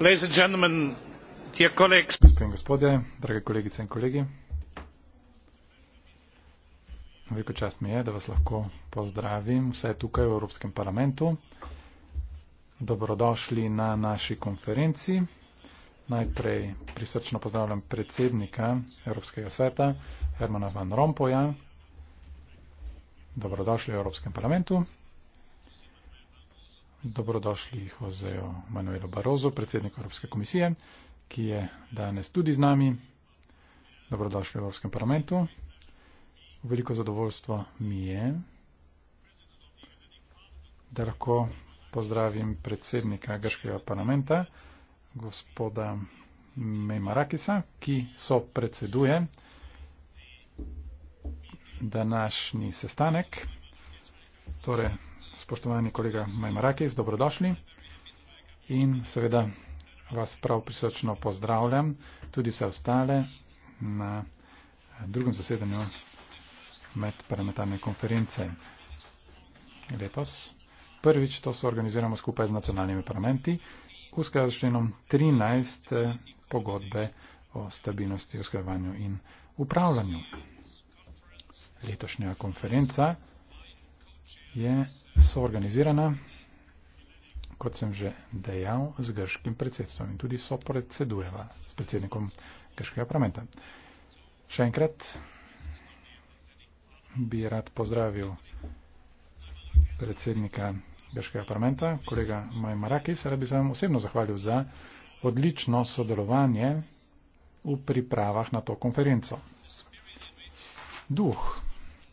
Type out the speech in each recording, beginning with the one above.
gospe in gospodje drage kolegice in kolegi veliko čast mi je da vas lahko pozdravim vse tukaj v evropskem parlamentu dobrodošli na naši konferenci najprej prisrčno pozdravljam predsednika evropskega sveta hermana van rompoja dobrodošli v evropskem parlamentu dobrodošli Hozejo Manuelo Barozo, predsedniku Evropske komisije, ki je danes tudi z nami. Dobrodošli v Evropskem parlamentu. Veliko zadovoljstvo mi je, da lahko pozdravim predsednika Grškega parlamenta, gospoda Memarakisa, ki so predseduje današnji sestanek. Torej, spoštovani kolega Majmarakis, dobrodošli in seveda vas prav prisrčno pozdravljam, tudi vse ostale na eh, drugem zasedanju medparlamentarne konference letos. Prvič to se organiziramo skupaj z nacionalnimi parlamenti, v skladu s členom 13 eh, pogodbe o stabilnosti, usklajevanju in upravljanju. Letošnja konferenca je soorganizirana, kot sem že dejal, z grškim predsedstvom in tudi sopredsedujeva s predsednikom grškega parlamenta. Še enkrat bi rad pozdravil predsednika grškega parlamenta, kolega Majmarakis, rad bi se vam osebno zahvalil za odlično sodelovanje v pripravah na to konferenco. Duh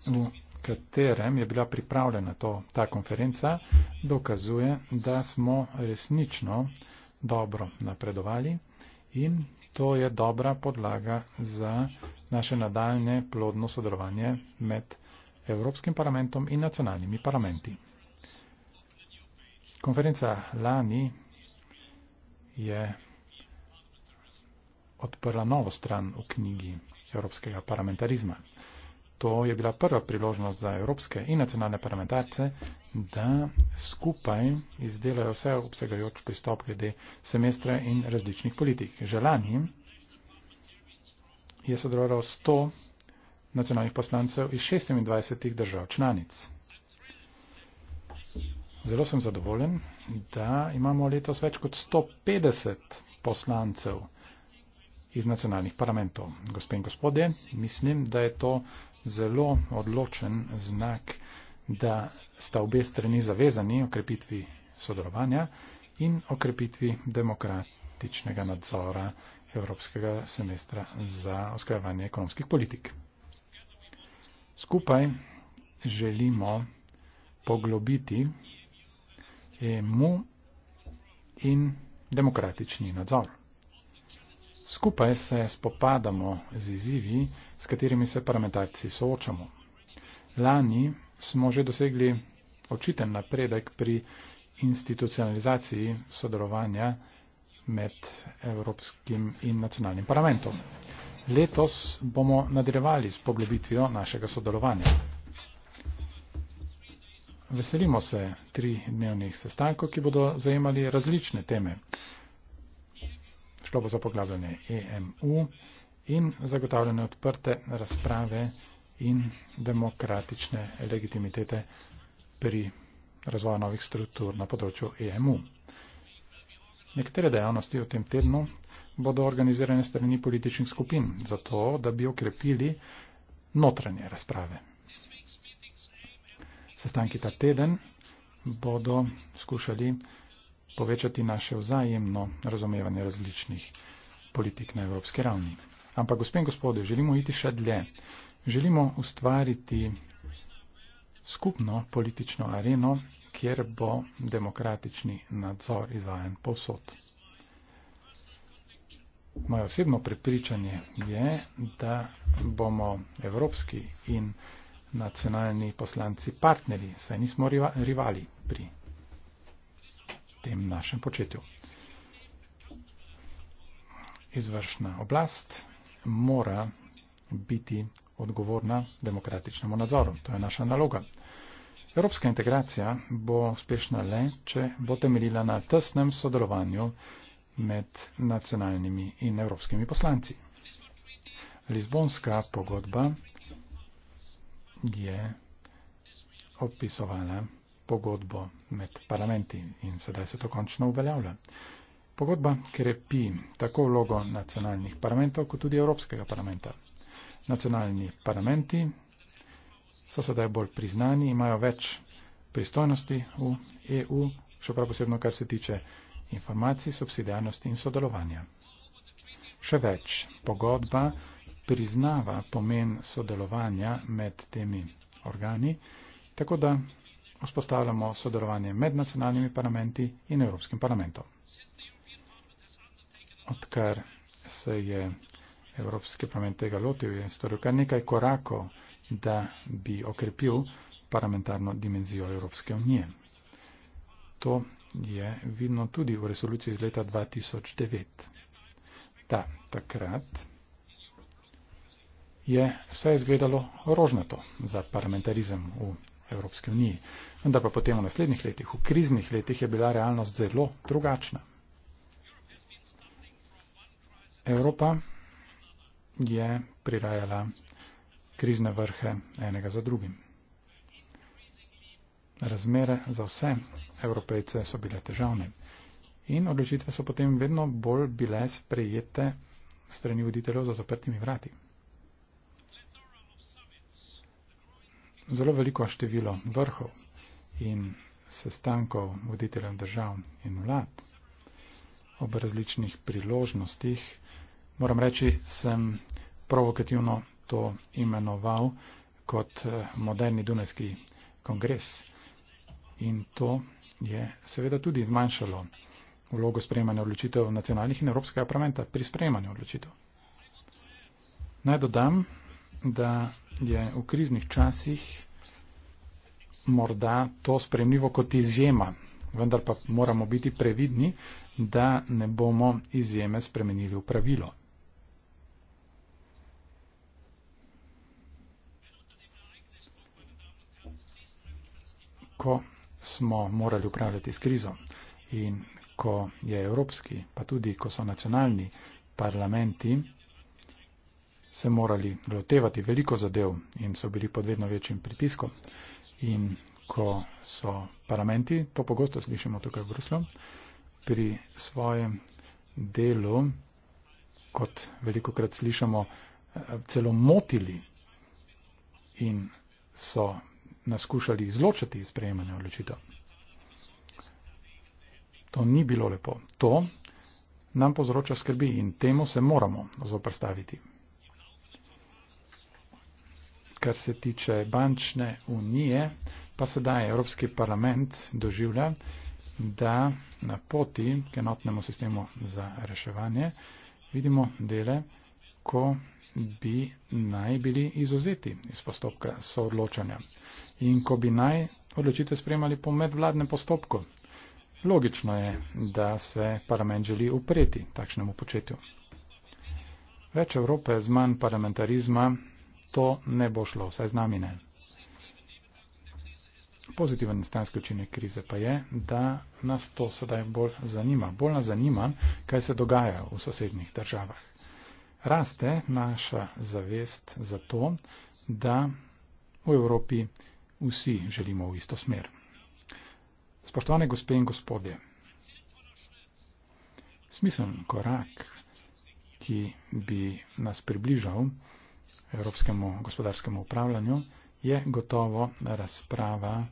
v katerem je bila pripravljena to, ta konferenca, dokazuje, da smo resnično dobro napredovali in to je dobra podlaga za naše nadaljne plodno sodelovanje med Evropskim parlamentom in nacionalnimi parlamenti. Konferenca lani je odprla novo stran v knjigi Evropskega parlamentarizma. To je bila prva priložnost za evropske in nacionalne parlamentarce, da skupaj izdelajo vse obsegajoč pristop glede semestra in različnih politik. Želani je sodelovalo 100 nacionalnih poslancev iz 26 držav članic. Zelo sem zadovoljen, da imamo letos več kot 150 poslancev iz nacionalnih parlamentov. Gospe in gospodje, mislim, da je to zelo odločen znak, da sta obe strani zavezani okrepitvi sodelovanja in okrepitvi demokratičnega nadzora Evropskega semestra za oskrbovanje ekonomskih politik. Skupaj želimo poglobiti EMU in demokratični nadzor. Skupaj se spopadamo z izzivi, s katerimi se parlamentarci soočamo. Lani smo že dosegli očiten napredek pri institucionalizaciji sodelovanja med Evropskim in nacionalnim parlamentom. Letos bomo nadaljevali s poglobitvijo našega sodelovanja. Veselimo se tri dnevnih sestankov, ki bodo zajemali različne teme. Šlo bo za poglavljanje EMU, in zagotavljanje odprte razprave in demokratične legitimitete pri razvoju novih struktur na področju EMU. Nekatere dejavnosti v tem tednu bodo organizirane strani političnih skupin, zato da bi okrepili notranje razprave. Sestanki ta teden bodo skušali povečati naše vzajemno razumevanje različnih politik na evropski ravni. Ampak, gospe in gospode, želimo iti še dlje. Želimo ustvariti skupno politično areno, kjer bo demokratični nadzor izvajan povsod. Moje osebno prepričanje je, da bomo evropski in nacionalni poslanci partnerji, saj nismo rivali pri tem našem početju. Izvršna oblast mora biti odgovorna demokratičnemu nadzoru. To je naša naloga. Evropska integracija bo uspešna le, če bo temeljila na tesnem sodelovanju med nacionalnimi in evropskimi poslanci. Lizbonska pogodba je opisovala pogodbo med parlamenti in sedaj se to končno uveljavlja. Pogodba krepi tako vlogo nacionalnih parlamentov, kot tudi Evropskega parlamenta. Nacionalni parlamenti so sedaj bolj priznani, imajo več pristojnosti v EU, še prav posebno, kar se tiče informacij, subsidijarnosti in sodelovanja. Še več, pogodba priznava pomen sodelovanja med temi organi, tako da vzpostavljamo sodelovanje med nacionalnimi parlamenti in Evropskim parlamentom odkar se je Evropski parlament tega lotil, je storil kar nekaj korakov, da bi okrepil parlamentarno dimenzijo Evropske unije. To je vidno tudi v resoluciji iz leta 2009. Da, takrat je vse izgledalo rožnato za parlamentarizem v Evropske unije. Vendar pa potem v naslednjih letih, v kriznih letih, je bila realnost zelo drugačna. Evropa je prirajala krizne vrhe enega za drugim. Razmere za vse evropejce so bile težavne in odločitve so potem vedno bolj bile sprejete strani voditeljev za zaprtimi vrati. Zelo veliko število vrhov in sestankov voditeljev držav in vlad ob različnih priložnostih Moram reči, sem provokativno to imenoval kot eh, moderni Dunajski kongres. In to je seveda tudi zmanjšalo vlogo sprejemanja odločitev nacionalnih in evropskega parlamenta pri sprejemanju odločitev. Naj dodam, da je v kriznih časih morda to spremljivo kot izjema, vendar pa moramo biti previdni, da ne bomo izjeme spremenili v pravilo. ko smo morali upravljati s krizo in ko je evropski, pa tudi ko so nacionalni parlamenti se morali lotevati veliko zadev in so bili pod vedno večjim pritiskom. In ko so parlamenti, to pogosto slišimo tukaj v Bruslju, pri svojem delu, kot veliko krat slišimo, eh, celo motili in so naskušali izločiti iz sprejemanja odločitev. To ni bilo lepo. To nam povzroča skrbi in temu se moramo zoprstaviti. Kar se tiče bančne unije, pa sedaj Evropski parlament doživlja, da na poti k enotnemu sistemu za reševanje vidimo dele, ko bi naj bili izuzeti iz postopka soodločanja in ko bi naj odločitve spremali po medvladnem postopku. Logično je, da se parlament želi upreti takšnemu početju. Več Evrope z manj parlamentarizma, to ne bo šlo, vsaj z nami ne. Pozitiven stanski učinek krize pa je, da nas to sedaj bolj zanima. Bolj nas zanima, kaj se dogaja v sosednjih državah. Raste naša zavest za to, da v Evropi vsi želimo v isto smer. Spoštovane gospe in gospodje, smiseln korak, ki bi nas približal evropskemu gospodarskemu upravljanju, je gotovo razprava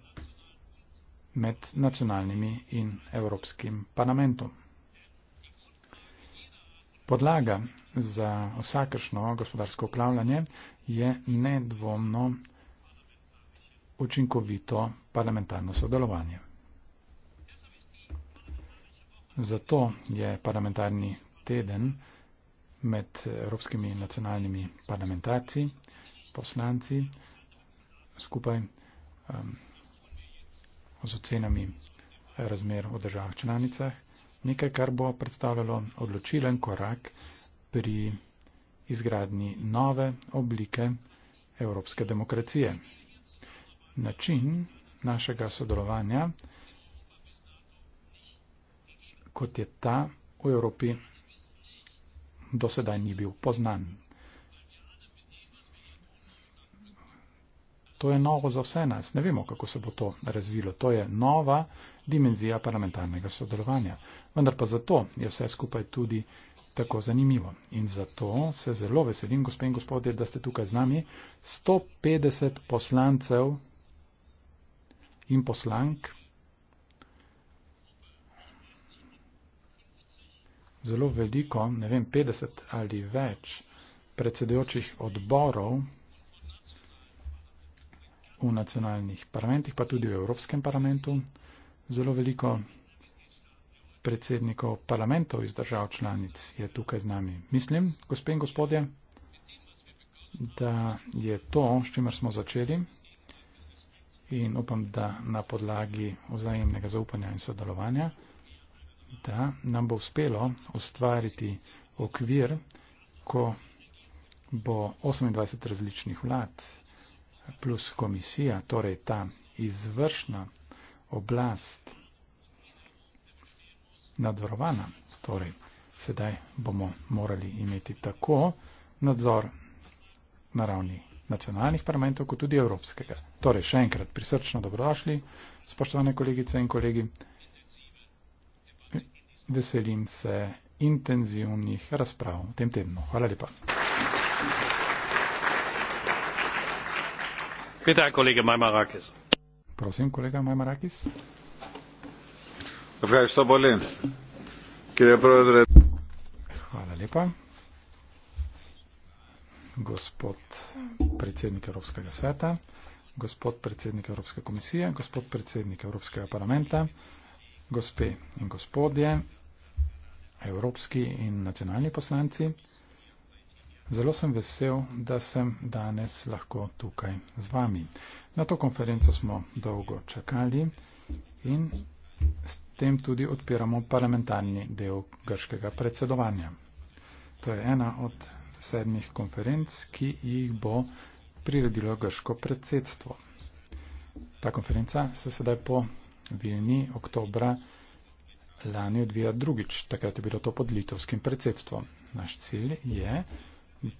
med nacionalnimi in evropskim parlamentom. Podlaga za vsakršno gospodarsko upravljanje je nedvomno učinkovito parlamentarno sodelovanje. Zato je parlamentarni teden med evropskimi nacionalnimi parlamentarci, poslanci, skupaj um, z ocenami razmer v državah članicah, nekaj, kar bo predstavljalo odločilen korak pri izgradnji nove oblike evropske demokracije način našega sodelovanja, kot je ta v Evropi, do sedaj ni bil poznan. To je novo za vse nas. Ne vemo, kako se bo to razvilo. To je nova dimenzija parlamentarnega sodelovanja. Vendar pa zato je vse skupaj tudi tako zanimivo. In zato se zelo veselim, gospe in gospodje, da ste tukaj z nami. 150 poslancev in poslank. Zelo veliko, ne vem, 50 ali več predsedujočih odborov v nacionalnih parlamentih, pa tudi v Evropskem parlamentu. Zelo veliko predsednikov parlamentov iz držav članic je tukaj z nami. Mislim, gospe in gospodje, da je to, s čimer smo začeli in upam, da na podlagi vzajemnega zaupanja in sodelovanja, da nam bo uspelo ustvariti okvir, ko bo 28 različnih vlad plus komisija, torej ta izvršna oblast nadzorovana, torej sedaj bomo morali imeti tako nadzor na ravni nacionalnih parlamentov, kot tudi evropskega. Torej, še enkrat prisrčno dobrodošli, spoštovane kolegice in kolegi. Veselim se intenzivnih razprav v tem tednu. Hvala lepa. Peter, kolega Majmarakis. Prosim, kolega Majmarakis. Kaj je to bolje? Kje je pravzaprav? Hvala lepa. Gospod predsednik Evropskega sveta, gospod predsednik Evropske komisije, gospod predsednik Evropskega parlamenta, gospe in gospodje, evropski in nacionalni poslanci. Zelo sem vesel, da sem danes lahko tukaj z vami. Na to konferenco smo dolgo čakali in s tem tudi odpiramo parlamentarni del grškega predsedovanja. To je ena od sedmih konferenc, ki jih bo priredilo grško predsedstvo. Ta konferenca se sedaj po Vilni oktobra lani odvija drugič, takrat je bilo to pod litovskim predsedstvom. Naš cilj je,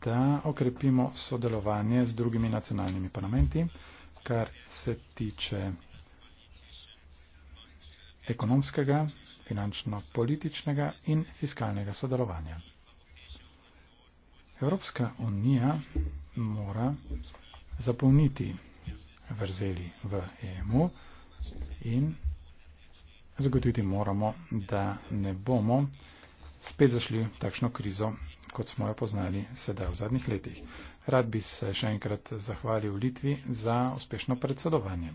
da okrepimo sodelovanje z drugimi nacionalnimi parlamenti, kar se tiče ekonomskega, finančno-političnega in fiskalnega sodelovanja. Evropska unija mora zapolniti vrzeli v EMU in zagotoviti moramo, da ne bomo spet zašli v takšno krizo, kot smo jo poznali sedaj v zadnjih letih. Rad bi se še enkrat zahvalil Litvi za uspešno predsedovanje.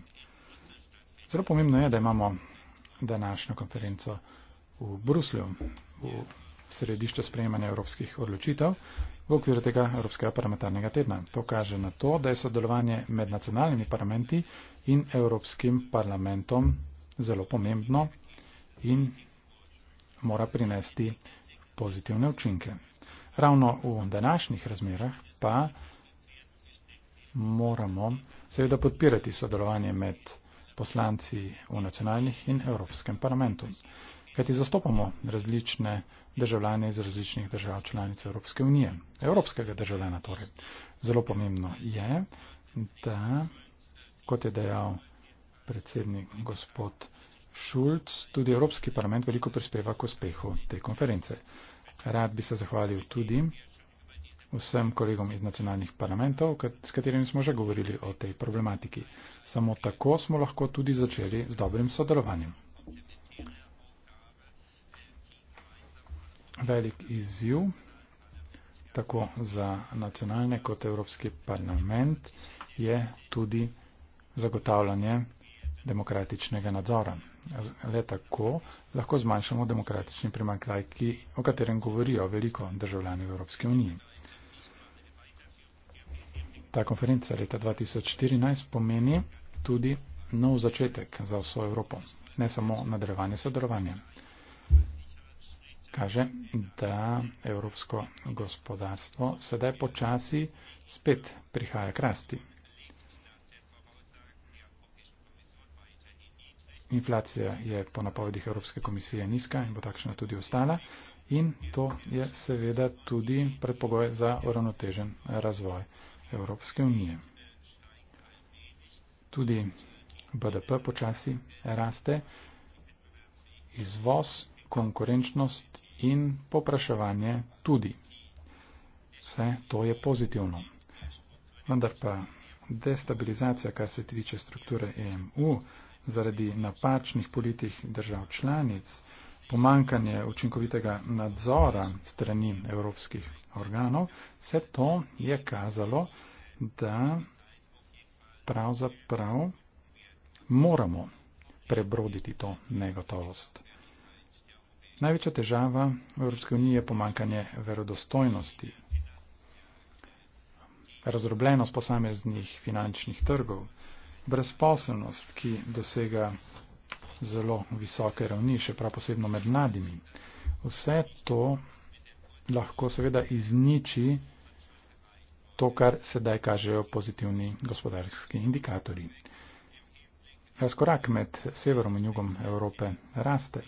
Zelo pomembno je, da imamo današnjo konferenco v Bruslju. V središču sprejemanja evropskih odločitev v okviru tega Evropskega parlamentarnega tedna. To kaže na to, da je sodelovanje med nacionalnimi parlamenti in Evropskim parlamentom zelo pomembno in mora prinesti pozitivne učinke. Ravno v današnjih razmerah pa moramo seveda podpirati sodelovanje med poslanci v nacionalnih in Evropskem parlamentu. Kajti zastopamo različne državljane iz različnih držav članic Evropske unije. Evropskega državljana torej. Zelo pomembno je, da, kot je dejal predsednik gospod Šulc, tudi Evropski parlament veliko prispeva k uspehu te konference. Rad bi se zahvalil tudi vsem kolegom iz nacionalnih parlamentov, s katerimi smo že govorili o tej problematiki. Samo tako smo lahko tudi začeli z dobrim sodelovanjem. velik izziv tako za nacionalne kot Evropski parlament je tudi zagotavljanje demokratičnega nadzora. Le tako lahko zmanjšamo demokratični primankljaj, o katerem govorijo veliko državljani v Evropski uniji. Ta konferenca leta 2014 pomeni tudi nov začetek za vso Evropo, ne samo nadaljevanje sodelovanja kaže, da evropsko gospodarstvo sedaj počasi spet prihaja k rasti. Inflacija je po napovedih Evropske komisije nizka in bo takšna tudi ostala in to je seveda tudi predpogoj za uravnotežen razvoj Evropske unije. Tudi BDP počasi raste, izvoz, konkurenčnost in popraševanje tudi. Vse to je pozitivno. Vendar pa destabilizacija, kar se tiče strukture EMU, zaradi napačnih politik držav članic, pomankanje učinkovitega nadzora strani evropskih organov, vse to je kazalo, da pravzaprav moramo prebroditi to negotovost. Največja težava v Evropske unije je pomankanje verodostojnosti, razrobljenost posameznih finančnih trgov, brezposobnost, ki dosega zelo visoke ravni, še prav posebno med mladimi. Vse to lahko seveda izniči to, kar sedaj kažejo pozitivni gospodarski indikatorji. Razkorak med severom in jugom Evrope raste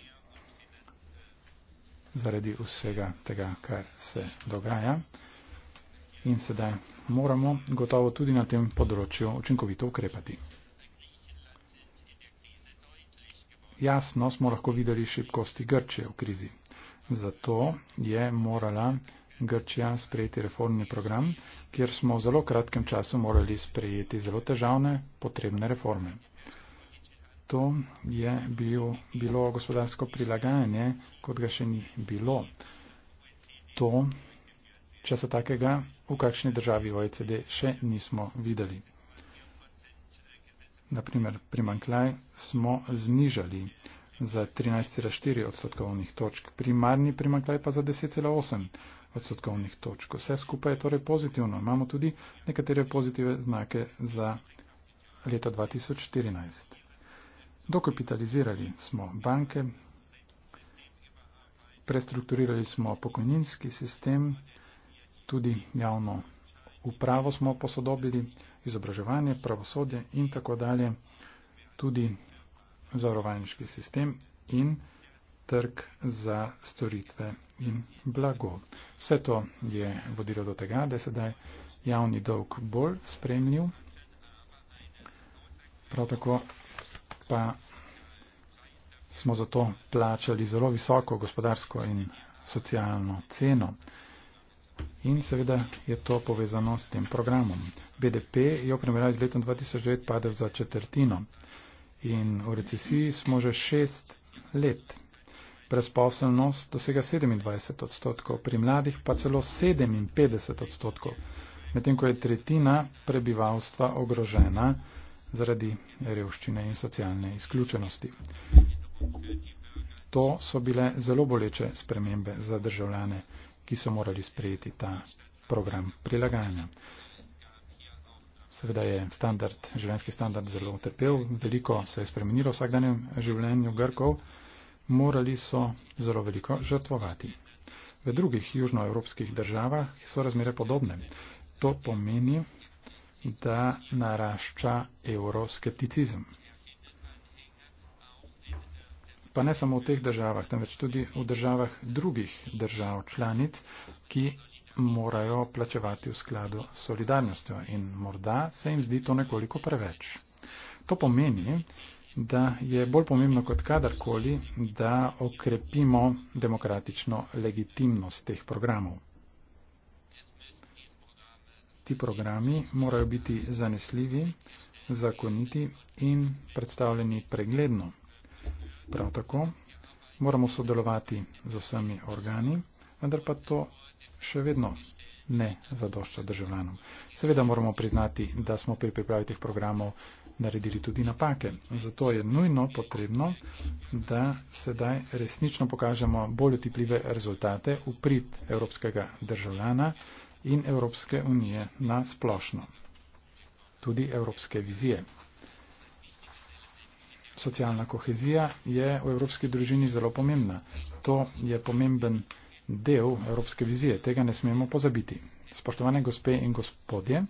zaradi vsega tega, kar se dogaja. In sedaj moramo gotovo tudi na tem področju učinkovito ukrepati. Jasno smo lahko videli šibkosti Grčije v krizi. Zato je morala Grčija sprejeti reformni program, kjer smo v zelo kratkem času morali sprejeti zelo težavne potrebne reforme to je bil, bilo gospodarsko prilagajanje, kot ga še ni bilo. To, časa takega, v kakšni državi OECD še nismo videli. Naprimer, primankljaj smo znižali za 13,4 odstotkovnih točk, primarni primankljaj pa za 10,8 odstotkovnih točk. Vse skupaj je torej pozitivno. Imamo tudi nekatere pozitive znake za leto 2014. Dokapitalizirali smo banke, prestrukturirali smo pokojninski sistem, tudi javno upravo smo posodobili, izobraževanje, pravosodje in tako dalje, tudi zavarovalniški sistem in trg za storitve in blago. Vse to je vodilo do tega, da je sedaj javni dolg bolj spremljiv. Prav tako pa smo zato plačali zelo visoko gospodarsko in socialno ceno. In seveda je to povezano s tem programom. BDP je v primerjavi z letom 2009 padel za četrtino in v recesiji smo že šest let. Presposobnost dosega 27 odstotkov, pri mladih pa celo 57 odstotkov, medtem ko je tretjina prebivalstva ogrožena zaradi revščine in socialne izključenosti. To so bile zelo boleče spremembe za državljane, ki so morali sprejeti ta program prilagajanja. Seveda je standard, življenjski standard zelo utrpel, veliko se je spremenilo v vsakdanjem življenju Grkov, morali so zelo veliko žrtvovati. V drugih južnoevropskih državah so razmere podobne. To pomeni, da narašča euroskepticizem. Pa ne samo v teh državah, temveč tudi v državah drugih držav članic, ki morajo plačevati v skladu s solidarnostjo in morda se jim zdi to nekoliko preveč. To pomeni, da je bolj pomembno kot kadarkoli, da okrepimo demokratično legitimnost teh programov ti programi morajo biti zanesljivi, zakoniti in predstavljeni pregledno. Prav tako moramo sodelovati z vsemi organi, vendar pa to še vedno ne zadošča državljanom. Seveda moramo priznati, da smo pri pripravi teh programov naredili tudi napake. Zato je nujno potrebno, da sedaj resnično pokažemo bolj otipljive rezultate v prid evropskega državljana in Evropske unije na splošno, tudi Evropske vizije. Socialna kohezija je v Evropski družini zelo pomembna. To je pomemben del Evropske vizije, tega ne smemo pozabiti. Spoštovane gospe in gospodje,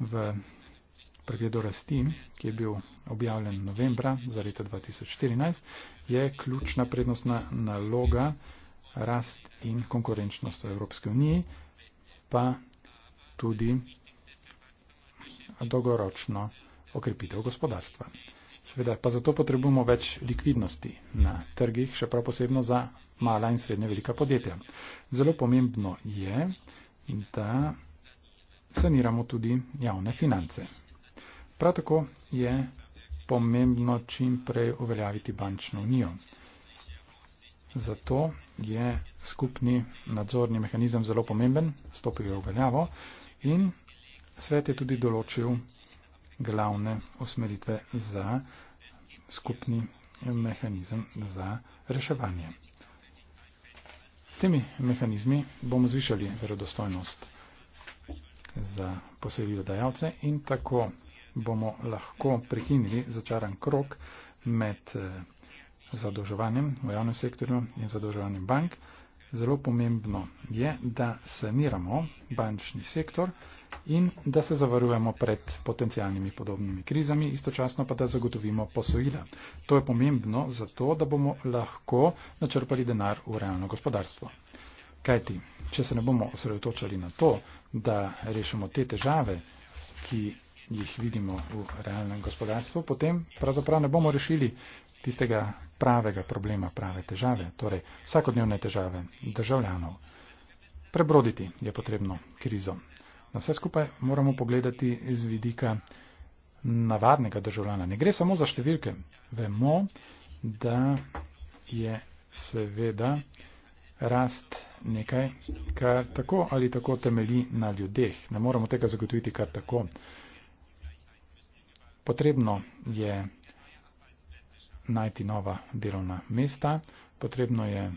v pregledu rasti, ki je bil objavljen novembra za leto 2014, je ključna prednostna naloga rast in konkurenčnost v Evropske uniji pa tudi dolgoročno okrepitev gospodarstva. Seveda pa zato potrebujemo več likvidnosti na trgih, še prav posebno za mala in srednje velika podjetja. Zelo pomembno je, da saniramo tudi javne finance. Prav tako je pomembno čim prej uveljaviti bančno unijo. Zato je skupni nadzorni mehanizem zelo pomemben, stopil je v veljavo in svet je tudi določil glavne usmeritve za skupni mehanizem za reševanje. S temi mehanizmi bomo zvišali verodostojnost za posebilo dajalce in tako bomo lahko prekinili začaran krok med eh, zadolževanjem v javnem sektorju in zadolževanjem bank, zelo pomembno je, da saniramo bančni sektor in da se zavarujemo pred potencijalnimi podobnimi krizami, istočasno pa da zagotovimo posojila. To je pomembno zato, da bomo lahko načrpali denar v realno gospodarstvo. Kajti, če se ne bomo osredotočali na to, da rešimo te težave, ki jih vidimo v realnem gospodarstvu, potem pravzaprav ne bomo rešili tistega pravega problema, prave težave, torej vsakodnevne težave državljanov. Prebroditi je potrebno krizo. Na vse skupaj moramo pogledati iz vidika navadnega državljana. Ne gre samo za številke. Vemo, da je seveda rast nekaj, kar tako ali tako temelji na ljudeh. Ne moramo tega zagotoviti kar tako. Potrebno je najti nova delovna mesta, potrebno je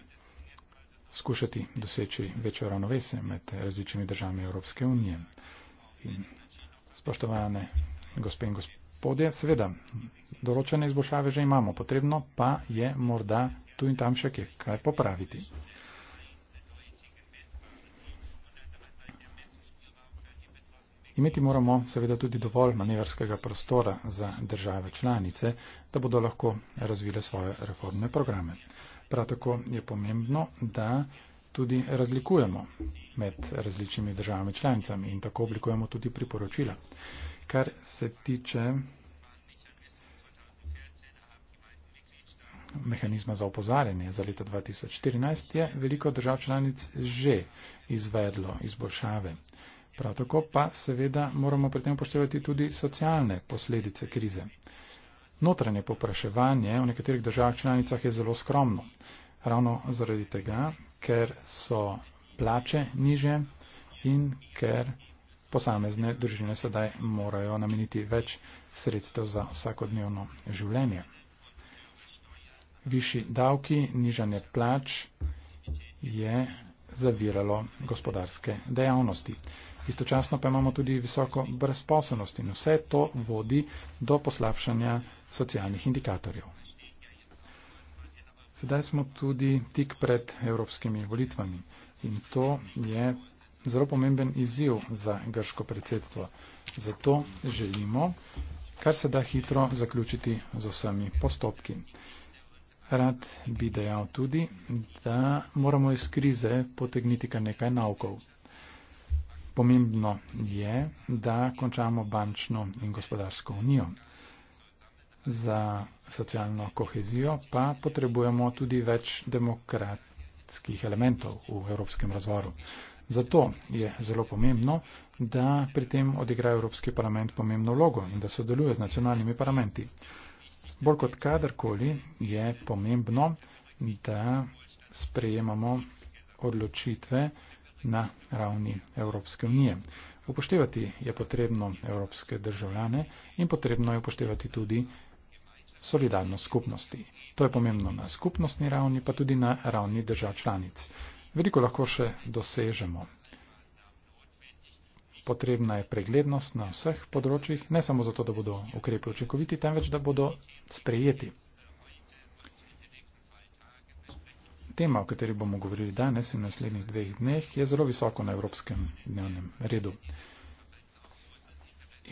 skušati doseči večjo ravnovesje med različnimi državami Evropske unije. In spoštovane gospe in gospodje, seveda, določene izboljšave že imamo, potrebno pa je morda tu in tam še kaj popraviti. Imeti moramo seveda tudi dovolj manevrskega prostora za države članice, da bodo lahko razvile svoje reformne programe. Prav tako je pomembno, da tudi razlikujemo med različnimi državami članicami in tako oblikujemo tudi priporočila. Kar se tiče mehanizma za opozarjanje za leto 2014, je veliko držav članic že izvedlo izboljšave. Prav tako pa seveda moramo pri tem upoštevati tudi socialne posledice krize. Notranje popraševanje v nekaterih državah članicah je zelo skromno. Ravno zaradi tega, ker so plače niže in ker posamezne družine sedaj morajo nameniti več sredstev za vsakodnevno življenje. Višji davki, nižanje plač je zaviralo gospodarske dejavnosti istočasno pa imamo tudi visoko brezposobnost in vse to vodi do poslabšanja socialnih indikatorjev. Sedaj smo tudi tik pred evropskimi volitvami in to je zelo pomemben izziv za grško predsedstvo. Zato želimo, kar se da hitro, zaključiti z vsemi postopki. Rad bi dejal tudi, da moramo iz krize potegniti kar nekaj naukov. Pomembno je, da končamo bančno in gospodarsko unijo. Za socialno kohezijo pa potrebujemo tudi več demokratskih elementov v evropskem razvoru. Zato je zelo pomembno, da pri tem odigra Evropski parlament pomembno vlogo in da sodeluje z nacionalnimi parlamenti. Bolj kot kadarkoli je pomembno, da sprejemamo odločitve, na ravni Evropske unije. Upoštevati je potrebno evropske državljane in potrebno je upoštevati tudi solidarnost skupnosti. To je pomembno na skupnostni ravni, pa tudi na ravni držav članic. Veliko lahko še dosežemo. Potrebna je preglednost na vseh področjih, ne samo zato, da bodo ukrepi učinkoviti, temveč da bodo sprejeti. tema, o kateri bomo govorili danes in naslednjih dveh dneh, je zelo visoko na evropskem dnevnem redu.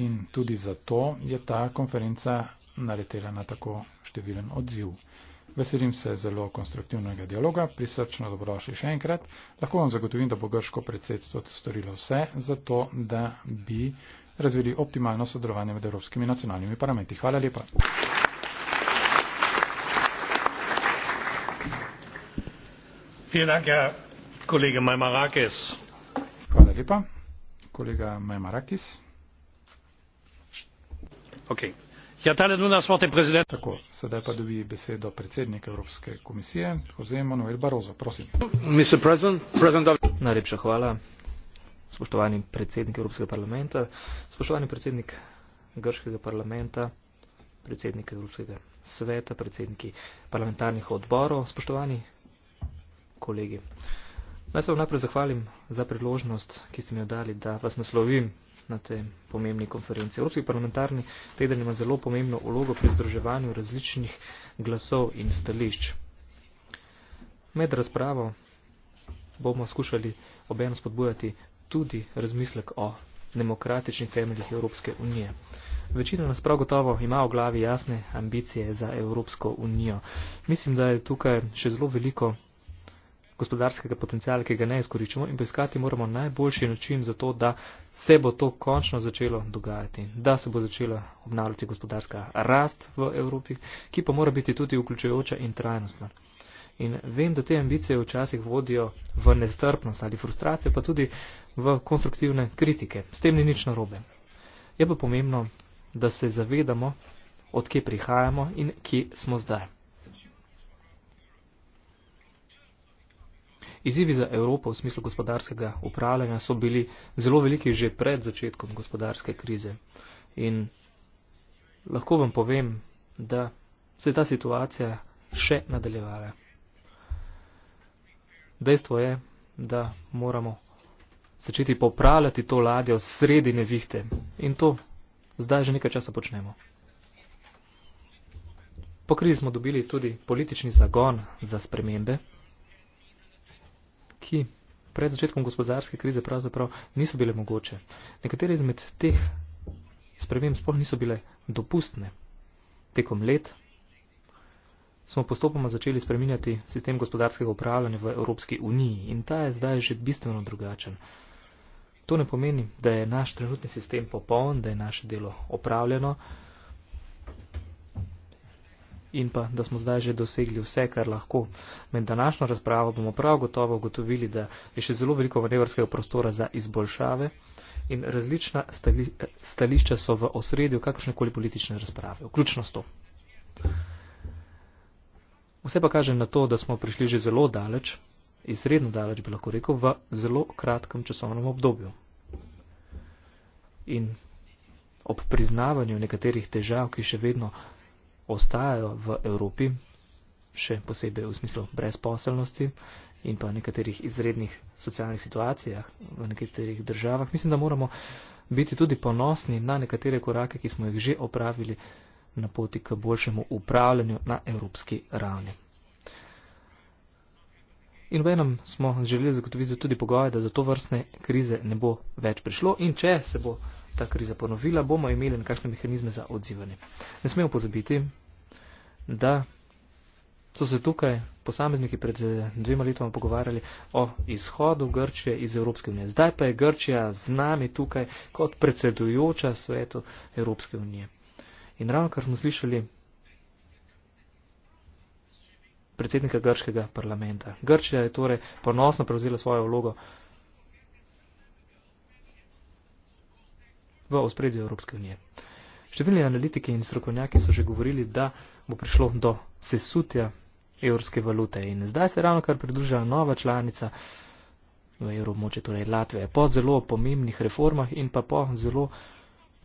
In tudi zato je ta konferenca naletela na tako številen odziv. Veselim se zelo konstruktivnega dialoga, prisrčno dobrodošli še enkrat. Lahko vam zagotovim, da bo grško predsedstvo storilo vse za to, da bi razvili optimalno sodelovanje med evropskimi nacionalnimi parlamenti. Hvala lepa. hvala lepa kolega maimarakis. Ja, tako sedaj pa dobi besedo predsednik evropske komisije jose manuel barroso prosim. najlepša hvala spoštovani predsednik evropskega parlamenta spoštovani predsednik grškega parlamenta predsednik evropskega sveta predsedniki parlamentarnih odborov spoštovani kolegi. Naj se vam najprej zahvalim za priložnost, ki ste mi jo dali, da vas naslovim na tej pomembni konferenci. Evropski parlamentarni teden ima zelo pomembno vlogo pri združevanju različnih glasov in stališč. Med razpravo bomo skušali obeno spodbujati tudi razmislek o demokratičnih temeljih Evropske unije. Večina nas prav gotovo ima v glavi jasne ambicije za Evropsko unijo. Mislim, da je tukaj še zelo veliko gospodarskega potencijala, ki ga ne izkoriščamo in poiskati moramo najboljši način za to, da se bo to končno začelo dogajati, da se bo začela obnavljati gospodarska rast v Evropi, ki pa mora biti tudi vključujoča in trajnostna. In vem, da te ambicije včasih vodijo v nestrpnost ali frustracijo, pa tudi v konstruktivne kritike. S tem ni nič narobe. Je pa pomembno, da se zavedamo, odkje prihajamo in kje smo zdaj. Izivi za Evropo v smislu gospodarskega upravljanja so bili zelo veliki že pred začetkom gospodarske krize. In lahko vam povem, da se je ta situacija še nadaljevala. Dejstvo je, da moramo začeti popravljati to ladjo sredi nevihte. In to zdaj že nekaj časa počnemo. Po krizi smo dobili tudi politični zagon za spremembe ki pred začetkom gospodarske krize pravzaprav niso bile mogoče. Nekatere izmed teh sprememb sploh niso bile dopustne. Tekom let smo postopoma začeli spreminjati sistem gospodarskega upravljanja v Evropski uniji in ta je zdaj že bistveno drugačen. To ne pomeni, da je naš trenutni sistem popoln, da je naše delo opravljeno in pa, da smo zdaj že dosegli vse, kar lahko. Med današnjo razpravo bomo prav gotovo ugotovili, da je še zelo veliko manevrskega prostora za izboljšave in različna stali, stališča so v osredju kakršnekoli politične razprave, vključno s to. Vse pa kaže na to, da smo prišli že zelo daleč, izredno daleč bi lahko rekel, v zelo kratkem časovnem obdobju. In ob priznavanju nekaterih težav, ki še vedno ostajajo v Evropi, še posebej v smislu brezposelnosti in pa nekaterih izrednih socialnih situacijah v nekaterih državah, mislim, da moramo biti tudi ponosni na nekatere korake, ki smo jih že opravili na poti k boljšemu upravljanju na evropski ravni. In v enem smo želeli zagotoviti tudi pogoje, da do to vrstne krize ne bo več prišlo in če se bo ta kriza ponovila, bomo imeli nekakšne mehanizme za odzivanje. Ne smemo pozabiti, da so se tukaj posamezniki pred eh, dvema letoma pogovarjali o izhodu Grčije iz Evropske unije. Zdaj pa je Grčija z nami tukaj kot predsedujoča svetu Evropske unije. In ravno kar smo slišali predsednika grškega parlamenta. Grčija je torej ponosno prevzela svojo vlogo. v ospredju Evropske unije. Številni analitiki in strokovnjaki so že govorili, da bo prišlo do sesutja evropske valute in zdaj se ravno kar pridružila nova članica v evromoče, torej Latve, po zelo pomembnih reformah in pa po zelo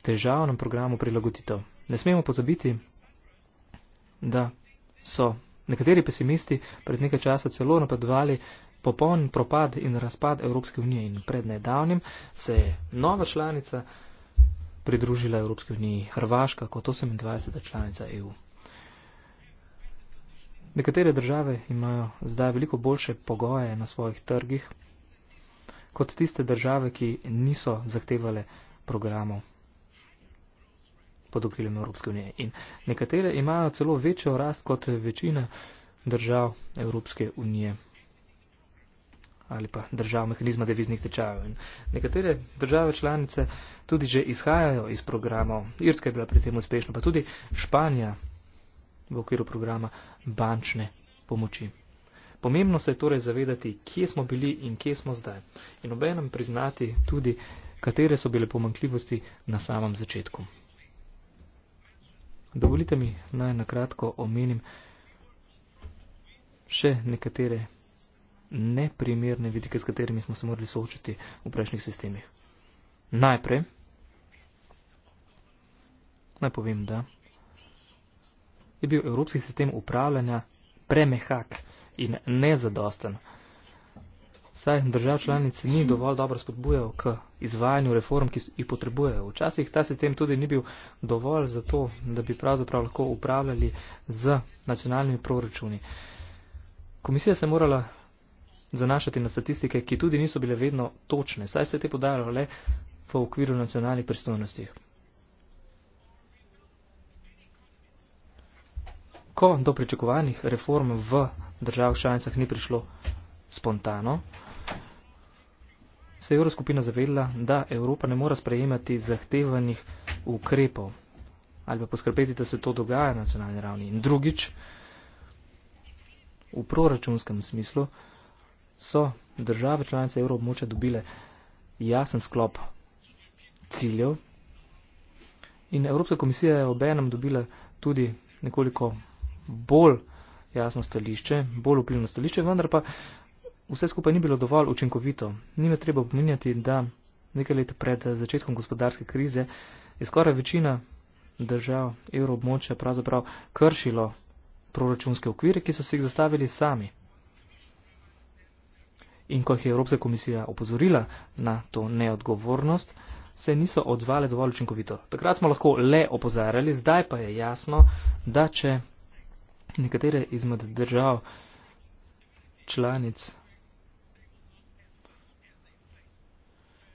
težavnem programu prilagoditev. Ne smemo pozabiti, da so nekateri pesimisti pred nekaj časa celo napadovali popoln propad in razpad Evropske unije in prednedavnim se je nova članica pridružila Evropske unije Hrvaška kot 28. članica EU. Nekatere države imajo zdaj veliko boljše pogoje na svojih trgih kot tiste države, ki niso zahtevale programov pod okriljem Evropske unije. In nekatere imajo celo večjo rast kot večina držav Evropske unije ali pa držav mehanizma deviznih tečajev. In nekatere države članice tudi že izhajajo iz programov. Irska je bila pri tem uspešna, pa tudi Španija v okviru programa bančne pomoči. Pomembno se je torej zavedati, kje smo bili in kje smo zdaj. In obenem priznati tudi, katere so bile pomankljivosti na samem začetku. Dovolite mi naj nakratko omenim še nekatere neprimerne vidike, s katerimi smo se morali soočiti v prejšnjih sistemih. Najprej naj povem, da je bil evropski sistem upravljanja premehak in nezadosten. Saj držav članic ni dovolj dobro spodbujal k izvajanju reform, ki jih potrebujejo. Včasih ta sistem tudi ni bil dovolj za to, da bi pravzaprav lahko upravljali z nacionalnimi proračuni. Komisija se je morala zanašati na statistike, ki tudi niso bile vedno točne, saj se te podajalo le v okviru nacionalnih pristojnosti. Ko do pričakovanih reform v državah članicah ni prišlo spontano, se je Evroskupina zavedla, da Evropa ne mora sprejemati zahtevanih ukrepov ali pa poskrbeti, da se to dogaja na nacionalni ravni. In drugič, v proračunskem smislu, so države članice evroobmoča dobile jasen sklop ciljev in Evropska komisija je obenem dobila tudi nekoliko bolj jasno stališče, bolj vplivno stališče, vendar pa vse skupaj ni bilo dovolj učinkovito. Nime treba pomenjati, da nekaj let pred začetkom gospodarske krize je skoraj večina držav evroobmoča pravzaprav kršilo proračunske okvire, ki so se jih zastavili sami. In ko jih je Evropska komisija opozorila na to neodgovornost, se niso odzvale dovolj učinkovito. Takrat smo lahko le opozarjali, zdaj pa je jasno, da če nekatere izmed držav članic.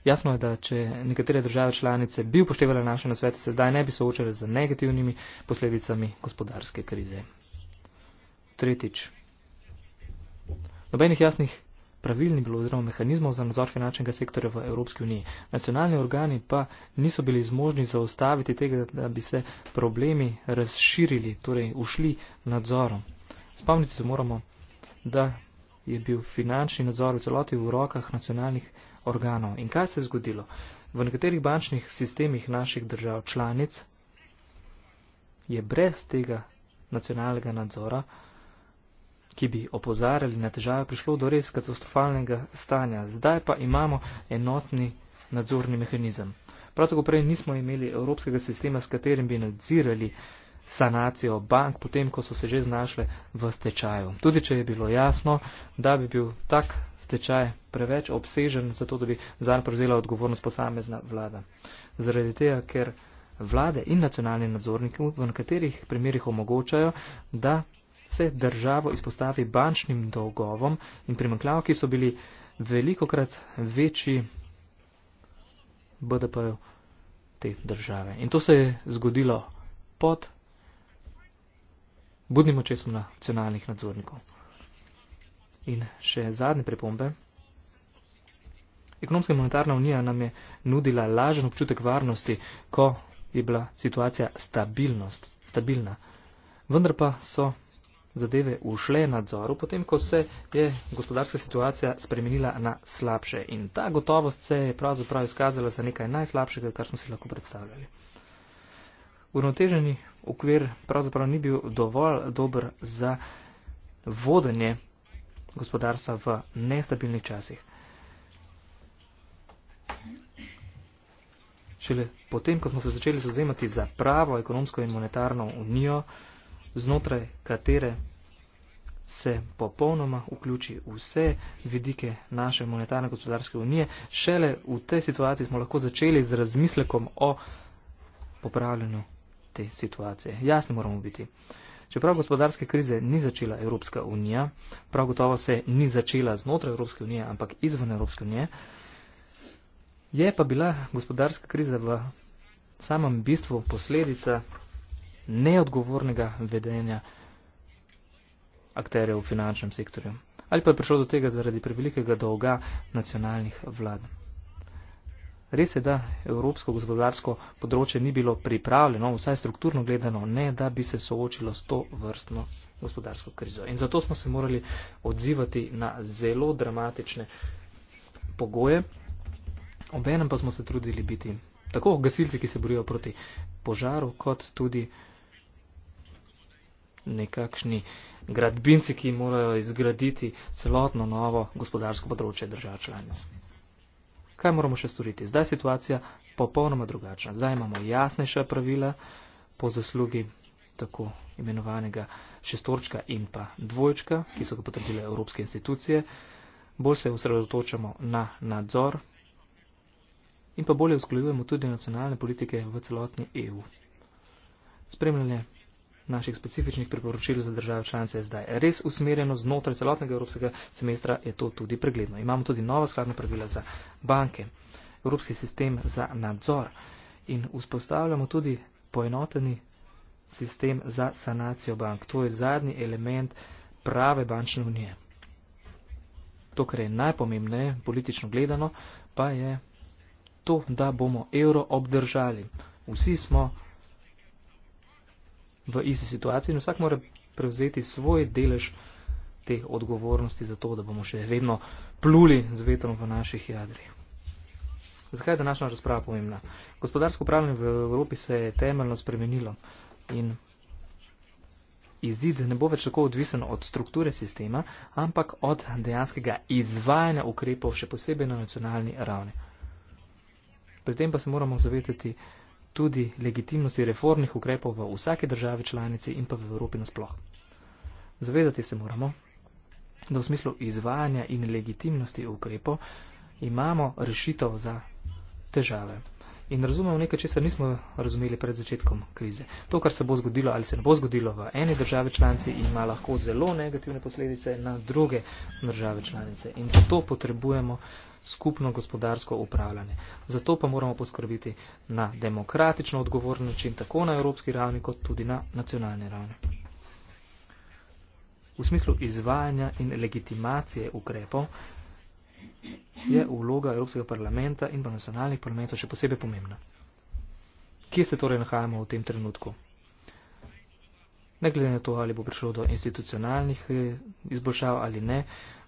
Jasno je, da če nekatere države članice bi upoštevale naše nasvete, se zdaj ne bi soočale z negativnimi posledicami gospodarske krize. Tretjič. Nobenih jasnih pravil ni bilo oziroma mehanizmov za nadzor finančnega sektorja v Evropski uniji. Nacionalni organi pa niso bili zmožni zaustaviti tega, da bi se problemi razširili, torej ušli nadzorom. Spomniti se moramo, da je bil finančni nadzor v celoti v rokah nacionalnih organov. In kaj se je zgodilo? V nekaterih bančnih sistemih naših držav članic je brez tega nacionalnega nadzora ki bi opozarjali na težave, prišlo do res katastrofalnega stanja. Zdaj pa imamo enotni nadzorni mehanizem. Prav tako prej nismo imeli evropskega sistema, s katerim bi nadzirali sanacijo bank, potem ko so se že znašle v stečaju. Tudi če je bilo jasno, da bi bil tak stečaj preveč obsežen, zato da bi zanj prevzela odgovornost posamezna vlada. Zaradi tega, ker vlade in nacionalni nadzorniki v nekaterih primerjih omogočajo, da se državo izpostavi bančnim dolgovom in primankljav, ki so bili velikokrat večji BDP te države. In to se je zgodilo pod budnim očesom nacionalnih nadzornikov. In še zadnje pripombe. Ekonomska in monetarna unija nam je nudila lažen občutek varnosti, ko je bila situacija stabilnost, stabilna. Vendar pa so zadeve ušle nadzoru, potem ko se je gospodarska situacija spremenila na slabše. In ta gotovost se je pravzaprav izkazala za nekaj najslabšega, kar smo si lahko predstavljali. Uravnoteženi okvir pravzaprav ni bil dovolj dober za vodenje gospodarstva v nestabilnih časih. Šele potem, ko smo se začeli zauzemati za pravo ekonomsko in monetarno unijo, znotraj katere se popolnoma vključi vse vidike naše monetarne gospodarske unije. Šele v tej situaciji smo lahko začeli z razmislekom o popravljanju te situacije. Jasni moramo biti. Čeprav gospodarske krize ni začela Evropska unija, prav gotovo se ni začela znotraj Evropske unije, ampak izven Evropske unije, je pa bila gospodarska kriza v samem bistvu posledica neodgovornega vedenja akterjev v finančnem sektorju. Ali pa je prišlo do tega zaradi prevelikega dolga nacionalnih vlad. Res je, da evropsko gospodarsko področje ni bilo pripravljeno, vsaj strukturno gledano, ne da bi se soočilo s to vrstno gospodarsko krizo. In zato smo se morali odzivati na zelo dramatične pogoje, obenem pa smo se trudili biti tako gasilci, ki se borijo proti požaru, kot tudi nekakšni uh, gradbinci, ki morajo izgraditi celotno novo gospodarsko področje držav članic. Kaj moramo še storiti? Zdaj je situacija popolnoma drugačna. Zdaj imamo jasnejša pravila po zaslugi tako imenovanega šestorčka in pa dvojčka, ki so ga potrdile evropske institucije. Bolj se osredotočamo na nadzor in pa bolje usklajujemo tudi nacionalne politike v celotni EU. Spremljanje naših specifičnih priporočil za države članice je zdaj res usmerjeno znotraj celotnega evropskega semestra, je to tudi pregledno. Imamo tudi nova skladna pravila za banke, evropski sistem za nadzor in vzpostavljamo tudi poenoteni sistem za sanacijo bank. To je zadnji element prave bančne unije. To, kar je najpomembneje, politično gledano, pa je to, da bomo evro obdržali. Vsi smo v isti situaciji in vsak mora prevzeti svoj delež te odgovornosti za to, da bomo še vedno pluli z vetrom v naših jadrih. Zakaj je današnja razprava pomembna? Gospodarsko upravljanje v Evropi se je temeljno spremenilo in izid ne bo več tako odvisen od strukture sistema, ampak od dejanskega izvajanja ukrepov, še posebej na nacionalni ravni. Pri tem pa se moramo zavedati, da tudi legitimnosti reformnih ukrepov v vsaki državi članici in pa v Evropi nasploh. Zavedati se moramo, da v smislu izvajanja in legitimnosti ukrepov imamo rešitev za težave in razumemo nekaj, česar nismo razumeli pred začetkom krize. To, kar se bo zgodilo ali se ne bo zgodilo v eni državi članici, ima lahko zelo negativne posledice na druge države članice. In zato potrebujemo skupno gospodarsko upravljanje. Zato pa moramo poskrbiti na demokratično odgovoren način, tako na evropski ravni, kot tudi na nacionalni ravni. V smislu izvajanja in legitimacije ukrepov je vloga Evropskega parlamenta in pa nacionalnih parlamentov še posebej pomembna. Kje se torej nahajamo v tem trenutku? Ne glede na to, ali bo prišlo do institucionalnih eh, izboljšav ali ne,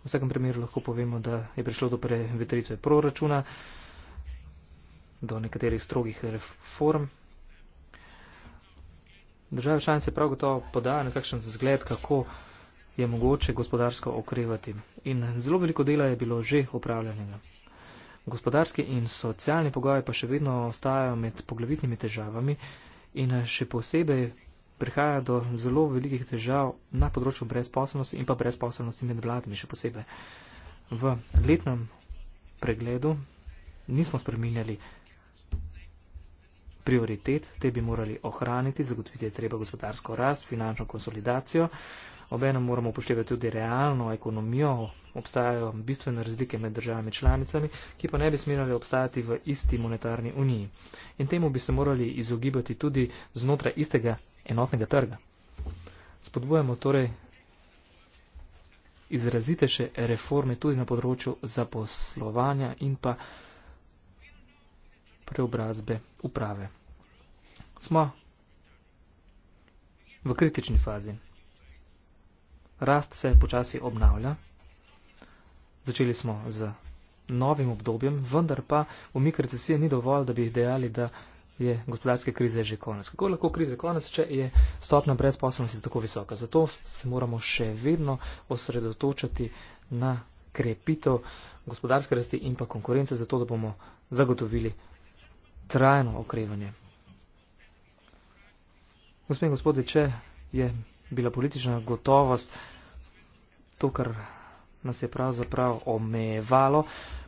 v vsakem primeru lahko povemo, da je prišlo do prevetritve proračuna, do nekaterih strogih reform. Države članice prav gotovo podajo nekakšen zgled, kako je mogoče gospodarsko okrevati in zelo veliko dela je bilo že upravljenega. Gospodarski in socialni pogoji pa še vedno ostajajo med poglavitnimi težavami in še posebej prihaja do zelo velikih težav na področju brezposobnosti in pa brezposobnosti med vladami še posebej. V letnem pregledu nismo spreminjali prioritet, te bi morali ohraniti, zagotoviti je treba gospodarsko rast, finančno konsolidacijo. Obenem moramo upoštevati tudi realno ekonomijo. Obstajajo bistvene razlike med državami članicami, ki pa ne bi smirali obstajati v isti monetarni uniji. In temu bi se morali izogibati tudi znotraj istega enotnega trga. Spodbujamo torej izraziteše reforme tudi na področju zaposlovanja in pa preobrazbe uprave. Smo v kritični fazi rast se počasi obnavlja. Začeli smo z novim obdobjem, vendar pa umik recesije ni dovolj, da bi dejali, da je gospodarske krize že konec. Kako lahko krize konec, če je stopna brezposobnosti tako visoka? Zato se moramo še vedno osredotočati na krepitev gospodarske rasti in pa konkurence, zato da bomo zagotovili trajno okrevanje. Gospod in gospode, če je bila politična gotovost to, kar nas je pravzaprav omejevalo,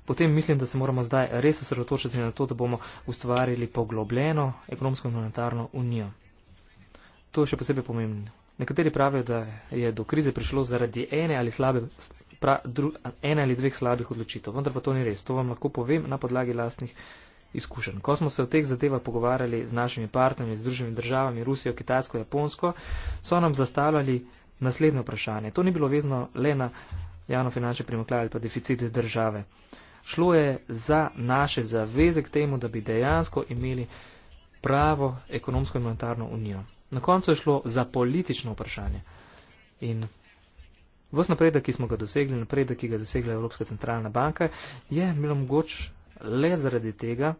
potem mislim, da se moramo zdaj res osredotočiti na to, da bomo ustvarili poglobljeno ekonomsko in monetarno unijo. To je še posebej pomembno. Nekateri pravijo, da je do krize prišlo zaradi ene ali, slabe, pra, dru, ene ali dveh slabih odločitev, vendar pa to ni res. To vam lahko povem na podlagi lastnih izkušenj. Ko smo se o teh zadevah pogovarjali z našimi partnerji, z družbenimi državami, Rusijo, Kitajsko, Japonsko, so nam zastavljali naslednje vprašanje. To ni bilo vezno le na javno finančne primokljaje ali pa deficite države. Šlo je za naše zaveze k temu, da bi dejansko imeli pravo ekonomsko in monetarno unijo. Na koncu je šlo za politično vprašanje. In vse napredek, ki smo ga dosegli, napredek, ki ga je dosegla Evropska centralna banka, je bilo mogoče le zaradi tega,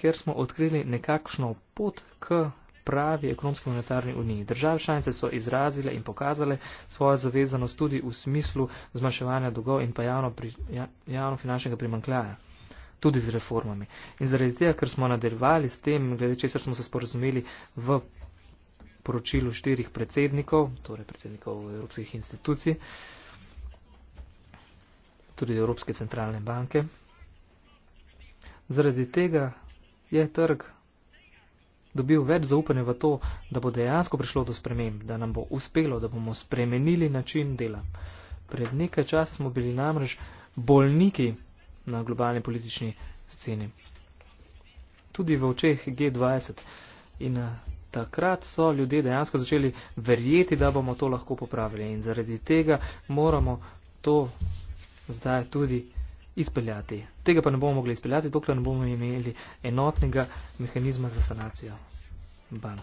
ker smo odkrili nekakšno pot k pravi ekonomski monetarni uniji. Države članice so izrazile in pokazale svojo zavezanost tudi v smislu zmanjševanja dolgov in pa javno, pri, ja, javno finančnega primankljaja, tudi z reformami. In zaradi tega, ker smo nadaljevali s tem, glede česar smo se sporozumeli v poročilu štirih predsednikov, torej predsednikov evropskih institucij, tudi Evropske centralne banke, zaradi tega je trg dobil več zaupanja v to, da bo dejansko prišlo do sprememb, da nam bo uspelo, da bomo spremenili način dela. Pred nekaj časa smo bili namreč bolniki na globalni politični sceni. Tudi v očeh G20. In eh, takrat so ljudje dejansko začeli verjeti, da bomo to lahko popravili. In zaradi tega moramo to zdaj tudi izpeljati. Tega pa ne bomo mogli izpeljati, dokler ne bomo imeli enotnega mehanizma za sanacijo bank.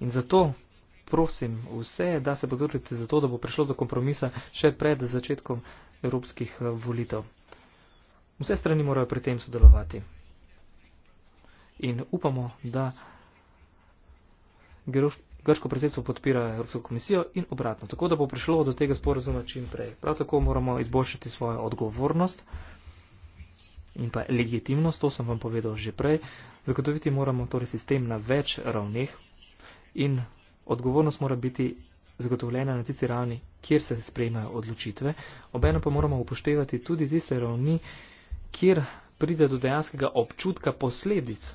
In zato prosim vse, da se podružite za to, da bo prišlo do kompromisa še pred začetkom evropskih eh, volitev. Vse strani morajo pri tem sodelovati. In upamo, da grško predsedstvo podpira Evropsko komisijo in obratno, tako da bo prišlo do tega sporazuma čim prej. Prav tako moramo izboljšati svojo odgovornost in pa legitimnost, to sem vam povedal že prej, zagotoviti moramo torej sistem na več ravneh in odgovornost mora biti zagotovljena na tisti ravni, kjer se sprejmajo odločitve, obeno pa moramo upoštevati tudi tiste ravni, kjer pride do dejanskega občutka posledic.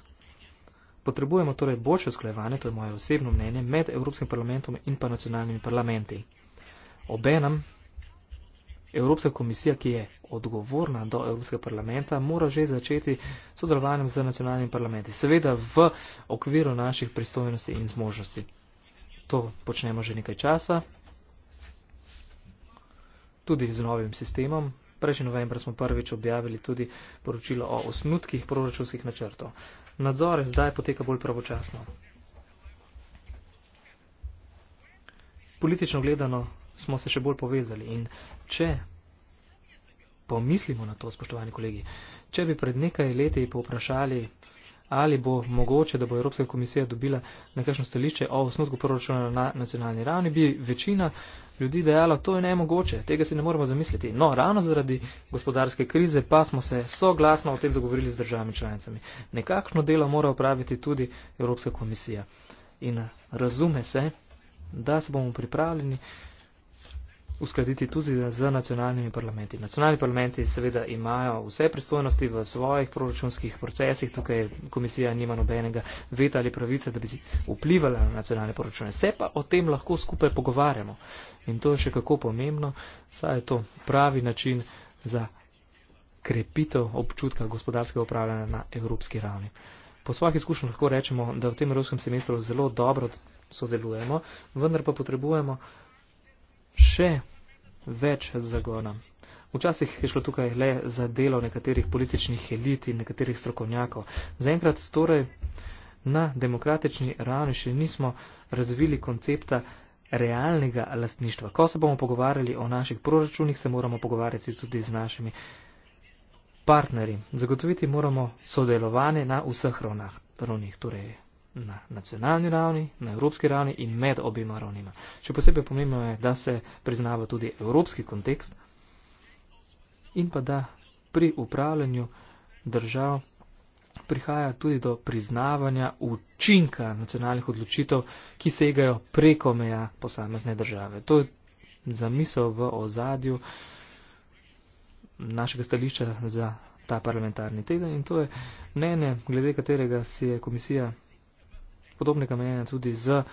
Potrebujemo torej boljše usklajevanje, to je moje osebno mnenje, med Evropskim parlamentom in pa nacionalnimi parlamenti. Obenem Evropska komisija, ki je odgovorna do Evropskega parlamenta, mora že začeti sodelovanjem z nacionalnimi parlamenti. Seveda v okviru naših pristojnosti in zmožnosti. To počnemo že nekaj časa. Tudi z novim sistemom. Prejšnji novembr smo prvič objavili tudi poročilo o osnutkih proračunskih načrtov. Nadzor zdaj poteka bolj pravočasno. Politično gledano smo se še bolj povezali. In če pomislimo na to, spoštovani kolegi, če bi pred nekaj leti povprašali, ali bo mogoče, da bo Evropska komisija dobila nekakšno stališče o osnutku proračuna na nacionalni ravni, bi večina ljudi dejala, to je nemogoče, tega si ne moremo zamisliti. No, ravno zaradi gospodarske krize pa smo se soglasno o tem dogovorili z državami članicami. Nekakšno delo mora upraviti tudi Evropska komisija. In razume se, da se bomo pripravljeni uskladiti tudi z nacionalnimi parlamenti. Nacionalni parlamenti seveda imajo vse pristojnosti v svojih proračunskih procesih, tukaj komisija nima nobenega veta ali pravice, da bi si vplivala na nacionalne proračune. Se pa o tem lahko skupaj pogovarjamo in to je še kako pomembno, saj je to pravi način za krepitev občutka gospodarskega upravljanja na evropski ravni. Po svojih izkušnjah lahko rečemo, da v tem evropskem semestru zelo dobro sodelujemo, vendar pa potrebujemo še več zagona. Včasih je šlo tukaj le za delo nekaterih političnih elit in nekaterih strokovnjakov. Zaenkrat torej na demokratični ravni še nismo razvili koncepta realnega lastništva. Ko se bomo pogovarjali o naših proračunih, se moramo pogovarjati tudi z našimi partnerji. Zagotoviti moramo sodelovanje na vseh ravnah, ravnih, torej na nacionalni ravni, na evropski ravni in med obima ravnima. Še posebej pomembno je, da se priznava tudi evropski kontekst in pa da pri upravljanju držav prihaja tudi do priznavanja učinka nacionalnih odločitev, ki segajo preko meja posamezne države. To je zamisel v ozadju našega stališča za ta parlamentarni teden in to je mnenje, glede katerega si je komisija podobnega menja tudi z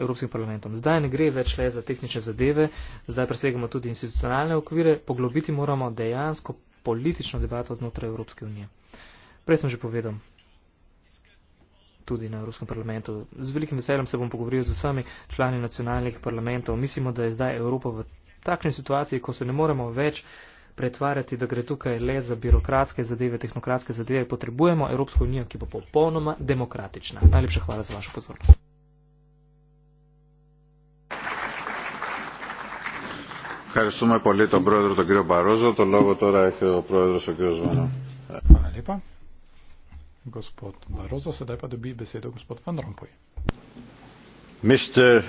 Evropskim parlamentom. Zdaj ne gre več le za tehnične zadeve, zdaj presegamo tudi institucionalne okvire, poglobiti moramo dejansko politično debato znotraj Evropske unije. Prej sem že povedal tudi na Evropskem parlamentu. Z velikim veseljem se bom pogovoril z vsemi člani nacionalnih parlamentov. Mislimo, da je zdaj Evropa v takšni situaciji, ko se ne moremo več pretvarjati, da gre tukaj le za birokratske zadeve, tehnokratske zadeve. Potrebujemo Evropsko unijo, ki bo popolnoma demokratična. Najlepša hvala za vašo pozornost. Ευχαριστούμε πολύ τον πρόεδρο τον κύριο Μπαρόζο. Το λόγο τώρα έχει ο πρόεδρος ο κύριος Βάνο. Παναλήπα. Γκοσπότ Μπαρόζο, σε δέπα του BBC το γκοσπότ Φαν Ρόμποι. Mr.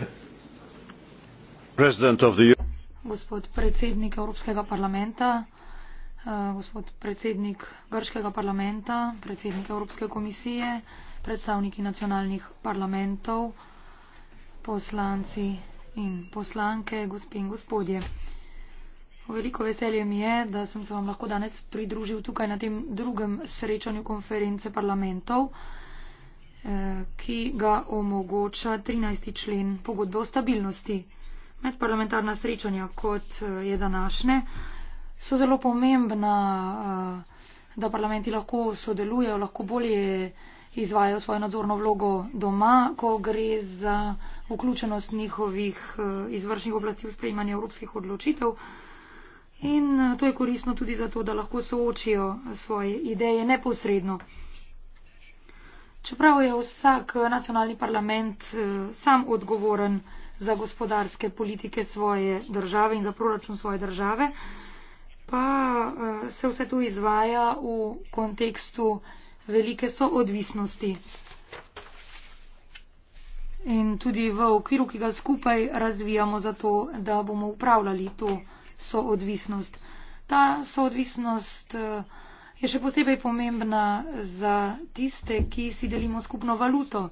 President of the United States gospod predsednik Evropskega parlamenta, eh, gospod predsednik Grškega parlamenta, predsednik Evropske komisije, predstavniki nacionalnih parlamentov, poslanci in poslanke, gospe in gospodje. Veliko veselje mi je, da sem se vam lahko danes pridružil tukaj na tem drugem srečanju konference parlamentov, eh, ki ga omogoča 13. člen pogodbe o stabilnosti. Medparlamentarna srečanja, kot eh, je današnje, so zelo pomembna, eh, da parlamenti lahko sodelujejo, lahko bolje izvajajo svojo nadzorno vlogo doma, ko gre za vključenost njihovih eh, izvršnih oblasti v sprejmanje evropskih odločitev. In to je koristno tudi zato, da lahko soočijo svoje ideje neposredno. Čeprav je vsak nacionalni parlament sam odgovoren, za gospodarske politike svoje države in za proračun svoje države, pa eh, se vse to izvaja v kontekstu velike soodvisnosti. In tudi v okviru, ki ga skupaj razvijamo za to, da bomo upravljali to soodvisnost. Ta soodvisnost eh, je še posebej pomembna za tiste, ki si delimo skupno valuto.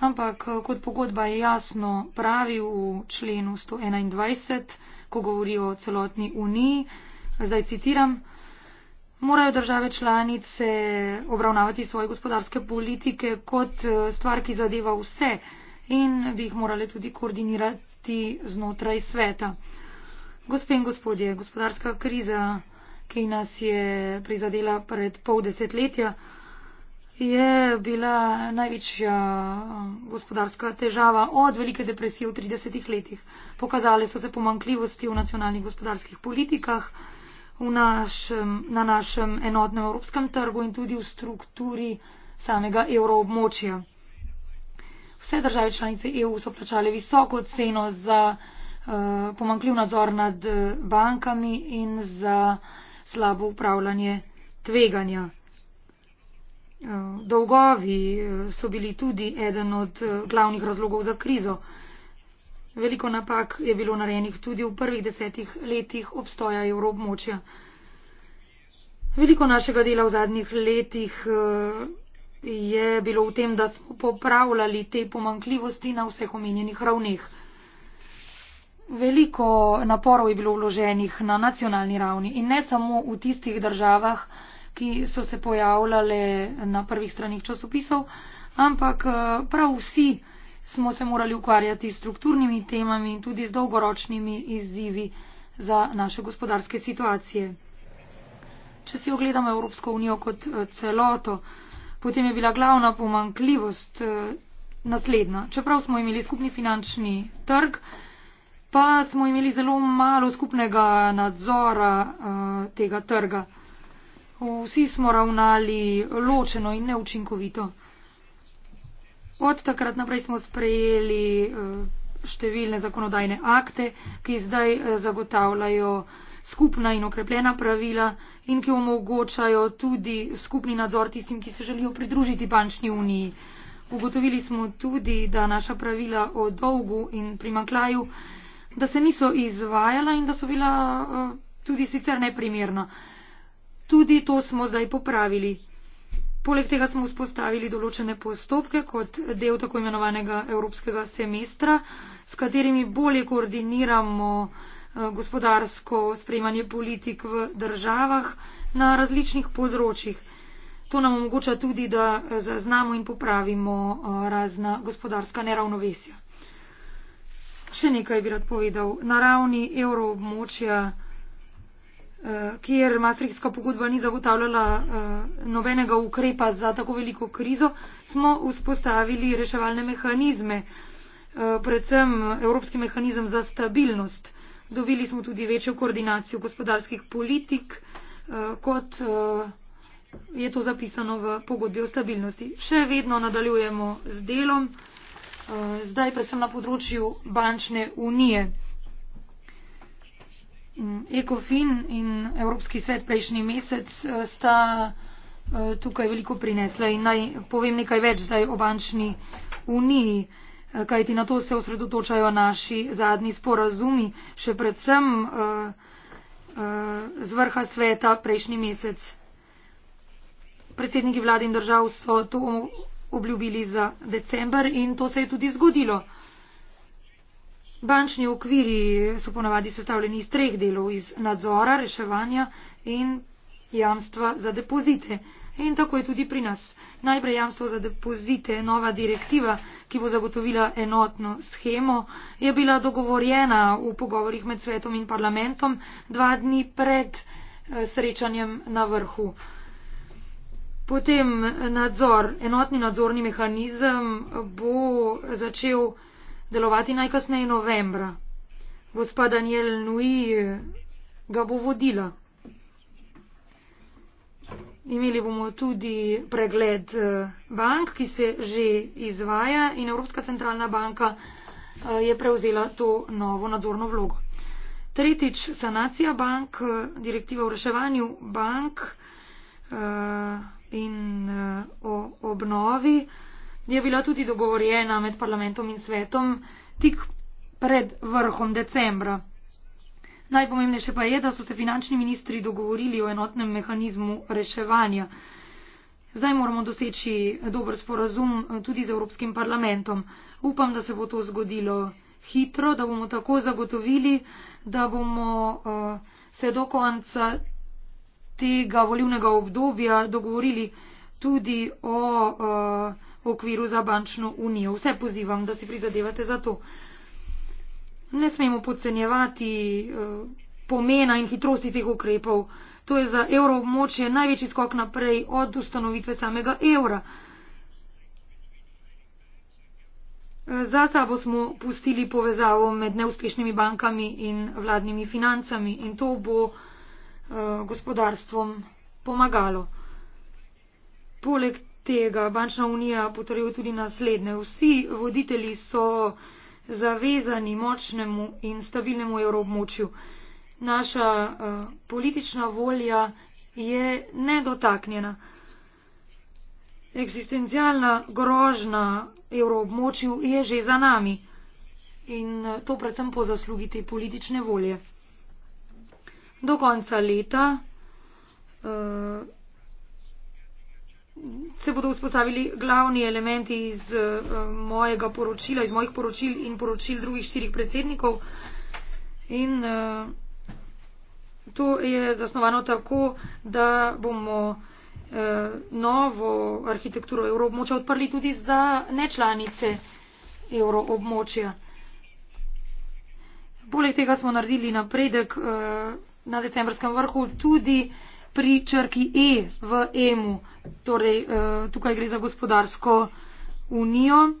Ampak eh, kot pogodba jasno pravi v členu 121, ko govori o celotni uniji, zdaj citiram, morajo države članice obravnavati svoje gospodarske politike kot eh, stvar, ki zadeva vse in bi jih morale tudi koordinirati znotraj sveta. Gospe in gospodje, gospodarska kriza, ki nas je prizadela pred pol desetletja, je bila največja eh, gospodarska težava od velike depresije v 30-ih letih. Pokazale so se pomankljivosti v nacionalnih gospodarskih politikah, v našem, na našem enotnem evropskem trgu in tudi v strukturi samega evroobmočja. Vse države članice EU so plačale visoko ceno za uh, eh, pomankljiv nadzor nad eh, bankami in za slabo upravljanje tveganja. Eh, dolgovi eh, so bili tudi eden od eh, glavnih razlogov za krizo. Veliko napak je bilo narejenih tudi v prvih desetih letih obstoja evroobmočja. Veliko našega dela v zadnjih letih je bilo v tem, da smo popravljali te pomankljivosti na vseh omenjenih ravneh. Veliko naporov je bilo vloženih na nacionalni ravni in ne samo v tistih državah, ki so se pojavljale na prvih stranih časopisov, ampak eh, prav vsi smo se morali ukvarjati s strukturnimi temami in tudi z dolgoročnimi izzivi za naše gospodarske situacije. Če si ogledamo Evropsko unijo kot eh, celoto, potem je bila glavna pomankljivost eh, naslednja. Čeprav smo imeli skupni finančni trg, pa smo imeli zelo malo skupnega nadzora tega trga. Vsi smo ravnali ločeno in neučinkovito. Od takrat naprej smo sprejeli eh, številne zakonodajne akte, ki zdaj eh, zagotavljajo skupna in okrepljena pravila in ki omogočajo tudi skupni nadzor tistim, ki se želijo pridružiti bančni uniji. Ugotovili smo tudi, da naša pravila o dolgu in primaklaju, da se niso izvajala in da so bila eh, tudi sicer neprimerna tudi to smo zdaj popravili. Poleg tega smo vzpostavili določene postopke kot del tako imenovanega evropskega semestra, s katerimi bolje koordiniramo eh, gospodarsko sprejemanje politik v državah na različnih področjih. To nam omogoča tudi, da eh, zaznamo in popravimo eh, razna gospodarska neravnovesja. Še nekaj bi rad povedal. Na ravni evroobmočja. Eh, kjer maastrichtska pogodba ni zagotavljala eh, nobenega ukrepa za tako veliko krizo, smo vzpostavili reševalne mehanizme, eh, predvsem evropski mehanizem za stabilnost. Dobili smo tudi večjo koordinacijo gospodarskih politik, kot je to zapisano v pogodbi o stabilnosti. Še vedno nadaljujemo z delom, zdaj predvsem na področju bančne unije. ECOFIN in Evropski svet prejšnji mesec eh, sta eh, tukaj veliko prinesla in naj povem nekaj več zdaj o bančni uniji, eh, kajti na to se osredotočajo naši zadnji sporazumi, še predvsem z vrha sveta prejšnji mesec. Predsedniki vlad in držav so to obljubili za decembr in to se je tudi zgodilo. Bančni okviri so ponavadi sestavljeni iz treh delov, iz nadzora, reševanja in jamstva za depozite. In tako je tudi pri nas. Najprej jamstvo za depozite, nova direktiva, ki bo zagotovila enotno schemo, je bila dogovorjena v pogovorih med svetom in parlamentom dva dni pred eh, srečanjem na vrhu. Potem nadzor, enotni nadzorni mehanizem bo začel delovati najkasneje novembra. Gospa Daniel Nui ga bo vodila. Imeli bomo tudi pregled eh, bank, ki se že izvaja in Evropska centralna banka eh, je prevzela to novo nadzorno vlogo. Tretjič, sanacija bank, eh, direktiva o reševanju bank in o obnovi je bila tudi dogovorjena med parlamentom in svetom tik pred vrhom decembra. Najpomembnejše pa je, da so se finančni ministri dogovorili o enotnem mehanizmu reševanja. Zdaj moramo doseči dober sporazum eh, tudi z Evropskim parlamentom. Upam, da se bo to zgodilo hitro, da bomo tako zagotovili, da bomo eh, se do konca tega volivnega obdobja dogovorili tudi o eh, v okviru za bančno unijo. Vse pozivam, da si prizadevate za to. Ne smemo podcenjevati eh, pomena in hitrosti teh ukrepov. To je za evroobmočje največji skok naprej od ustanovitve samega evra. Eh, za sabo smo pustili povezavo med neuspešnimi bankami in vladnimi financami in to bo uh, gospodarstvom pomagalo. Poleg tega bančna unija potrjuje tudi naslednje. Vsi voditelji so zavezani močnemu in stabilnemu evroobmočju. Naša uh, politična volja je nedotaknjena. Eksistencialna grožna evroobmočju je že za nami in eh, to predvsem po zaslugi te politične volje. Do konca leta uh, se bodo vzpostavili glavni elementi iz uh, mojega poročila, iz mojih poročil in poročil drugih štirih predsednikov. In uh, to je zasnovano tako, da bomo uh, novo arhitekturo evroobmočja odprli tudi za nečlanice evroobmočja. Poleg tega smo naredili napredek uh, na decembrskem vrhu tudi uh, pri črki E v EMU, torej eh, tukaj gre za gospodarsko unijo.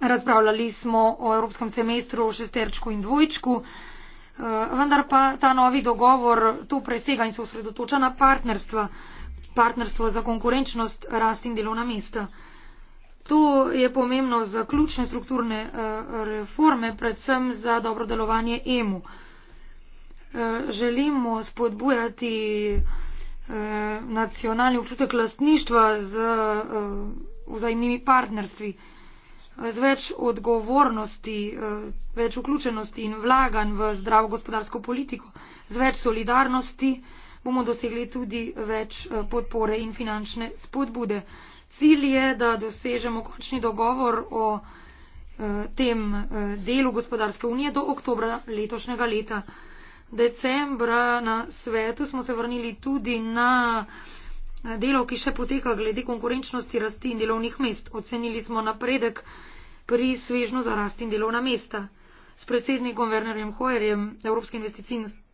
Razpravljali smo o evropskem semestru, o šesterčku in dvojčku, eh, vendar pa ta novi dogovor to presega in se osredotoča na partnerstva, partnerstvo za konkurenčnost, rast in delovna mesta. To je pomembno za ključne strukturne eh, reforme, predvsem za dobro delovanje EMU. Želimo spodbujati Eh, nacionalni občutek lastništva z eh, vzajemnimi partnerstvi, z več odgovornosti, eh, več vključenosti in vlaganj v zdravo gospodarsko politiko, z več solidarnosti bomo dosegli tudi več podpore in finančne spodbude. Cilj je, da dosežemo končni dogovor o tem delu gospodarske unije do oktobra letošnjega leta decembra na svetu smo se vrnili tudi na delo, ki še poteka glede konkurenčnosti rasti in delovnih mest. Ocenili smo napredek pri svežnu za rasti in delovna mesta. S predsednikom Wernerjem Hoerjem Evropske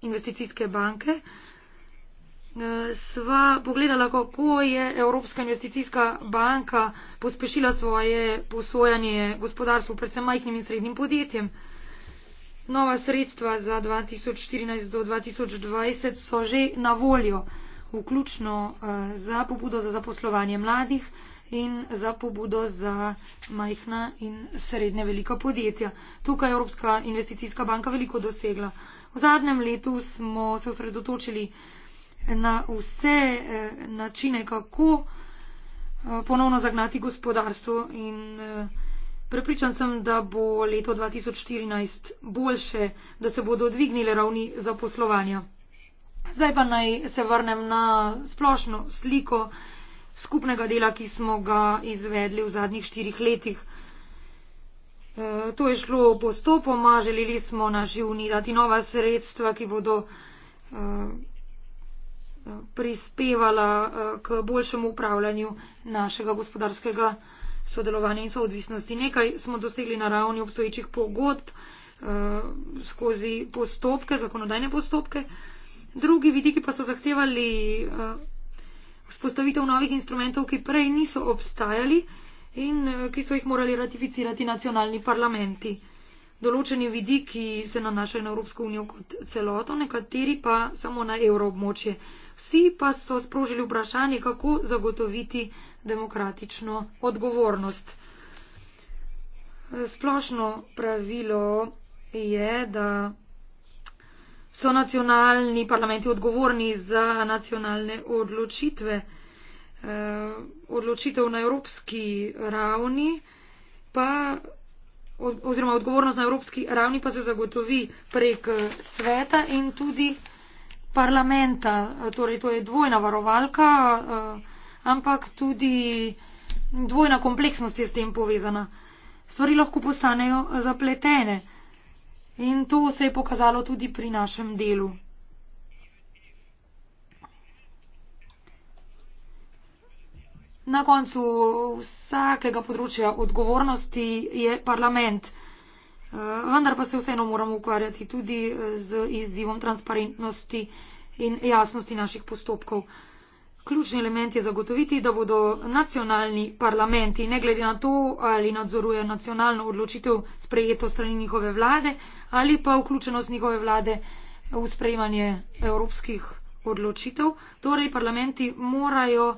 investicijske banke eh, sva pogledala, kako je Evropska investicijska banka pospešila svoje posojanje gospodarstvu, predvsem majhnim in srednjim podjetjem. Nova sredstva za 2014 do 2020 so že na voljo, vključno eh, za pobudo za zaposlovanje mladih in za pobudo za majhna in srednje velika podjetja. Tukaj je Evropska investicijska banka veliko dosegla. V zadnjem letu smo se osredotočili na vse eh, načine, kako eh, ponovno zagnati gospodarstvo in Prepričan sem, da bo leto 2014 boljše, da se bodo dvignile ravni zaposlovanja. Zdaj pa naj se vrnem na splošno sliko skupnega dela, ki smo ga izvedli v zadnjih štirih letih. E, to je šlo postopoma, želeli smo naši uniji dati nova sredstva, ki bodo e, prispevala e, k boljšemu upravljanju našega gospodarskega sodelovanja in soodvisnosti. Nekaj smo dosegli na ravni obstoječih pogodb eh, skozi postopke, zakonodajne postopke. Drugi vidiki pa so zahtevali eh, vzpostavitev novih instrumentov, ki prej niso obstajali in eh, ki so jih morali ratificirati nacionalni parlamenti določeni vidiki se nanašajo na Evropsko unijo kot celoto, nekateri pa samo na evroobmočje. Vsi pa so sprožili vprašanje, kako zagotoviti demokratično odgovornost. Splošno pravilo je, da so nacionalni parlamenti odgovorni za nacionalne odločitve, eh, odločitev na evropski ravni pa oziroma odgovornost na evropski ravni pa se zagotovi prek eh, sveta in tudi parlamenta. Eh, torej, to je dvojna varovalka, eh, ampak tudi dvojna kompleksnost je s tem povezana. Stvari lahko postanejo zapletene in to se je pokazalo tudi pri našem delu. Na koncu vsakega področja odgovornosti je parlament. Eh, vendar pa se vseeno moramo ukvarjati tudi eh, z izzivom transparentnosti in jasnosti naših postopkov. Ključni element je zagotoviti, da bodo nacionalni parlamenti, ne glede na to, ali nadzoruje nacionalno odločitev sprejeto strani njihove vlade ali pa vključenost njihove vlade v sprejemanje evropskih odločitev, torej parlamenti morajo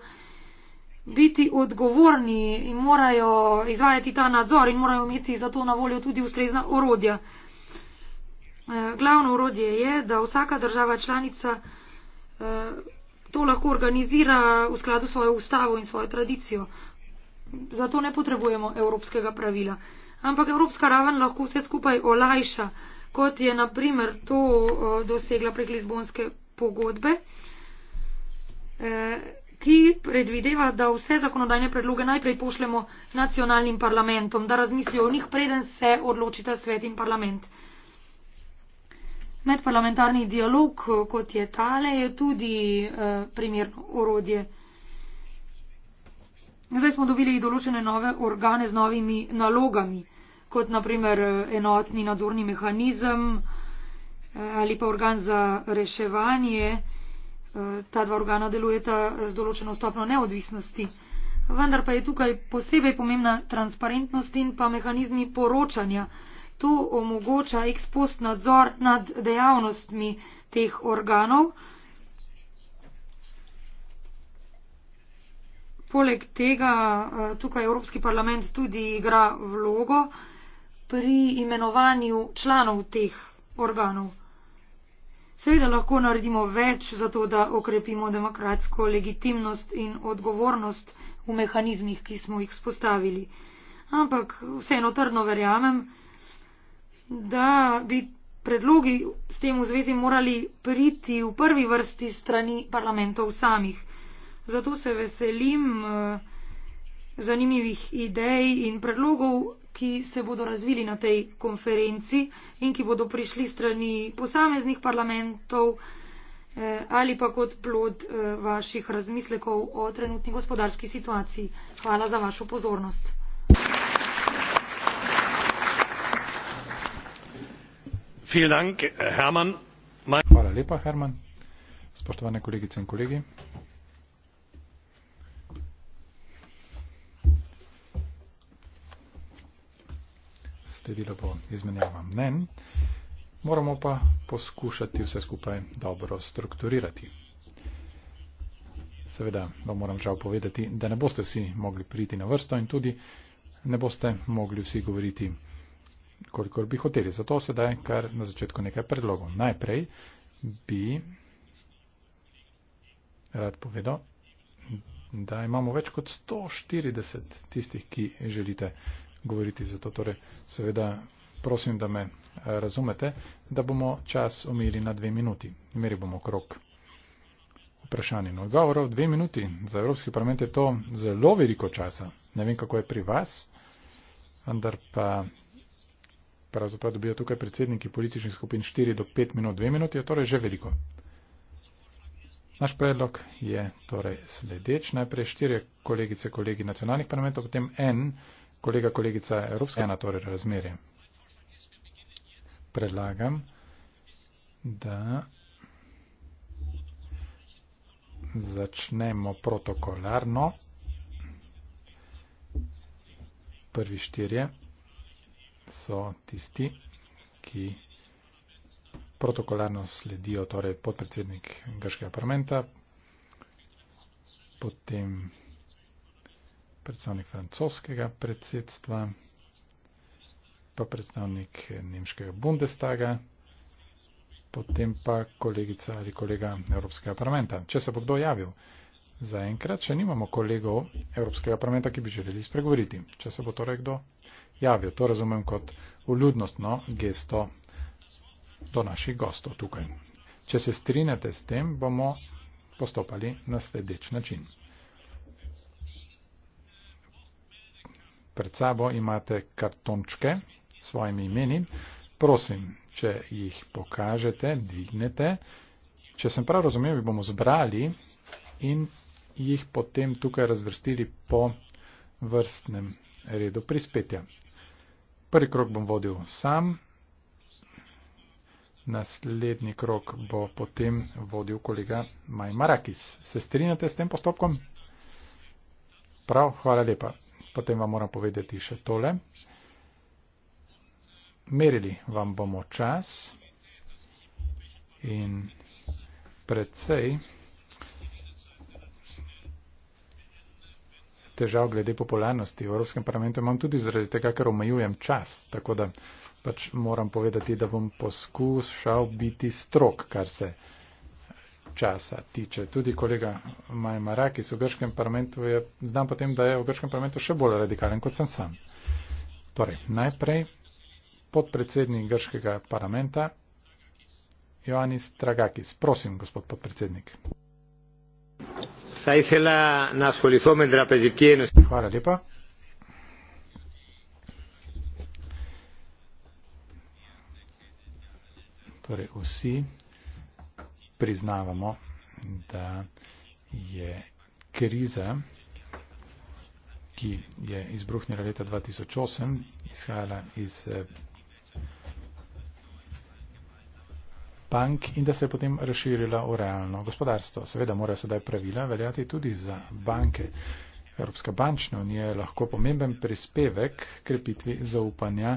biti odgovorni in morajo izvajati ta nadzor in morajo imeti za to na voljo tudi ustrezna orodja. Eh, glavno orodje je, da vsaka država članica eh, to lahko organizira v skladu s svojo ustavo in svojo tradicijo. Zato ne potrebujemo evropskega pravila. Ampak evropska raven lahko vse skupaj olajša, kot je naprimer to eh, dosegla prek Lizbonske pogodbe ki predvideva da vse zakonodajne predloge najprej pošljemo nacionalnim parlamentom da razmislijo o njih preden se odločita svet in parlament medparlamentarni dialog kot je tale je tudi eh, primerno orodje zdaj smo dobili določene nove organe z novimi nalogami kot naprimer eh, enotni nadzorni mehanizem eh, ali pa organ za reševanje eh, ta dva organa delujeta z določeno stopno neodvisnosti. Vendar pa je tukaj posebej pomembna transparentnost in pa mehanizmi poročanja. To omogoča ex post nadzor nad dejavnostmi teh organov. Poleg tega eh, tukaj Evropski parlament tudi igra vlogo pri imenovanju članov teh organov. Seveda lahko naredimo več za to, da okrepimo demokratsko legitimnost in odgovornost v mehanizmih, ki smo jih spostavili. Ampak vseeno trdno verjamem, da bi predlogi s tem v zvezi morali priti v prvi vrsti strani parlamentov samih. Zato se veselim eh, zanimivih idej in predlogov ki se bodo razvili na tej konferenci in ki bodo prišli strani posameznih parlamentov eh, ali pa kot plod eh, vaših razmislekov o trenutni gospodarski situaciji. Hvala za vašo pozornost. Hvala lepa, Herman. Spoštovane kolegice in kolegi. sledilo bo izmenjava mnen. Moramo pa poskušati vse skupaj dobro strukturirati. Seveda vam moram žal povedati, da ne boste vsi mogli priti na vrsto in tudi ne boste mogli vsi govoriti, kolikor bi hoteli. Zato sedaj kar na začetku nekaj predlogov. Najprej bi rad povedal, da imamo več kot 140 tistih, ki želite govoriti za to. Torej, seveda, prosim, da me eh, razumete, da bomo čas omejili na dve minuti. Imeli bomo krok vprašanj in odgovorov. Dve minuti za Evropski parlament je to zelo veliko časa. Ne vem, kako je pri vas, vendar pa pravzaprav dobijo tukaj predsedniki političnih skupin 4 do 5 minut. Dve minuti je torej že veliko. Naš predlog je torej sledeč. Najprej štiri kolegice, kolegi nacionalnih parlamentov, potem en kolega, kolegica, Evropska ena torej razmerje. Predlagam, da začnemo protokolarno. Prvi štirje so tisti, ki protokolarno sledijo, torej podpredsednik Grškega parlamenta, potem predstavnik francoskega predsedstva, pa predstavnik nemškega Bundestaga, potem pa kolegica ali kolega Evropskega parlamenta. Če se bo kdo javil, zaenkrat še nimamo kolegov Evropskega parlamenta, ki bi želeli spregovoriti. Če se bo torej kdo javil, to razumem kot uljudnostno gesto do naših gostov tukaj. Če se strinjate s tem, bomo postopali na sledeč način. pred sabo imate kartončke s svojimi imeni. Prosim, če jih pokažete, dvignete. Če sem prav razumel, jih bomo zbrali in jih potem tukaj razvrstili po vrstnem redu prispetja. Prvi krok bom vodil sam, naslednji krok bo potem vodil kolega Maj Marakis. Se strinjate s tem postopkom? Prav, hvala lepa. Potem vam moram povedati še tole. Merili vam bomo čas in predvsej težav glede popularnosti v Evropskem parlamentu imam tudi zaradi tega, ker omejujem čas. Tako da pač moram povedati, da bom poskušal biti strok, kar se časa tiče. Tudi kolega Majmarakis v grškem parlamentu je, znam potem, da je v grškem parlamentu še bolj radikalen kot sem sam. Torej, najprej podpredsednik grškega parlamenta Joannis Tragakis. Prosim, gospod podpredsednik. Hvala lepa. Torej, vsi priznavamo, da je kriza, ki je izbruhnila leta 2008, izhajala iz bank in da se je potem razširila v realno gospodarstvo. Seveda morajo sedaj pravila veljati tudi za banke. Evropska bančna unija je lahko pomemben prispevek krepitvi zaupanja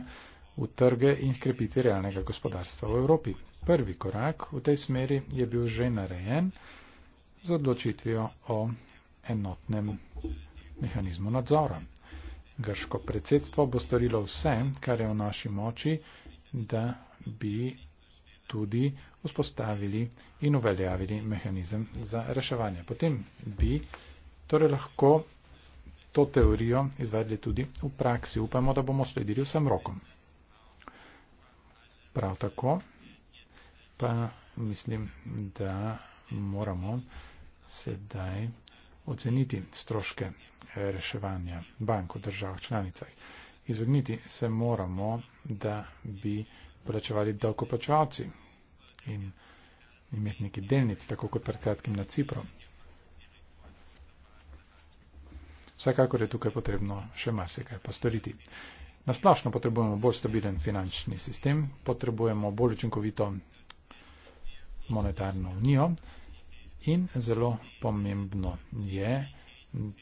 v trge in krepitvi realnega gospodarstva v Evropi prvi korak v tej smeri je bil že narejen z odločitvijo o enotnem mehanizmu nadzora. Grško predsedstvo bo storilo vse, kar je v naši moči, da bi tudi vzpostavili in uveljavili mehanizem za reševanje. Potem bi torej lahko to teorijo izvedli tudi v praksi. Upamo, da bomo sledili vsem rokom. Prav tako pa mislim, da moramo sedaj oceniti stroške reševanja bank v državah članicah. Izogniti se moramo, da bi plačevali davkoplačevalci in imeti neki delnic, tako kot pred kratkim na Cipro. Vsekakor je tukaj potrebno še marsikaj postoriti. Nasplošno potrebujemo bolj stabilen finančni sistem, potrebujemo bolj učinkovito monetarno unijo in zelo pomembno je,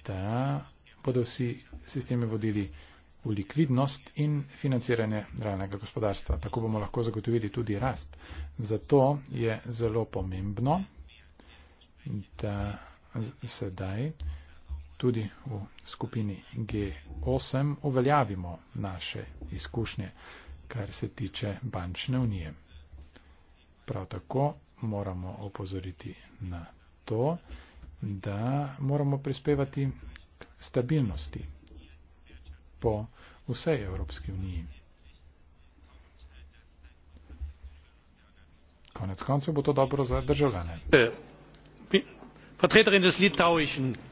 da bodo vsi sistemi vodili v likvidnost in financiranje realnega gospodarstva. Tako bomo lahko zagotovili tudi rast. Zato je zelo pomembno, da sedaj tudi v skupini G8 uveljavimo naše izkušnje, kar se tiče bančne unije. Prav tako moramo opozoriti na to, da moramo prispevati k stabilnosti po vsej Evropski uniji. Konec koncev bo to dobro za državljane.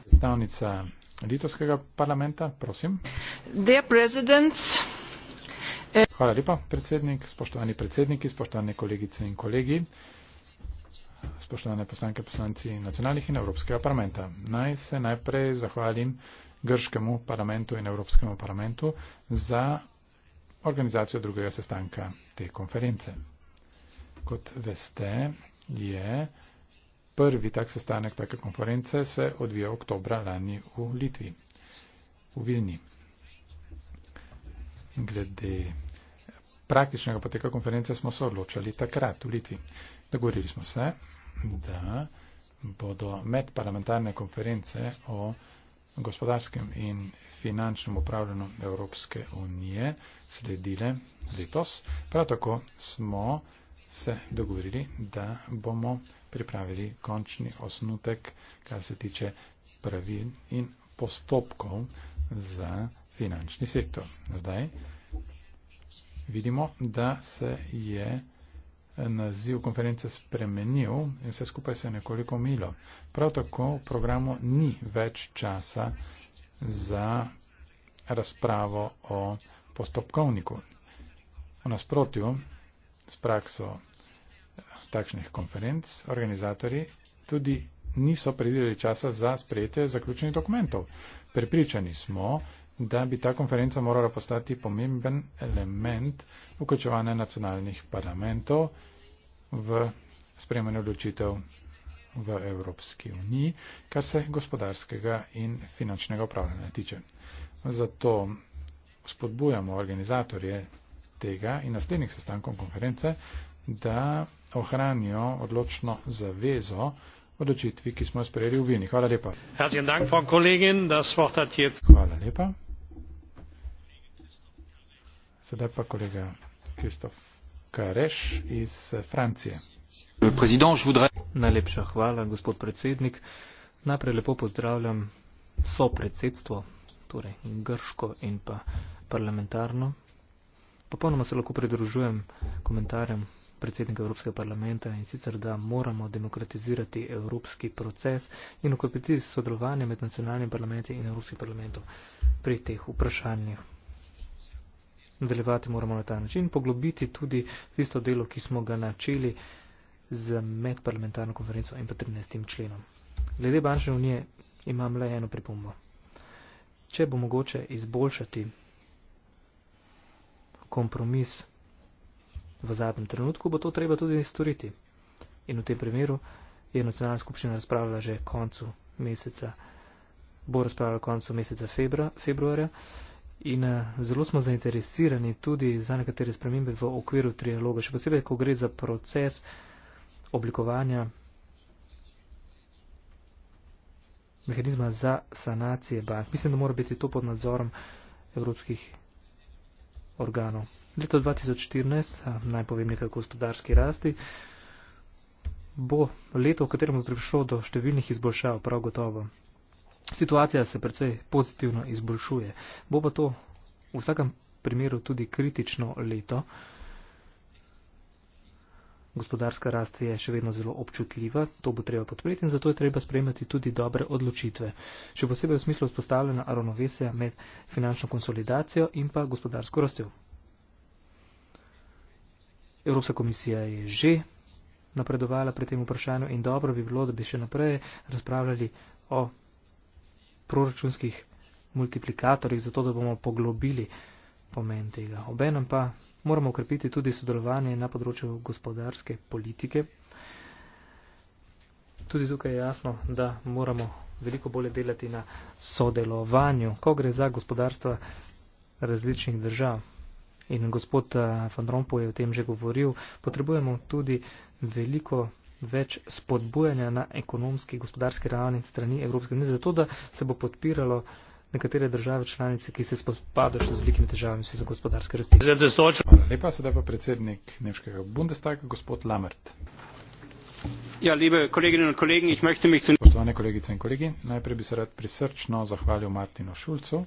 Predstavnica litovskega parlamenta, prosim. Eh- Hvala lepa, predsednik, spoštovani predsedniki, spoštovane kolegice in kolegi spoštovane poslanke, poslanci nacionalnih in Evropskega parlamenta. Naj se najprej zahvalim grškemu parlamentu in Evropskemu parlamentu za organizacijo drugega sestanka te konference. Kot veste, je prvi tak sestanek take konference se odvijal oktobra lani v Litvi, v Vilni. Glede praktičnega poteka konference smo se odločali takrat v Litvi. Dogovorili smo se, da bodo medparlamentarne konference o gospodarskem in finančnem upravljanju Evropske unije sledile letos. Prav tako smo se dogovorili, da bomo pripravili končni osnutek, kar se tiče pravil in postopkov za finančni sektor. Zdaj vidimo, da se je naziv konference spremenil in vse skupaj se je nekoliko omilo. Prav tako v programu ni več časa za razpravo o postopkovniku. V nasprotju s prakso eh, takšnih konferenc, organizatori tudi niso predvideli časa za sprejetje zaključenih dokumentov. Pripričani smo, da bi ta konferenca morala postati pomemben element vključevanja nacionalnih parlamentov v sprejemanju odločitev v Evropski uniji, kar se gospodarskega in finančnega upravljanja tiče. Zato spodbujamo organizatorje tega in naslednjih sestankov konference, da ohranijo odločno zavezo odločitvi, ki smo jo sprejeli v Vini. Hvala lepa. Hvala lepa. Sedaj pa kolega Kristof Kareš iz Francije. Najlepša hvala, gospod predsednik. Najprej lepo pozdravljam so predsedstvo, torej grško in pa parlamentarno. Popolnoma se lahko pridružujem komentarjem predsednika Evropskega parlamenta in sicer, da moramo demokratizirati evropski proces in okrepiti sodelovanje med nacionalnimi parlamenti in Evropskim parlamentom pri teh vprašanjih. Nadaljevati moramo na ta način, poglobiti tudi tisto delo, ki smo ga načeli z medparlamentarno konferenco in pa 13. členom. Glede bančne unije imam le eno pripombo. Če bo mogoče izboljšati kompromis v zadnjem trenutku, bo to treba tudi storiti. In v tem primeru je nacionalna skupščina razpravljala že koncu meseca, bo razpravljala koncu meseca februarja. Februar, In eh, zelo smo zainteresirani tudi za nekatere spremembe v okviru trialoga, še posebej, ko gre za proces oblikovanja mehanizma za sanacije bank. Mislim, da mora biti to pod nadzorom evropskih organov. Leto 2014, eh, naj povem nekaj gospodarski rasti, bo leto, v katerem bo prišlo do številnih izboljšav, prav gotovo situacija se precej pozitivno izboljšuje. Bo pa to v vsakem primeru tudi kritično leto. Gospodarska rast je še vedno zelo občutljiva, to bo treba podpreti in zato je treba sprejemati tudi dobre odločitve. Še posebej v smislu vzpostavljena ravnovesja med finančno konsolidacijo in pa gospodarsko rastjo. Evropska komisija je že napredovala pri tem vprašanju in dobro bi bilo, da bi še naprej razpravljali o proračunskih multiplikatorjih, zato da bomo poglobili pomen tega. Obenem pa moramo ukrepiti tudi sodelovanje na področju gospodarske politike. Tudi tukaj je jasno, da moramo veliko bolje delati na sodelovanju, ko gre za gospodarstva različnih držav. In gospod eh, Van Rompuy je o tem že govoril, potrebujemo tudi veliko več spodbujanja na ekonomski, gospodarski ravni strani Evropske unije, zato da se bo podpiralo nekatere države članice, ki se spopadajo še z velikimi težavami za gospodarske rasti. Hvala lepa, sedaj pa predsednik nemškega Bundestaga, gospod Lamert. Ja, liebe Kolleginnen und Kollegen, ich möchte mich zunächst. Spoštovane kolegice in kolegi, najprej bi se rad prisrčno zahvalil Martinu Šulcu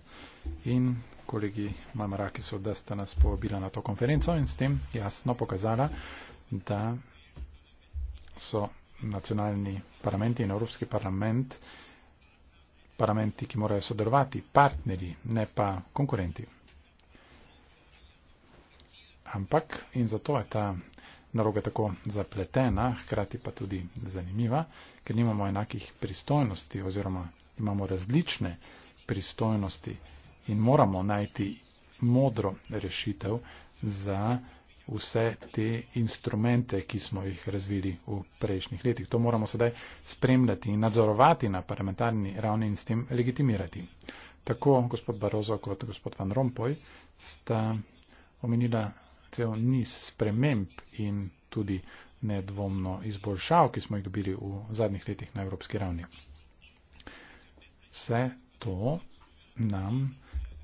in kolegi Mamarakisu, da sta nas povabila na to konferenco in s tem jasno pokazala, da so nacionalni parlamenti in Evropski parlament parlamenti, ki morajo sodelovati, partnerji, ne pa konkurenti. Ampak in zato je ta naroga tako zapletena, hkrati pa tudi zanimiva, ker nimamo enakih pristojnosti oziroma imamo različne pristojnosti in moramo najti modro rešitev za vse te instrumente, ki smo jih razvili v prejšnjih letih. To moramo sedaj spremljati in nadzorovati na parlamentarni ravni in s tem legitimirati. Tako gospod Barozo kot gospod Van Rompuy sta omenila cel niz sprememb in tudi nedvomno izboljšav, ki smo jih dobili v zadnjih letih na evropski ravni. Vse to nam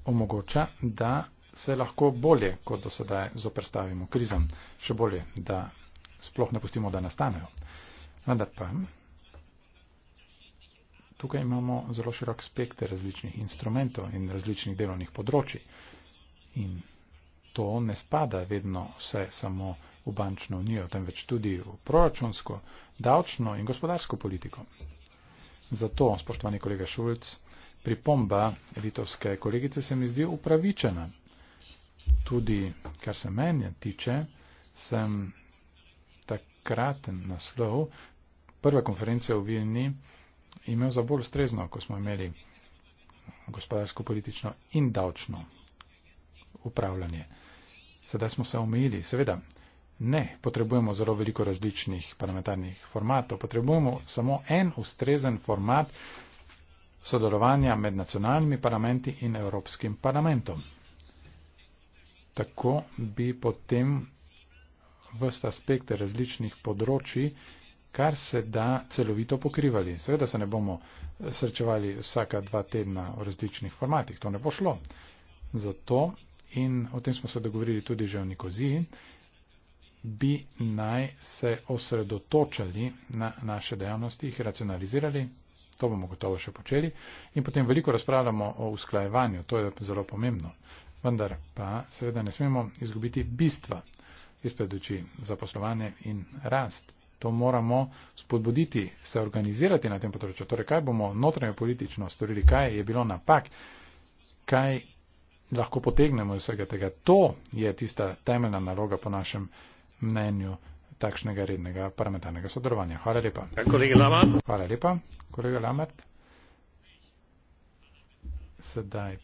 omogoča, da se lahko bolje kot do sedaj zoprstavimo krizam, še bolje, da sploh ne pustimo, da nastanejo. Vendar pa tukaj imamo zelo širok spekter različnih instrumentov in različnih delovnih področji. In to ne spada vedno vse samo v bančno unijo, temveč tudi v proračunsko, davčno in gospodarsko politiko. Zato, spoštovani kolega Šulc, pripomba litovske kolegice se mi zdi upravičena, tudi, kar se menja tiče, sem takraten naslov prve konference v Vilni imel za bolj ustrezno, ko smo imeli gospodarsko, politično in davčno upravljanje. Sedaj smo se omejili. Seveda, ne, potrebujemo zelo veliko različnih parlamentarnih formatov. Potrebujemo samo en ustrezen format sodelovanja med nacionalnimi parlamenti in Evropskim parlamentom. Tako bi potem vst aspekte različnih področji, kar se da celovito pokrivali. Seveda se ne bomo srečevali vsaka dva tedna v različnih formatih, to ne bo šlo. Zato, in o tem smo se dogovorili tudi že v Nikoziji, bi naj se osredotočali na naše dejavnosti, jih racionalizirali, to bomo gotovo še počeli, in potem veliko razpravljamo o usklajevanju, to je zelo pomembno vendar pa seveda ne smemo izgubiti bistva izpred oči zaposlovanje in rast. To moramo spodbuditi, se organizirati na tem področju. Torej, kaj bomo notranje politično storili, kaj je bilo napak, kaj lahko potegnemo iz vsega tega. To je tista temeljna naloga po našem mnenju takšnega rednega parlamentarnega sodelovanja. Hvala lepa. Hvala lepa, kolega Lamert. Sedaj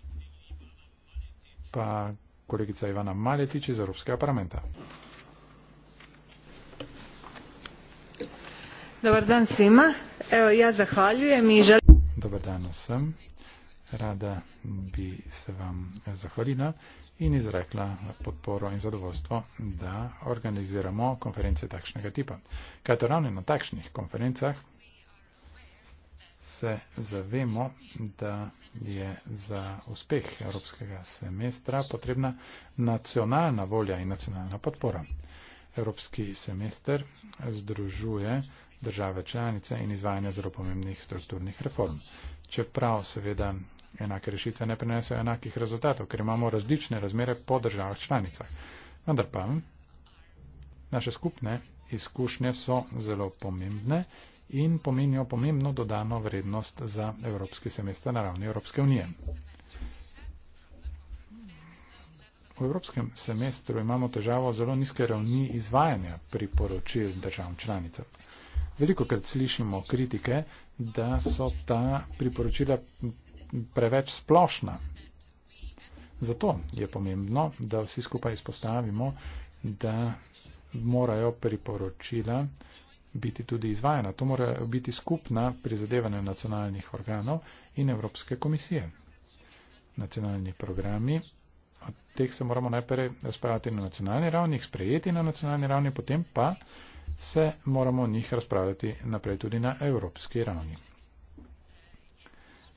pa kolegica Ivana Maletić iz Evropskega parlamenta. Dobar dan svima. Evo, ja zahvaljujem i želim... Dobar dan sam. Rada bi se vam zahvalila in izrekla podporo in zadovoljstvo, da organiziramo konference takšnega tipa. Kajto ravno na takšnih konferencah se zavemo, da je za uspeh evropskega semestra potrebna nacionalna volja in nacionalna podpora. Evropski semester združuje države članice in izvajanje zelo pomembnih strukturnih reform. Čeprav seveda enake rešitve ne prinesejo enakih rezultatov, ker imamo različne razmere po državah članicah. Vendar pa naše skupne izkušnje so zelo pomembne in pomenijo pomembno dodano vrednost za evropski semester na ravni Evropske unije. V evropskem semestru imamo težavo zelo nizke ravni izvajanja priporočil državam članicam. Veliko krat slišimo kritike, da so ta priporočila preveč splošna. Zato je pomembno, da vsi skupaj izpostavimo, da morajo priporočila biti tudi izvajana. To mora biti skupna prizadevanja nacionalnih organov in Evropske komisije. Nacionalni programi, od teh se moramo najprej razpravljati na nacionalni ravni, jih sprejeti na nacionalni ravni, potem pa se moramo o njih razpravljati naprej tudi na evropski ravni.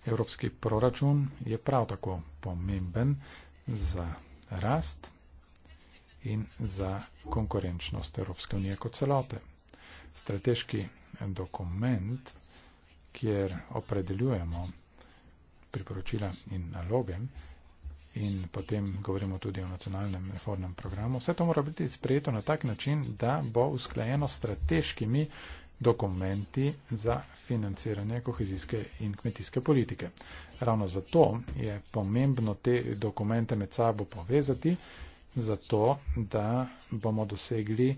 Evropski proračun je prav tako pomemben za rast in za konkurenčnost Evropske unije kot celote strateški dokument, kjer opredeljujemo priporočila in naloge in potem govorimo tudi o nacionalnem reformnem programu. Vse to mora biti sprejeto na tak način, da bo usklajeno strateškimi dokumenti za financiranje kohezijske in kmetijske politike. Ravno zato je pomembno te dokumente med sabo povezati, zato da bomo dosegli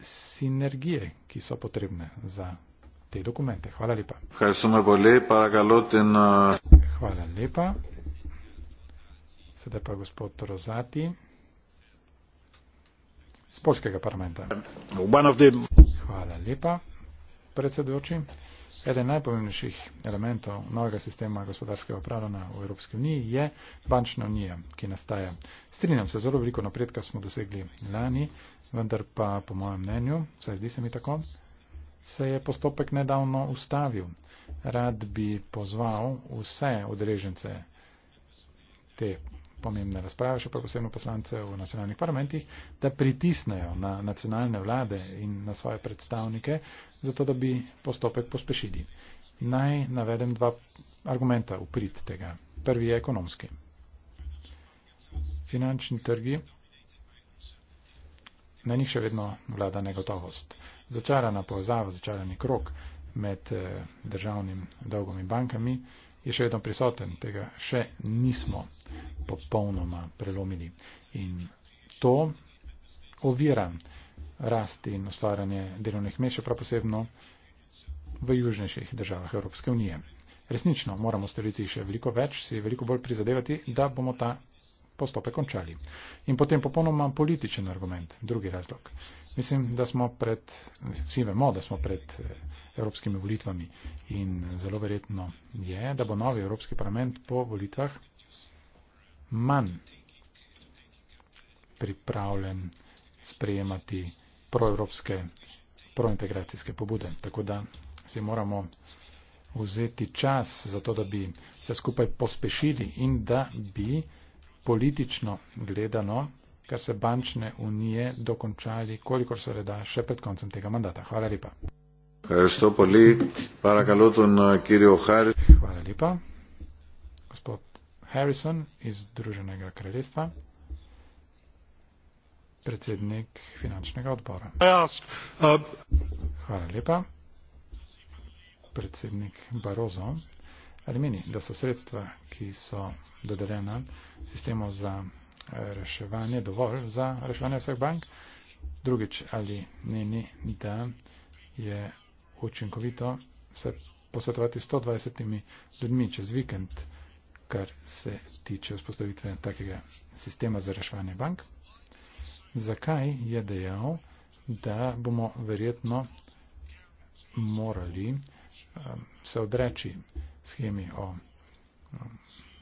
sinergije, ki so potrebne za te dokumente. Hvala lepa. Hvala lepa. Sedaj pa gospod Rozati iz Polskega parlamenta. Hvala lepa predsedujoči. Eden najpomembnejših elementov novega sistema gospodarskega upravljanja v Evropski uniji je bančna unija, ki nastaja. Strinjam se, zelo veliko napredka smo dosegli lani, vendar pa po mojem mnenju, vsaj zdi se mi tako, se je postopek nedavno ustavil. Rad bi pozval vse odrežence te pomembne razprave, še pa posebno poslance v nacionalnih parlamentih, da pritisnejo na nacionalne vlade in na svoje predstavnike, zato da bi postopek pospešili. Naj navedem dva argumenta v prid tega. Prvi je ekonomski. Finančni trgi, na njih še vedno vlada negotovost. Začarana povezava, začarani krok med eh, državnim dolgom in bankami, je še vedno prisoten, tega še nismo popolnoma prelomili. In to ovira rast in ustvarjanje delovnih mest, še prav posebno v južnejših državah Evropske unije. Resnično moramo storiti še veliko več, si veliko bolj prizadevati, da bomo ta postope končali. In potem popolnoma političen argument, drugi razlog. Mislim, da smo pred, vsi vemo, da smo pred eh, evropskimi volitvami in zelo verjetno je, da bo novi Evropski parlament po volitvah manj pripravljen sprejemati proevropske, prointegracijske pobude. Tako da si moramo vzeti čas za to, da bi se skupaj pospešili in da bi politično gledano, kar se bančne unije dokončali, koliko se le da, še pred koncem tega mandata. Hvala lepa. Hvala lepa. Gospod Harrison iz Združenega kraljestva, predsednik finančnega odbora. Uh, Hvala lepa. Predsednik Barozo. Ali meni, da so sredstva, ki so dodeljena sistemu za eh, reševanje, dovolj za reševanje vseh bank? Drugič, ali meni, da je učinkovito se posvetovati 120 ljudmi čez vikend, kar se tiče vzpostavitve takega sistema za reševanje bank? Zakaj je dejal, da bomo verjetno morali um, se odreči schemi o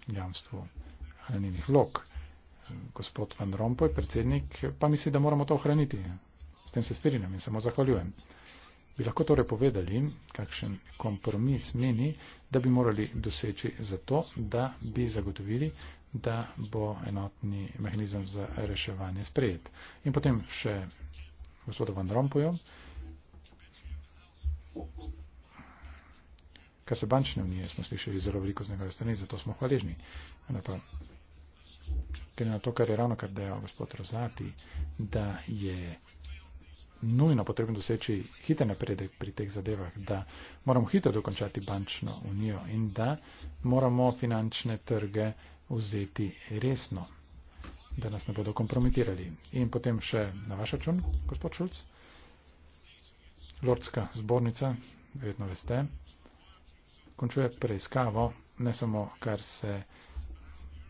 jamstvu hranilnih vlog. Gospod Van Rompuy, predsednik, pa misli, da moramo to ohraniti. S tem se strinjam in samo zahvaljujem. Bi lahko torej povedali, kakšen kompromis meni, da bi morali doseči za to, da bi zagotovili, da bo enotni mehanizem za reševanje sprejet. In potem še gospodu Van Rompuyu kar se bančne unije smo slišali zelo veliko z njegove strani, zato smo hvaležni. Ker je na to, kar je ravno kar dejal gospod Rozati, da je nujno potrebno doseči hiter napredek pri teh zadevah, da moramo hitro dokončati bančno unijo in da moramo finančne trge vzeti resno, da nas ne bodo kompromitirali. In potem še na vaš račun, gospod Šulc, Lordska zbornica, verjetno veste, končuje preiskavo, ne samo kar se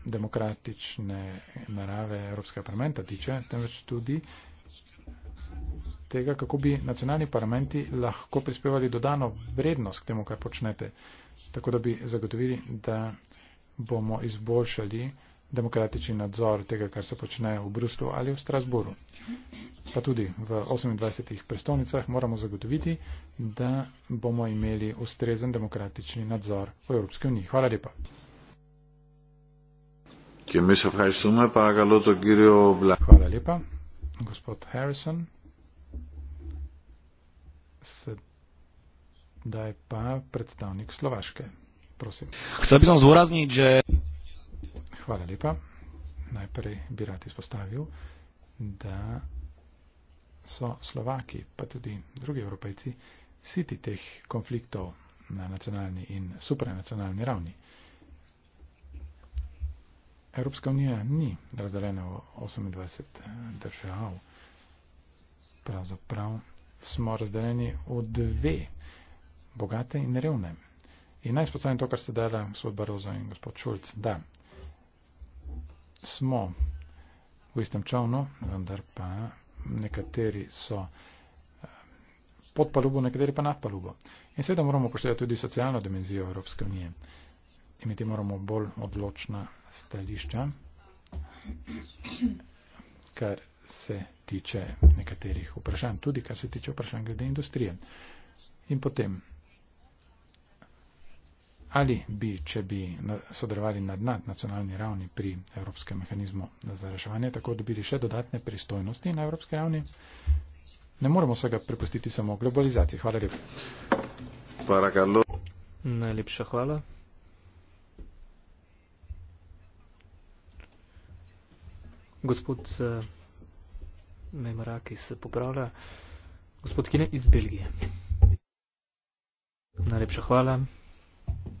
demokratične narave Evropskega parlamenta tiče, temveč tudi tega, kako bi nacionalni parlamenti lahko prispevali dodano vrednost k temu, kar počnete, tako da bi zagotovili, da bomo izboljšali demokratični nadzor tega, kar se počne v Bruslu ali v Strasburu. Pa tudi v 28 prestolnicah moramo zagotoviti, da bomo imeli ustrezen demokratični nadzor v Evropski uniji. Hvala lepa. Hvala lepa, gospod Harrison. Sedaj pa predstavnik Slovaške. Prosim. Chcel by som zdôrazniť, že Hvala lepa. Najprej bi rad izpostavil, da so Slovaki, pa tudi drugi evropejci, siti teh konfliktov na nacionalni in supranacionalni ravni. Evropska unija ni razdeljena v 28 eh, držav. Pravzaprav smo razdeljeni v dve, bogate in revne. In naj spostavim to, kar ste dala gospod Barozo in gospod Šulc, da smo v istem čovnu, vendar pa nekateri so eh, pod palubo, nekateri pa nad palubo. In seveda moramo upoštevati tudi socialno dimenzijo Evropske unije. Imeti moramo bolj odločna stališča, kar se tiče nekaterih vprašanj, tudi kar se tiče vprašanj glede industrije. In potem ali bi, če bi sodelovali na nacionalni ravni pri Evropskem mehanizmu za reševanje, tako dobili še dodatne pristojnosti na Evropski ravni. Ne moremo vsega prepustiti samo globalizaciji. Hvala lepa. Paragalo. Najlepša hvala. Gospod eh, Memorakis se popravlja. Gospod Kine iz Belgije. Najlepša hvala.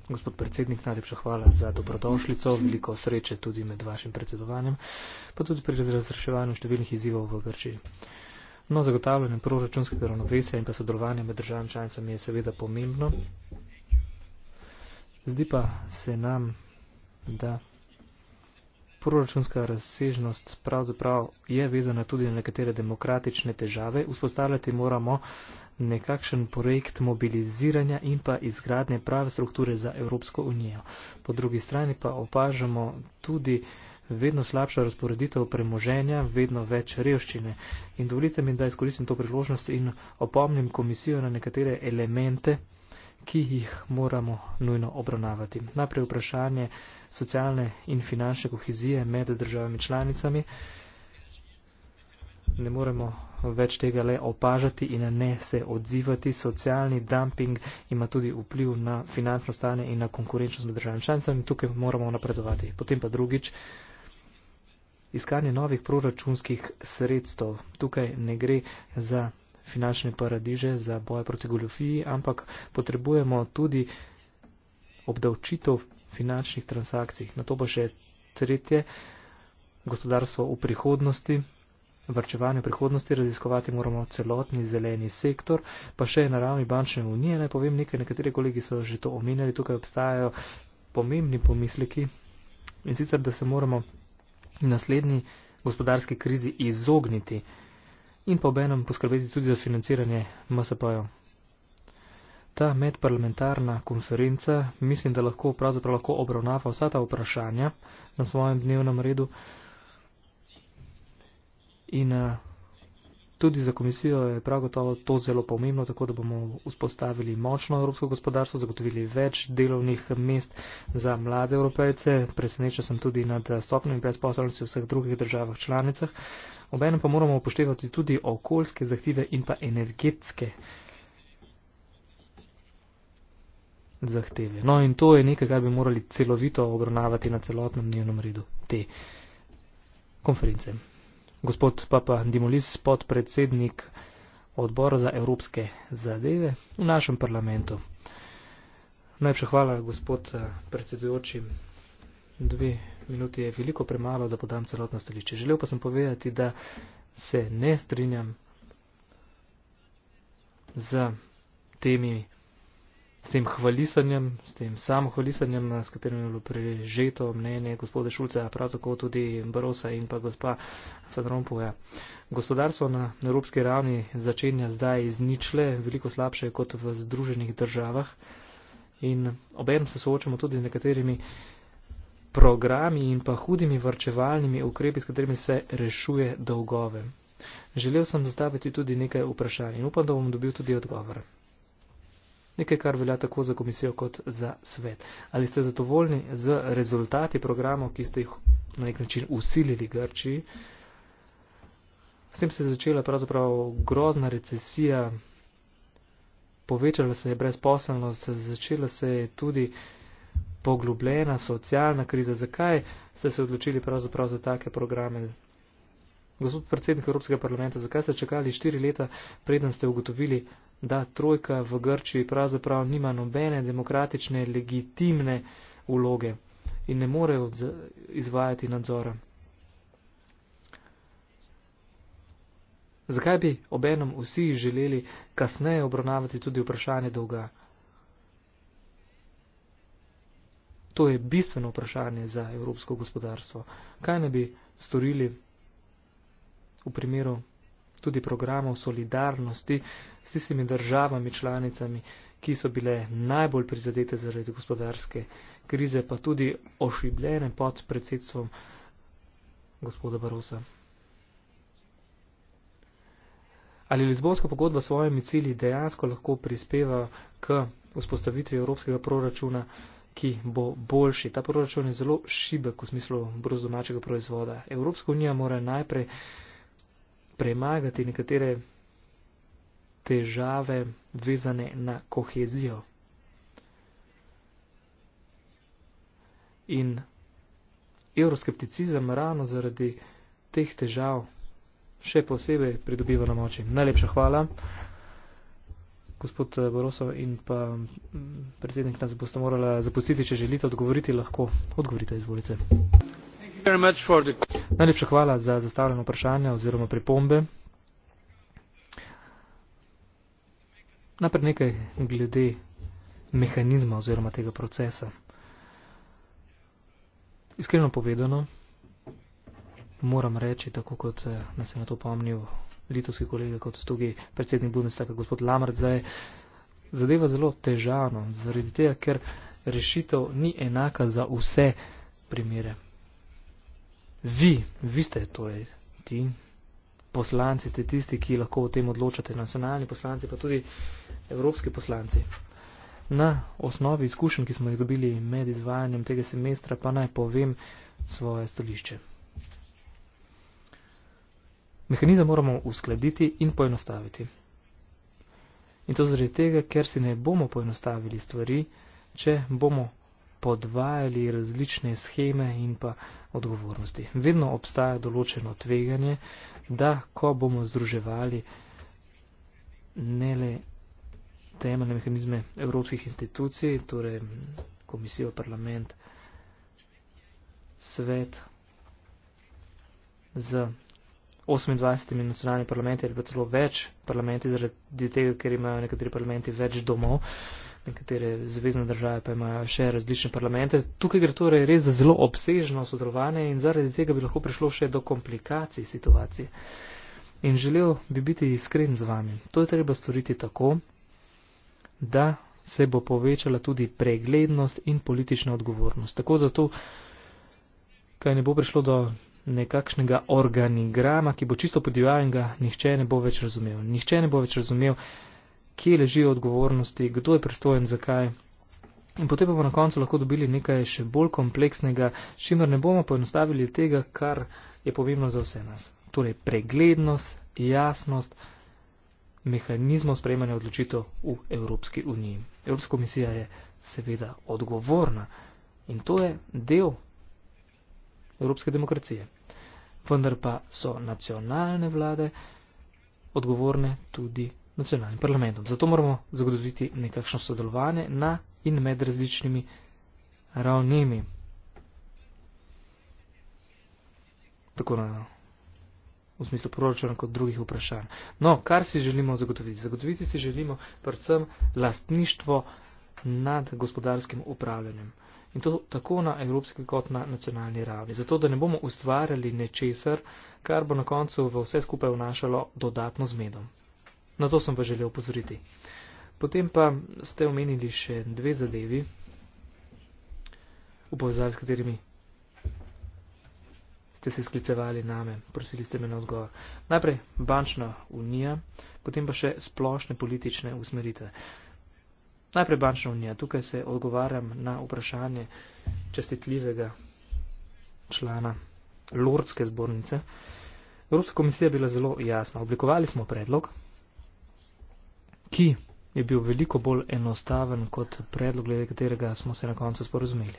Gospod predsednik, najlepša hvala za dobrodošljico, veliko sreče tudi med vašim predsedovanjem, pa tudi pri razreševanju številnih izzivov v Grčiji. No, zagotavljanje proračunskega ravnovesja in pa sodelovanje med državami članicami je seveda pomembno. Zdi pa se nam, da Proračunska razsežnost pravzaprav je vezana tudi na nekatere demokratične težave. Vzpostavljati moramo nekakšen projekt mobiliziranja in pa izgradnje prave strukture za Evropsko unijo. Po drugi strani pa opažamo tudi vedno slabšo razporeditev premoženja, vedno več revščine. In dovolite mi, da izkoristim to priložnost in opomnim komisijo na nekatere elemente ki jih moramo nujno obravnavati. Najprej vprašanje socialne in finančne kohezije med državami članicami. Ne moremo več tega le opažati in ne se odzivati. Socialni dumping ima tudi vpliv na finančno stanje in na konkurenčnost med državami članicami. Tukaj moramo napredovati. Potem pa drugič. Iskanje novih proračunskih sredstev. Tukaj ne gre za finančne paradiže za boj proti goljofiji, ampak potrebujemo tudi obdavčitev finančnih transakcij. Na to pa še tretje, gospodarstvo v prihodnosti, vrčevanje v prihodnosti, raziskovati moramo celotni zeleni sektor, pa še na ravni bančne unije. Naj povem nekaj, nekateri kolegi so že to omenjali, tukaj obstajajo pomembni pomisleki in sicer, da se moramo naslednji gospodarski krizi izogniti in pa obenem poskrbeti tudi za financiranje MSP-jev. Ta medparlamentarna konferenca mislim, da lahko pravzaprav lahko obravnava vsa ta vprašanja na svojem dnevnem redu in a, eh, tudi za komisijo je prav gotovo to zelo pomembno, tako da bomo vzpostavili močno evropsko gospodarstvo, zagotovili več delovnih mest za mlade evropejce, presenečen sem tudi nad eh, stopnjo in brezposobnosti v vseh drugih državah članicah obenem pa moramo upoštevati tudi okoljske zahteve in pa energetske zahteve. No in to je nekaj, kar bi morali celovito obravnavati na celotnem dnevnem redu te konference. Gospod Papa Dimolis, podpredsednik odbora za evropske zadeve v našem parlamentu. Najprej hvala, gospod eh, predsedujoči. Dve minut je veliko premalo, da podam celotno stališče. Želel pa sem povedati, da se ne strinjam z temi, s tem hvalisanjem, s tem samohvalisanjem, s katerim je bilo prežeto mnenje gospode Šulca, prav tako tudi Barosa in pa gospa Fedrompoja. Gospodarstvo na evropski ravni začenja zdaj iz ničle, veliko slabše kot v združenih državah. In obenem se soočamo tudi z nekaterimi programi in pa hudimi vrčevalnimi ukrepi, s katerimi se rešuje dolgove. Želel sem zastaviti tudi nekaj vprašanj in upam, da bom dobil tudi odgovor. Nekaj, kar velja tako za komisijo kot za svet. Ali ste zadovoljni z rezultati programov, ki ste jih na nek način usilili Grčiji? S tem se je začela pravzaprav grozna recesija, povečala se je brezposelnost, začela se je tudi uh, poglobljena socialna kriza. Zakaj ste se odločili pravzaprav za take programe? Gospod predsednik Evropskega parlamenta, zakaj ste čakali štiri leta, preden ste ugotovili, da trojka v Grčiji pravzaprav nima nobene demokratične, legitimne vloge in ne more izvajati nadzora? Zakaj bi obenem vsi želeli kasneje obravnavati tudi vprašanje dolga? To je bistveno vprašanje za evropsko gospodarstvo. Kaj ne bi storili v primeru tudi programov solidarnosti s tistimi državami članicami, ki so bile najbolj prizadete zaradi gospodarske krize, pa tudi ošibljene pod predsedstvom gospoda Barosa. Ali Lizbonska pogodba s svojimi cilji dejansko lahko prispeva k vzpostavitvi evropskega proračuna? ki bo boljši. Ta proračun je zelo šibek v smislu brozdomačega proizvoda. Evropska unija mora najprej premagati nekatere težave vezane na kohezijo. In euroskepticizem ravno zaradi teh težav še posebej pridobiva na moči. Najlepša hvala gospod eh, Boroso in pa mm, predsednik nas boste morali zapustiti, če želite odgovoriti, lahko odgovorite, izvolite. The... Najlepša hvala za zastavljeno vprašanje oziroma pripombe. Najprej nekaj glede mehanizma oziroma tega procesa. Iskreno povedano, moram reči, tako kot eh, nas je na to pomnil litovski kolega, kot tudi predsednik Bundestaga, gospod Lamar, zdaj je zadeva zelo težano, zaradi tega, ker rešitev ni enaka za vse primere. Vi, vi ste torej ti, poslanci ste tisti, ki lahko o tem odločate, nacionalni poslanci, pa tudi evropski poslanci. Na osnovi izkušenj, ki smo jih dobili med izvajanjem tega semestra, pa naj povem svoje stališče. Mehanizem moramo uskladiti in poenostaviti. In to zaradi tega, ker si ne bomo poenostavili stvari, če bomo podvajali različne scheme in pa odgovornosti. Vedno obstaja določeno tveganje, da ko bomo združevali ne le temeljne mehanizme evropskih institucij, torej komisijo, parlament, svet, z 28 nacionalni parlamenti ali pa celo več parlamenti zaradi tega, ker imajo nekateri parlamenti več domov, nekatere zvezdne države pa imajo še različne parlamente. Tukaj gre torej res za zelo obsežno sodelovanje in zaradi tega bi lahko prišlo še do komplikacij situacije. In želel bi biti iskren z vami. To je treba storiti tako, da se bo povečala tudi preglednost in politična odgovornost. Tako da to, kaj ne bo prišlo do nekakšnega organigrama, ki bo čisto podivljal in ga nihče ne bo več razumel. Nihče ne bo več razumel, kje ležijo odgovornosti, kdo je pristojen, zakaj. In potem bomo na koncu lahko dobili nekaj še bolj kompleksnega, s čimer ne bomo poenostavili tega, kar je pomembno za vse nas. Torej, preglednost, jasnost mehanizmov sprejmanja odločitev v Evropski uniji. Evropska komisija je seveda odgovorna in to je del Evropske demokracije vendar pa so nacionalne vlade odgovorne tudi nacionalnim parlamentom. Zato moramo zagotoviti nekakšno sodelovanje na in med različnimi ravnimi. Tako na v smislu proračuna kot drugih vprašanj. No, kar si želimo zagotoviti? Zagotoviti si želimo predvsem lastništvo nad gospodarskim upravljanjem in to tako na evropski kot na nacionalni ravni. Zato, da ne bomo ustvarjali nečesar, kar bo na koncu v vse skupaj vnašalo dodatno zmedo. Na to sem pa želel upozoriti. Potem pa ste omenili še dve zadevi, v povezavi s katerimi ste se sklicevali name, prosili ste me na odgovor. Najprej bančna unija, potem pa še splošne politične usmeritve. Uh, Najprej bančna unija. Tukaj se odgovarjam na vprašanje čestitljivega člana Lordske zbornice. Evropska komisija je bila zelo jasna. Oblikovali smo predlog, ki je bil veliko bolj enostaven kot predlog, glede katerega smo se na koncu sporozumeli.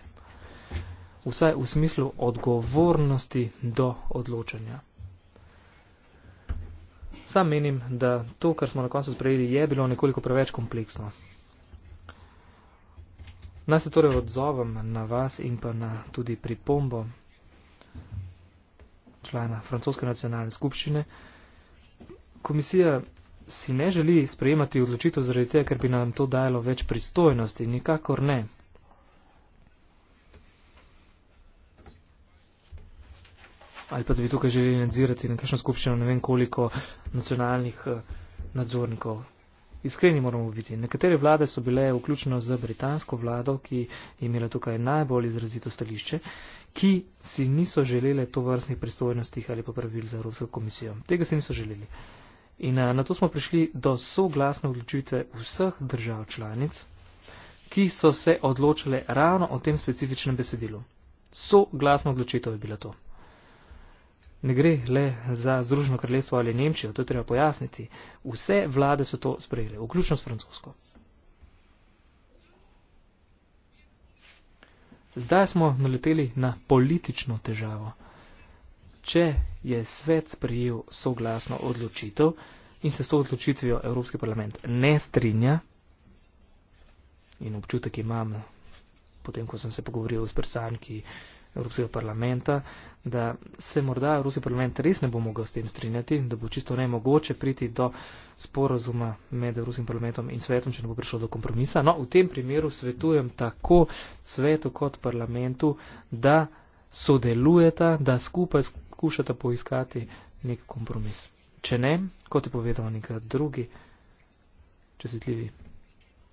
Vsaj v smislu odgovornosti do odločanja. Sam menim, da to, kar smo na koncu sprejeli, je bilo nekoliko preveč kompleksno. Naj se torej odzovem na vas in pa na tudi pripombo člana Francoske nacionalne skupščine. Komisija si ne želi sprejemati odločitev zaradi tega, ker bi nam to dajalo več pristojnosti. Nikakor ne. Ali pa da bi tukaj želeli nadzirati na kakšno skupščino ne vem koliko nacionalnih eh, nadzornikov. Iskreni moramo biti. Nekatere vlade so bile vključno z britansko vlado, ki je imela tukaj najbolj izrazito stališče, ki si niso želeli to vrstnih pristojnostih ali pa pravil za Evropsko komisijo. Tega si niso želeli. In a, na to smo prišli do soglasne odločitve vseh držav članic, ki so se odločile ravno o tem specifičnem besedilu. Soglasno odločitev je bila to ne gre le za Združeno kraljestvo ali Nemčijo, to treba pojasniti. Vse vlade so to sprejele, vključno s francosko. Zdaj smo naleteli na politično težavo. Če je svet sprejel soglasno odločitev in se s to odločitvijo Evropski parlament ne strinja, in občutek imam, potem ko sem se pogovoril s predstavniki Evropskega parlamenta, da se morda Evropski parlament res ne bo mogel s tem strinjati, da bo čisto nemogoče priti do sporazuma med Evropskim parlamentom in svetom, če ne bo prišlo do kompromisa. No, v tem primeru svetujem tako svetu kot parlamentu, da sodelujeta, da skupaj skušata poiskati nek kompromis. Če ne, kot je povedal nek drugi čestitljivi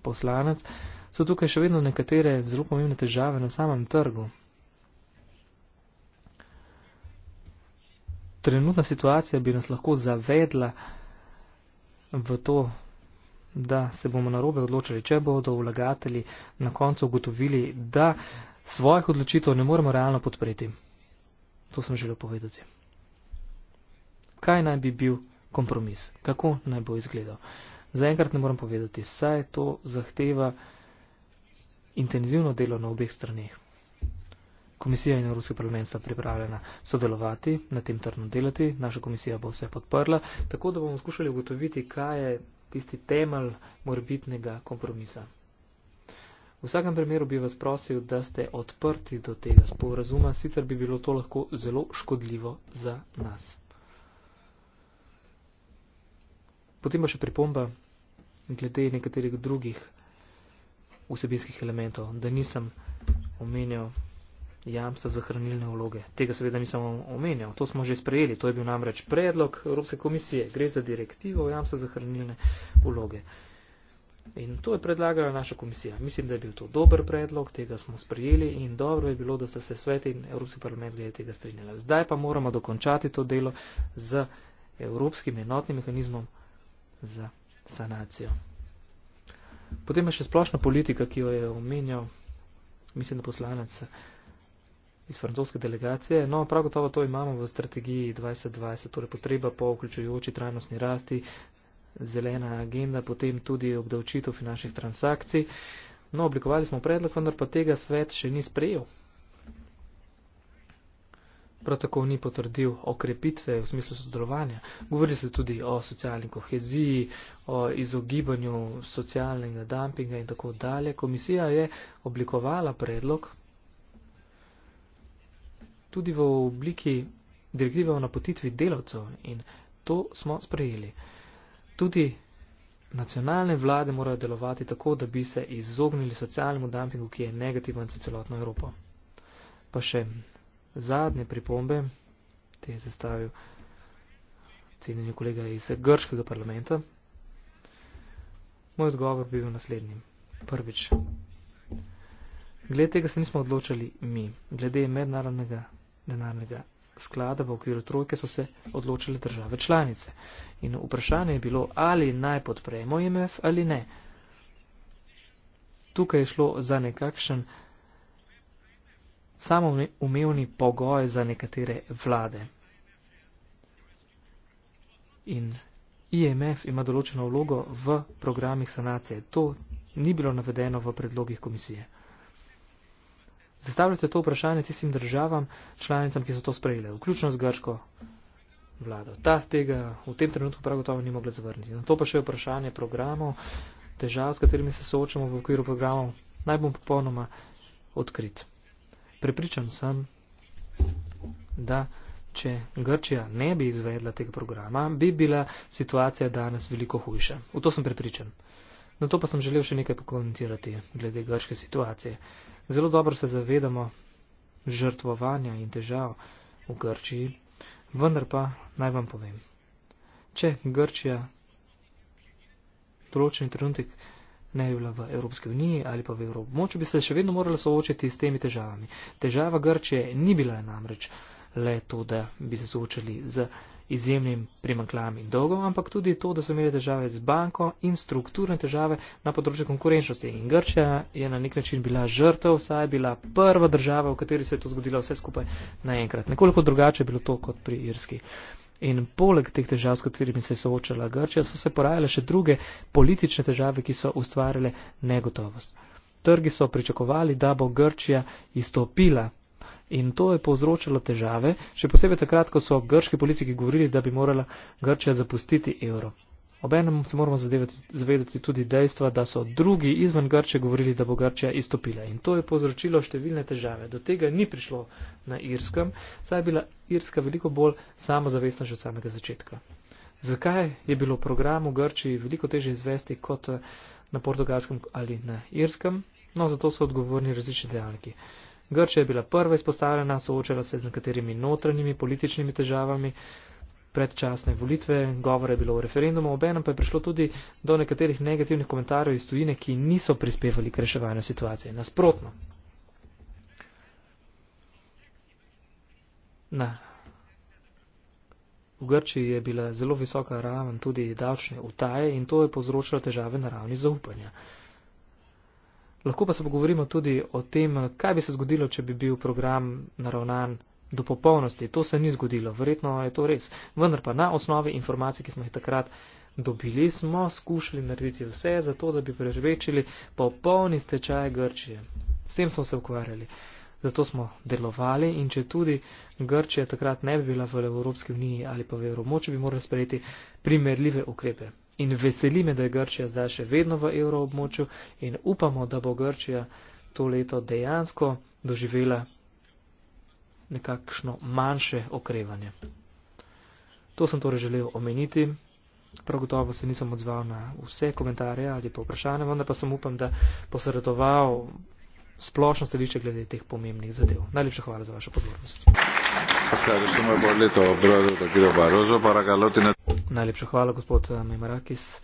poslanec, so tukaj še vedno nekatere zelo pomembne težave na samem trgu. trenutna situacija bi nas lahko zavedla v to, da se bomo narobe odločili, če bodo vlagatelji na koncu ugotovili, da svojih odločitev ne moremo realno podpreti. To sem želel povedati. Kaj naj bi bil kompromis? Kako naj bo izgledal? Zaenkrat ne moram povedati, saj to zahteva intenzivno delo na obeh straneh komisija in Evropski parlament sta pripravljena sodelovati, na tem trdno delati, naša komisija bo vse podprla, tako da bomo skušali ugotoviti, kaj je tisti temelj morbitnega kompromisa. V vsakem primeru bi vas prosil, da ste odprti do tega sporazuma, sicer bi bilo to lahko zelo škodljivo za nas. Potem pa še pripomba glede nekaterih drugih vsebinskih elementov, da nisem omenjal jamstva za hranilne vloge. Tega seveda nisem omenjal, to smo že sprejeli, to je bil namreč predlog Evropske komisije, gre za direktivo o jamstva za hranilne vloge. In to je predlagala naša komisija. Mislim, da je bil to dober predlog, tega smo sprejeli in dobro je bilo, da so se svet in Evropski parlament glede tega strinjali. Zdaj pa moramo dokončati to delo z Evropskim enotnim mehanizmom za sanacijo. Potem pa še splošna politika, ki jo je omenjal, mislim, da poslanec iz francoske delegacije. No, prav gotovo to imamo v strategiji 2020, torej potreba po vključujoči trajnostni rasti, zelena agenda, potem tudi obdavčitev finančnih transakcij. No, oblikovali smo predlog, vendar pa tega svet še ni sprejel. Prav tako ni potrdil okrepitve v smislu sodelovanja. Govori se tudi o socialni koheziji, o izogibanju socialnega dumpinga in tako dalje. Komisija je oblikovala predlog, tudi v obliki direktive o napotitvi delavcev in to smo sprejeli. Tudi nacionalne vlade morajo delovati tako, da bi se izognili socialnemu dumpingu, ki je negativen za celotno Evropo. Pa še zadnje pripombe, te je zastavil cenjeni kolega iz grškega parlamenta. Moj odgovor bi bil naslednji. Prvič. Glede tega se nismo odločali mi, glede mednarodnega denarnega sklada v okviru trojke so se odločile države članice. In vprašanje je bilo, ali naj podpremo IMF ali ne. Tukaj je šlo za nekakšen samoumevni pogoj za nekatere vlade. In IMF ima določeno vlogo v programih sanacije. To ni bilo navedeno v predlogih komisije. Zastavljate to vprašanje tistim državam, članicam, ki so to sprejele, vključno z grško vlado. Ta tega v tem trenutku prav gotovo ni mogla zavrniti. Na to pa še je vprašanje programov, težav, s katerimi se soočamo v okviru programov, naj bom popolnoma odkrit. Prepričan sem, da če Grčija ne bi izvedla tega programa, bi bila situacija danes veliko hujša. V to sem prepričan. Na to pa sem želel še nekaj pokomentirati glede grške situacije. Zelo dobro se zavedamo žrtvovanja in težav v Grčiji, vendar pa naj vam povem. Če Grčija določen trenutek ne bi bila v Evropski uniji ali pa v Evropomoču, bi se še vedno morala soočiti s temi težavami. Težava Grčije ni bila namreč le to, da bi se soočali z izjemnim primankljami dolgov, ampak tudi to, da so imeli težave z banko in strukturne težave na področju konkurenčnosti. In Grčija je na nek način bila žrtev, saj je bila prva država, v kateri se je to zgodilo vse skupaj naenkrat. Nekoliko drugače je bilo to kot pri Irski. In poleg teh težav, s katerimi se je soočala Grčija, so se porajale še druge politične težave, ki so ustvarjale negotovost. Trgi so pričakovali, da bo Grčija izstopila In to je povzročilo težave, še posebej takrat, ko so grški politiki govorili, da bi morala Grčija zapustiti evro. Obenem se moramo zavedati tudi dejstva, da so drugi izven Grče govorili, da bo Grčija izstopila. In to je povzročilo številne težave. Do tega ni prišlo na Irskem, saj je bila Irska veliko bolj samozavestna že od samega začetka. Zakaj je bilo program v Grčiji veliko teže izvesti kot na portugalskem ali na Irskem? No, zato so odgovorni različni dejavniki. Grčija je bila prva izpostavljena, soočala se je z nekaterimi notranjimi političnimi težavami, predčasne volitve, govore je bilo o referendumu, obenem pa je prišlo tudi do nekaterih negativnih komentarjev iz tujine, ki niso prispevali k reševanju situacije. Nasprotno. Na. V Grčiji je bila zelo visoka raven tudi davčne utaje in to je povzročalo težave na ravni zaupanja. Lahko pa se pogovorimo tudi o tem, kaj bi se zgodilo, če bi bil program naravnan do popolnosti. To se ni zgodilo, verjetno je to res. Vendar pa na osnovi informacij, ki smo jih takrat dobili, smo skušali narediti vse za to, da bi prežvečili popolni stečaj Grčije. S tem smo se ukvarjali. Zato smo delovali in če tudi Grčija takrat ne bi bila v Evropski uniji ali pa v Evromoči, bi morali sprejeti primerljive ukrepe. In veseli me, da je Grčija zdaj še vedno v evroobmočju in upamo, da bo Grčija to leto dejansko doživela nekakšno manjše okrevanje. To sem torej želel omeniti. Prav gotovo se nisem odzval na vse komentarje ali pa vprašanje, vendar pa sem upam, da posredoval splošno stališče glede teh pomembnih zadev. Najlepša hvala za vašo pozornost. Najlepša hvala, gospod eh, Memarakis.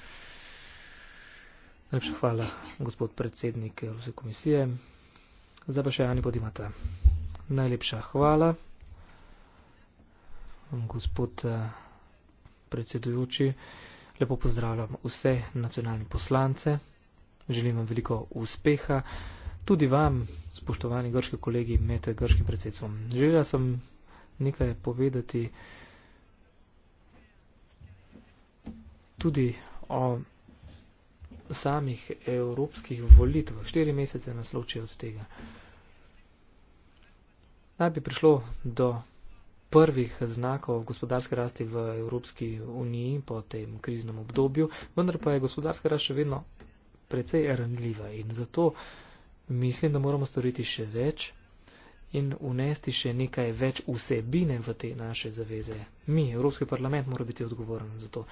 Najlepša hvala, gospod predsednik eh, Evropske komisije. Zdaj pa še Ani Podimata. Najlepša hvala, gospod eh, predsedujoči. Lepo pozdravljam vse nacionalne poslance. Želim vam veliko uspeha. Tudi vam, spoštovani grški kolegi, imete grškim predsedstvom. Želela sem nekaj povedati tudi o samih evropskih volitvah. Štiri mesece nas ločijo od tega. Naj bi prišlo do prvih znakov gospodarske rasti v Evropski uniji po tem kriznem obdobju, vendar pa je gospodarska rast še vedno precej ranljiva in zato mislim, da moramo storiti še več in unesti še nekaj več vsebine v te naše zaveze. Mi, Evropski parlament, mora biti odgovoren za to.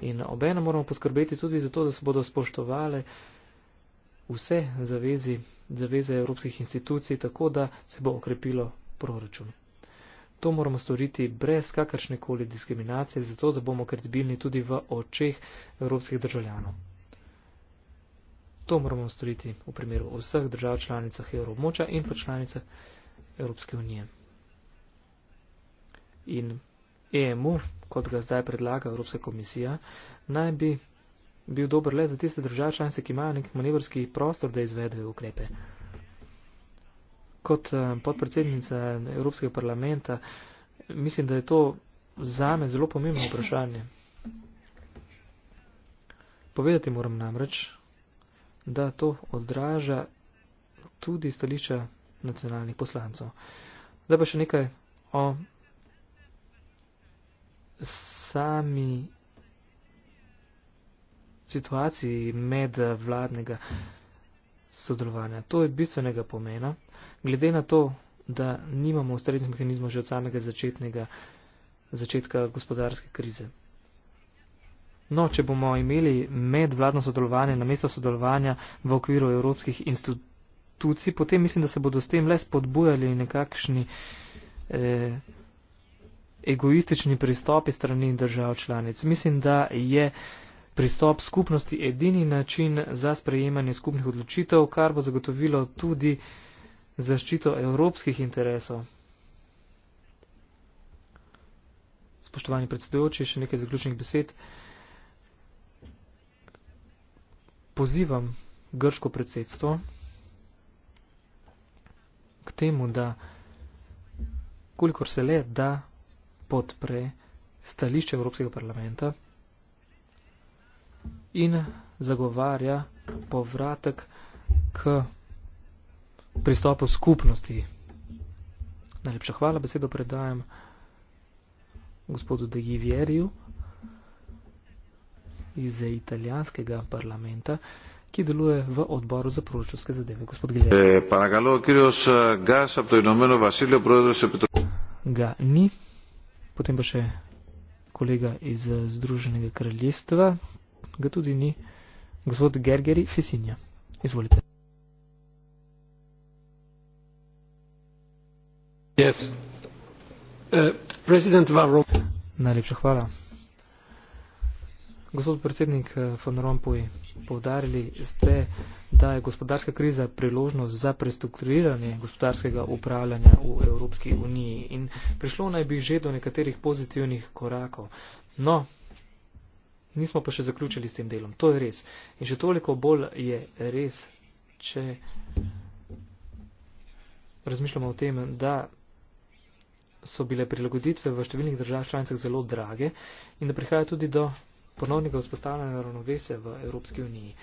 In obena moramo poskrbeti tudi za to, da se bodo spoštovali vse zavezi, zaveze evropskih institucij, tako da se bo okrepilo proračun. To moramo storiti brez kakršnekoli diskriminacije, zato da bomo kredibilni tudi v očeh evropskih državljanov. To moramo storiti v primeru vseh držav članicah evroobmoča in pa članicah Evropske unije. In EMU, kot ga zdaj predlaga Evropska komisija, naj bi bil dober le za tiste države članice, ki imajo nek manevrski prostor, da izvedejo ukrepe. Kot eh, podpredsednica Evropskega parlamenta, mislim, da je to zame zelo pomembno vprašanje. Povedati moram namreč, da to odraža tudi stališča nacionalnih poslancov. Zdaj pa še nekaj o sami situaciji medvladnega sodelovanja. To je bistvenega pomena. Glede na to, da nimamo ustreznih mehanizmov že od samega začetnega, začetka gospodarske krize. No, če bomo imeli medvladno sodelovanje na mesto sodelovanja v okviru evropskih institucij, potem mislim, da se bodo s tem le spodbujali nekakšni eh, egoistični pristopi strani držav članic. Mislim, da je pristop skupnosti edini način za sprejemanje skupnih odločitev, kar bo zagotovilo tudi zaščito evropskih interesov. Spoštovani predsedujoči, še nekaj zaključnih besed pozivam grško predsedstvo k temu, da kolikor se le da podpre stališče Evropskega parlamenta in zagovarja povratek k pristopu skupnosti. Najlepša hvala, besedo predajem gospodu Degivjeriju iz italijanskega parlamenta, ki deluje v odboru za proračunske zadeve. Gospod Gileje. Eh, eh, Ga ni. Potem pa še kolega iz eh, Združenega kraljestva. Ga tudi ni. Gospod Gergeri Fisinja. Izvolite. Yes. Uh, Najlepša hvala. Gospod predsednik eh, von Rompuy, povdarili ste, da je gospodarska kriza priložnost za prestrukturiranje gospodarskega upravljanja v Evropski uniji in prišlo naj bi že do nekaterih pozitivnih korakov. No, nismo pa še zaključili s tem delom, to je res. In še toliko bolj je res, če razmišljamo o tem, da so bile prilagoditve v številnih držav članicah zelo drage in da prihaja tudi do ponovnega vzpostavljanja ravnovese v Evropski uniji.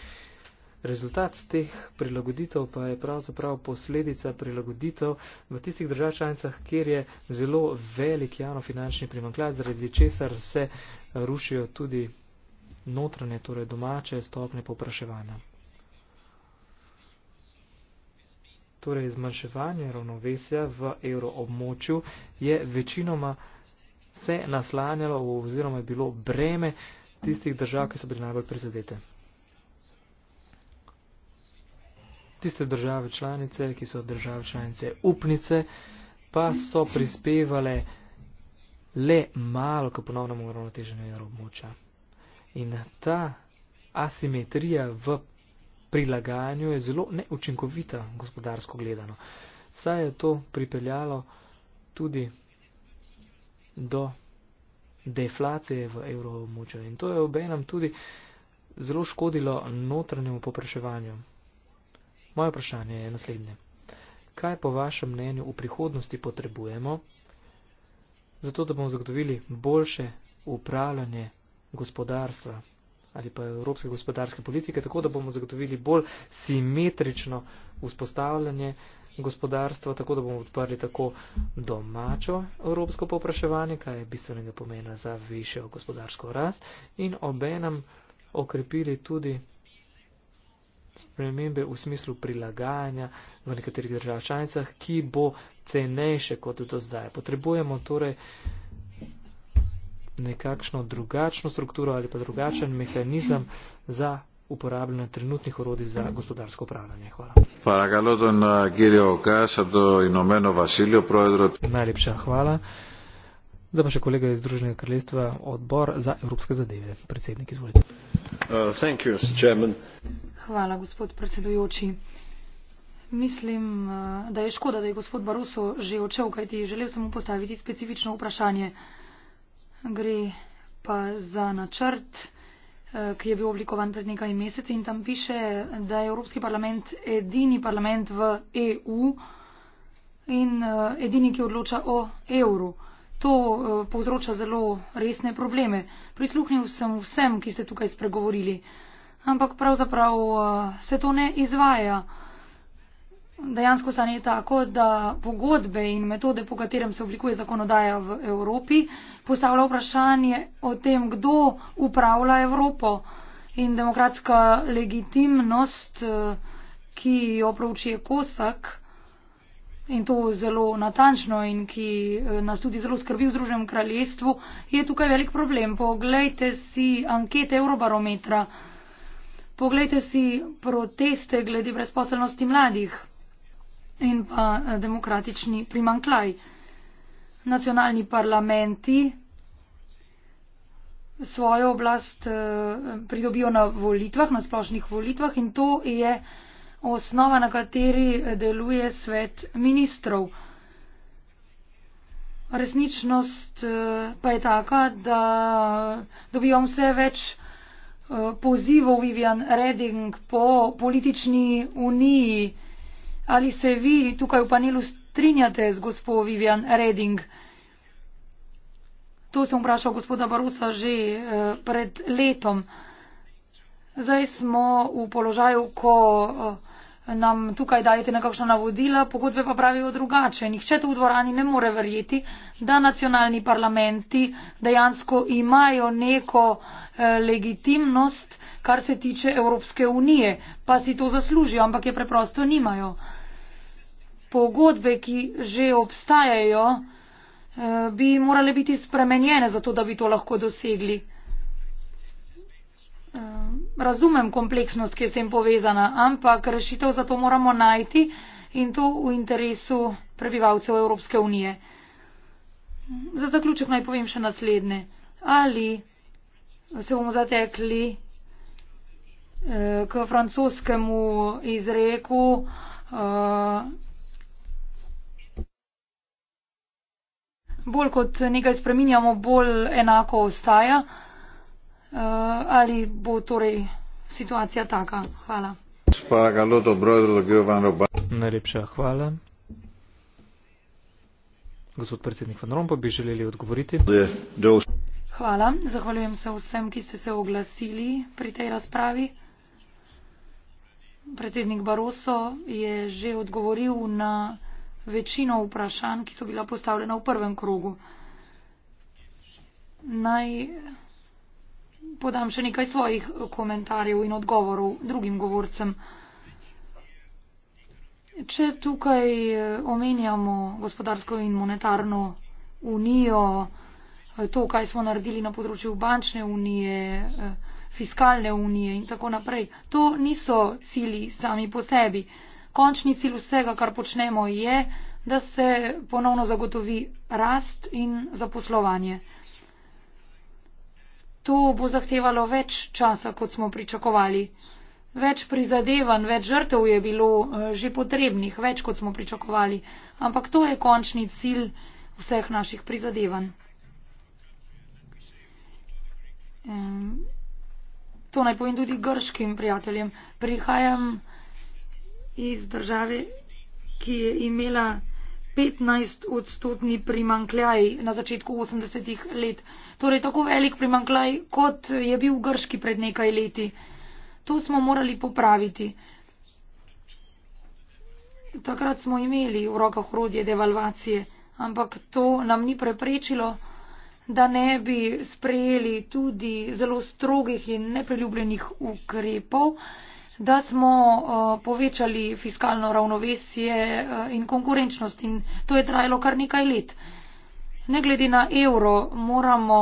Rezultat teh prilagoditev pa je pravzaprav posledica prilagoditev v tistih držav članicah, kjer je zelo velik javnofinančni primanklaj, zaradi česar se rušijo tudi notranje, torej domače stopne popraševanja. Torej, zmanjševanje ravnovesja v evroobmočju je večinoma se naslanjalo oziroma je bilo breme tistih držav, ki so bile najbolj prizadete. Tiste države članice, ki so države članice upnice, pa so prispevale le malo k ponovnemu uravnoteženju evroobmoča. In ta asimetrija v prilagajanju je zelo neučinkovita gospodarsko gledano. Saj je to pripeljalo tudi do deflacije v evroobmočju in to je obenem tudi zelo škodilo notranjemu popraševanju. Moje vprašanje je naslednje. Kaj po vašem mnenju v prihodnosti potrebujemo, zato da bomo zagotovili boljše upravljanje gospodarstva ali pa evropske gospodarske politike, tako da bomo zagotovili bolj simetrično vzpostavljanje uh, gospodarstva, tako da bomo odprli tako domačo evropsko popraševanje, kaj je bistvenega pomena za višjo gospodarsko rast in obenem okrepili tudi spremembe v smislu prilagajanja v nekaterih državah članicah, ki bo cenejše kot do zdaj. Potrebujemo torej nekakšno drugačno strukturo ali pa drugačen mehanizem za uporabljanja trenutnih orodij za gospodarsko upravljanje. Hvala. Najlepša hvala. Zdaj pa še kolega iz Združenega kraljestva, odbor za evropske zadeve. Predsednik, izvolite. Uh, hvala, gospod predsedujoči. Mislim, uh, da je škoda, da je gospod Baruso že očel, kajti želel sem mu postaviti specifično vprašanje. Gre pa za načrt. Eh, ki je bil oblikovan pred nekaj meseci in tam piše, da je Evropski parlament edini parlament v EU in eh, edini, ki odloča o evru. To eh, povzroča zelo resne probleme. Prisluhnil sem vsem, ki ste tukaj spregovorili, ampak pravzaprav se to ne izvaja dejansko stanje tako, da pogodbe in metode, po katerem se oblikuje zakonodaja v Evropi, postavlja vprašanje o tem, kdo upravlja Evropo in demokratska legitimnost, ki jo proučuje Kosak in to zelo natančno in ki nas tudi zelo skrbi v Združenem kraljestvu, je tukaj velik problem. Poglejte si ankete Eurobarometra. Poglejte si proteste glede brezposelnosti mladih in pa eh, demokratični primanklaj. Nacionalni parlamenti svojo oblast eh, pridobijo na volitvah, na splošnih volitvah in to je osnova, na kateri deluje svet ministrov. Resničnost eh, pa je taka, da dobivam vse več pozivov Vivian Redding po politični uniji. Ali se vi tukaj v panelu strinjate z gospod Vivian Reding? To sem vprašal gospoda Barusa že eh, pred letom. Zdaj smo v položaju, ko eh, nam tukaj dajete nekakšna navodila, pogodbe pa pravijo drugače. Nihče tu v dvorani ne more verjeti, da nacionalni parlamenti dejansko imajo neko eh, legitimnost, kar se tiče Evropske unije, pa si to zaslužijo, ampak je preprosto nimajo pogodbe, ki že obstajajo, eh, bi morale biti spremenjene, zato da bi to lahko dosegli. Eh, razumem kompleksnost, ki je s tem povezana, ampak rešitev za to moramo najti in to v interesu prebivalcev Evropske unije. Za zaključek naj povem še naslednje. Ali se bomo zatekli eh, k francoskemu izreku bolj kot nekaj spreminjamo, bolj enako ostaja. Uh, ali bo torej situacija taka? Hvala. Najlepša hvala. Gospod predsednik Van Rompo bi želeli odgovoriti. Hvala. Zahvaljujem se vsem, ki ste se oglasili pri tej razpravi. Predsednik Baroso je že odgovoril na večino vprašanj, ki so bila postavljena v prvem krogu. Naj podam še nekaj svojih komentarjev in odgovorov drugim govorcem. Če tukaj eh, omenjamo gospodarsko in monetarno unijo, eh, to, kaj smo naredili na področju bančne unije, eh, fiskalne unije in tako naprej, to niso cili sami po sebi končni cilj vsega, kar počnemo, je, da se ponovno zagotovi rast in zaposlovanje. To bo zahtevalo več časa, kot smo pričakovali. Več prizadevanj, več žrtev je bilo eh, že potrebnih, več kot smo pričakovali, ampak to je končni cilj vseh naših prizadevanj. To naj povem tudi grškim prijateljem. Prihajam iz države, ki je imela 15 odstotni primankljaj na začetku 80-ih let. Torej tako velik primankljaj, kot je bil v Grški pred nekaj leti. To smo morali popraviti. Takrat smo imeli v rokah rodje devalvacije, ampak to nam ni preprečilo, da ne bi sprejeli tudi zelo strogih in nepriljubljenih ukrepov, da smo eh, povečali fiskalno ravnovesje eh, in konkurenčnost in to je trajalo kar nekaj let. Ne glede na evro moramo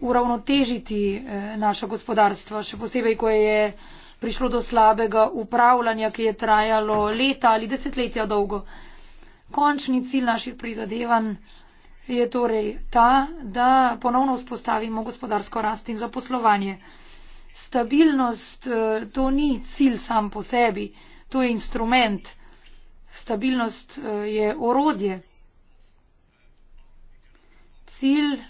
uravnotežiti eh, naša gospodarstva, še posebej, ko je prišlo do slabega upravljanja, ki je trajalo leta ali desetletja dolgo. Končni cilj naših prizadevanj je torej ta, da ponovno vzpostavimo gospodarsko rast in zaposlovanje stabilnost eh, to ni cilj sam po sebi, to je instrument. Stabilnost eh, je orodje. Cilj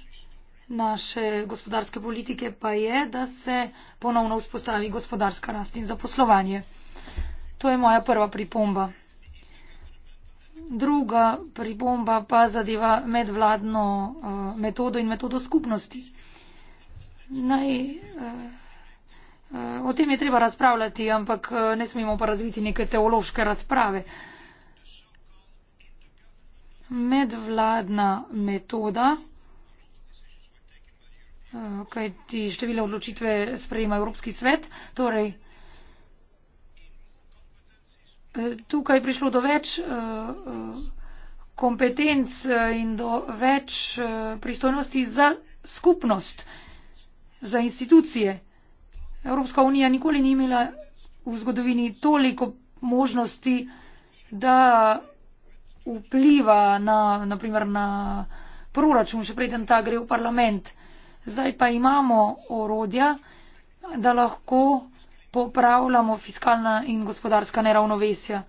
naše gospodarske politike pa je, da se ponovno vzpostavi gospodarska rast in zaposlovanje. To je moja prva pripomba. Druga pripomba pa zadeva medvladno eh, metodo in metodo skupnosti. Naj, eh, Eh, o tem je treba razpravljati, ampak eh, ne smemo pa razviti neke teološke razprave. Medvladna metoda, eh, kaj ti števile odločitve sprejema Evropski svet, torej tukaj je prišlo do več kompetenc in do več pristojnosti za skupnost, za institucije. Evropska unija nikoli ni imela v zgodovini toliko možnosti, da vpliva na, naprimer, na proračun, še preden ta gre v parlament. Zdaj pa imamo orodja, da lahko popravljamo fiskalna in gospodarska neravnovesja.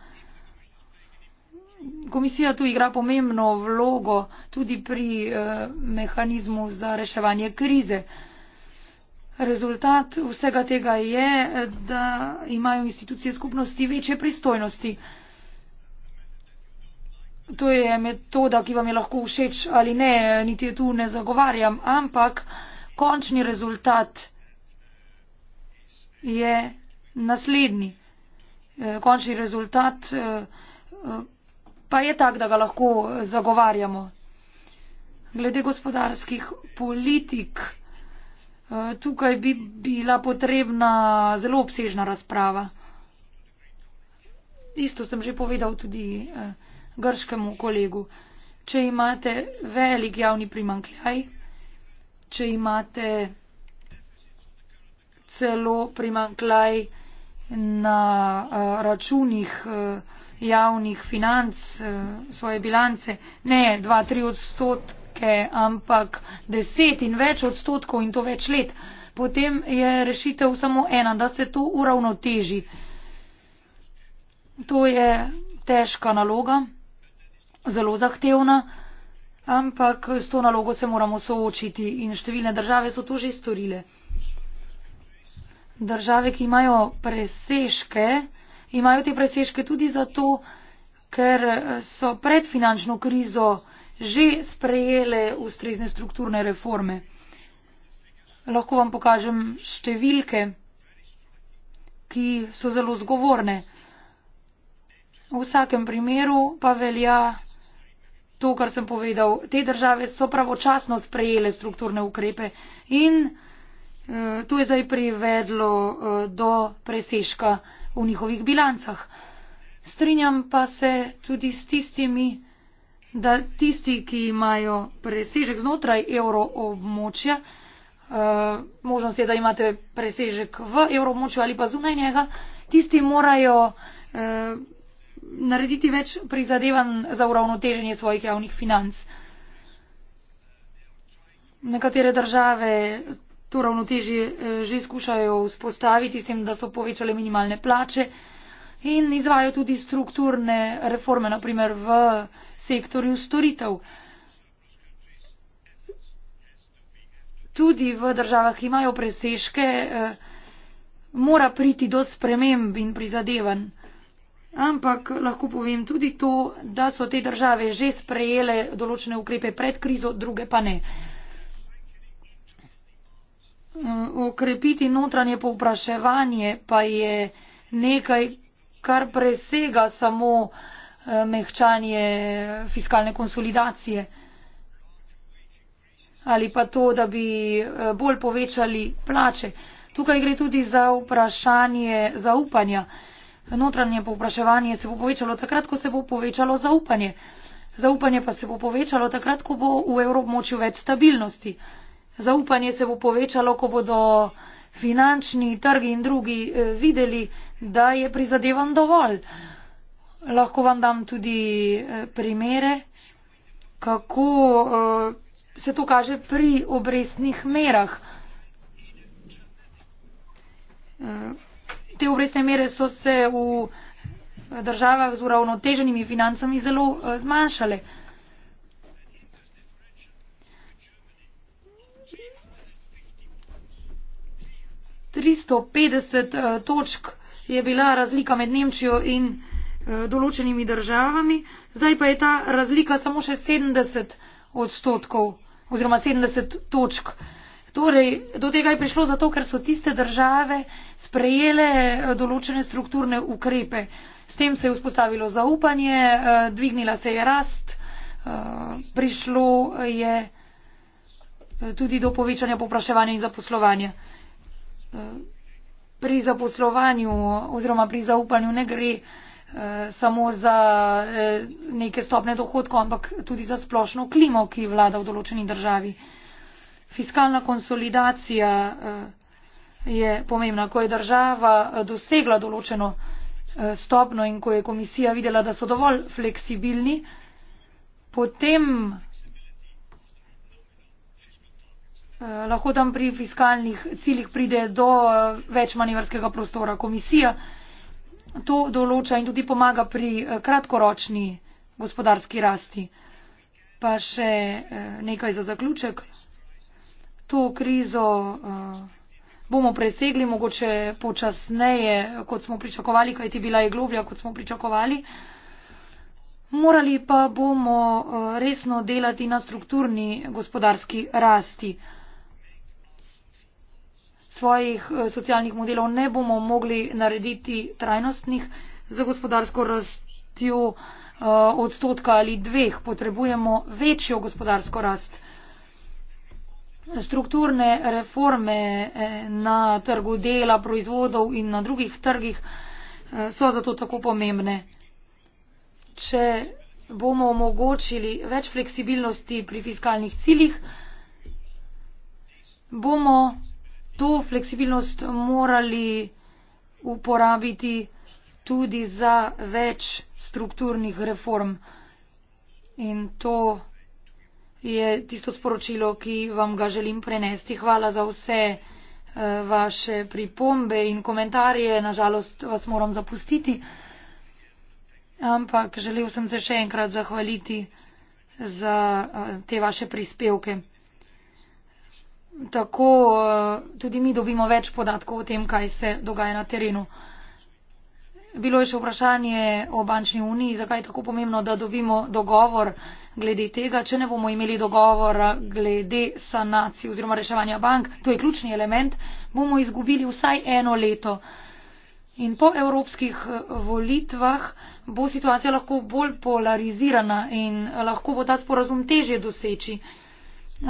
Komisija tu igra pomembno vlogo tudi pri eh, mehanizmu za reševanje krize. Eh, Rezultat vsega tega je, da imajo institucije skupnosti večje pristojnosti. To je metoda, ki vam je lahko všeč ali ne, niti tu ne zagovarjam, ampak končni rezultat je naslednji. Eh, končni rezultat eh, eh, pa je tak, da ga lahko zagovarjamo. Glede gospodarskih politik. Eh, tukaj bi bila potrebna zelo obsežna razprava. Isto sem že povedal tudi eh, grškemu kolegu. Če imate velik javni primankljaj, če imate celo primankljaj na eh, računih javnih financ, svoje bilance, ne 2-3 odstotka, stranke, ampak deset in več odstotkov in to več let, potem je rešitev samo ena, da se to uravnoteži. To je težka naloga, zelo zahtevna, ampak s to nalogo se moramo soočiti in številne države so to že storile. Države, ki imajo presežke, imajo te presežke tudi zato, ker so pred finančno krizo že sprejele ustrezne strukturne reforme. Lahko vam pokažem številke, ki so zelo zgovorne. V vsakem primeru pa velja to, kar sem povedal. Te države so pravočasno sprejele strukturne ukrepe in eh, to je zdaj privedlo eh, do presežka v njihovih bilancah. Strinjam pa se tudi s tistimi, da tisti, ki imajo presežek znotraj evroobmočja, eh, možnost je, da imate presežek v evroobmočju ali pa zunaj njega, tisti morajo eh, narediti več prizadevan za uravnoteženje svojih javnih financ. Nekatere države to ravnotežje eh, že skušajo vzpostaviti s tem, da so povečale minimalne plače in izvajo tudi strukturne reforme, naprimer v sektorju storitev. Tudi v državah, ki imajo presežke, eh, mora priti do sprememb in prizadevanj. Ampak lahko povem tudi to, da so te države že sprejele določene ukrepe pred krizo, druge pa ne. Eh, okrepiti notranje povpraševanje pa je nekaj, kar presega samo uh, Eh, mehčanje fiskalne konsolidacije ali pa to, da bi eh, bolj povečali plače. Tukaj gre tudi za vprašanje zaupanja. Notranje povpraševanje se bo povečalo takrat, ko se bo povečalo zaupanje. Zaupanje pa se bo povečalo takrat, ko bo v evrobmočju več stabilnosti. Zaupanje se bo povečalo, ko bodo finančni trgi in drugi eh, videli, da je prizadevan dovolj. Lahko vam dam tudi eh, primere, kako eh, se to kaže pri obrestnih merah. Eh, te obrestne mere so se v državah z uravnoteženimi financami zelo zmanjšale. tristo petdeset točk je bila razlika med Nemčijo in uh, Eh, določenimi državami zdaj pa je ta razlika samo še sedemdeset odstotkov oziroma sedemdeset točk torej do tega je prišlo zato ker so tiste države sprejele eh, določene strukturne ukrepe s tem se je vzpostavilo zaupanje eh, dvignila se je rast prišlo je tudi do povečanja povpraševanja in zaposlovanja pri zaposlovanju oziroma pri zaupanju ne gre Eh, samo za eh, neke stopne dohodkov, ampak tudi za splošno klimo, ki vlada v določeni državi. Fiskalna konsolidacija eh, je pomembna, ko je država dosegla določeno stopno in ko je komisija videla, da so dovolj fleksibilni, potem lahko tam pri fiskalnih ciljih pride do več manevrskega prostora. Komisija to določa in tudi pomaga pri eh, kratkoročni gospodarski rasti. Pa še eh, nekaj za zaključek. To krizo eh, bomo presegli, mogoče počasneje, kot smo pričakovali, kajti bila je globlja, kot smo pričakovali. Morali pa bomo resno delati na strukturni gospodarski rasti svojih eh, socialnih modelov ne bomo mogli narediti trajnostnih za gospodarsko rastjo eh, odstotka ali dveh. Potrebujemo večjo gospodarsko rast. Strukturne reforme eh, na trgu dela, proizvodov in na drugih trgih so zato tako pomembne. Če bomo omogočili več fleksibilnosti pri fiskalnih ciljih, bomo to fleksibilnost morali uporabiti tudi za več strukturnih reform. In to je tisto sporočilo, ki vam ga želim prenesti. Hvala za vse eh, vaše pripombe in komentarje. Nažalost vas moram zapustiti. Ampak želel sem se še enkrat zahvaliti za eh, te vaše prispevke tako eh, tudi mi dobimo več podatkov o tem, kaj se dogaja na terenu. Bilo je še vprašanje o bančni uniji, zakaj je tako pomembno, da dobimo dogovor glede tega, če ne bomo imeli dogovora glede sanacij oziroma reševanja bank, to je ključni element, bomo izgubili vsaj eno leto. In po evropskih eh, volitvah bo situacija lahko bolj polarizirana in eh, lahko bo ta sporazum težje doseči.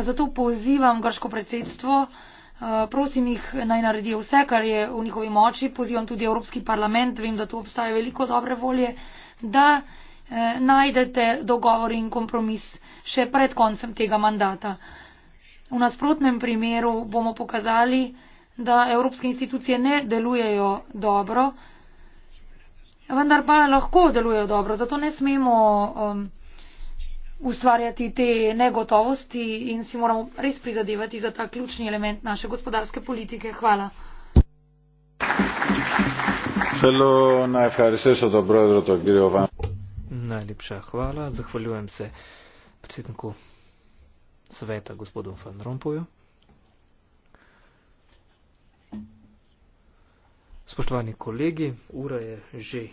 Zato pozivam grško predsedstvo, eh, prosim jih naj naredijo vse, kar je v njihovi moči, pozivam tudi Evropski parlament, vem, da tu obstaja veliko dobre volje, da eh, najdete dogovor in kompromis še pred koncem tega mandata. V nasprotnem primeru bomo pokazali, da evropske institucije ne delujejo dobro, vendar pa lahko delujejo dobro, zato ne smemo um, ustvarjati te negotovosti in si moramo res prizadevati za ta ključni element naše gospodarske politike. Hvala. Najlepša hvala. Zahvaljujem se predsedniku sveta gospodu Van Rompuju. Spoštovani kolegi, ura je že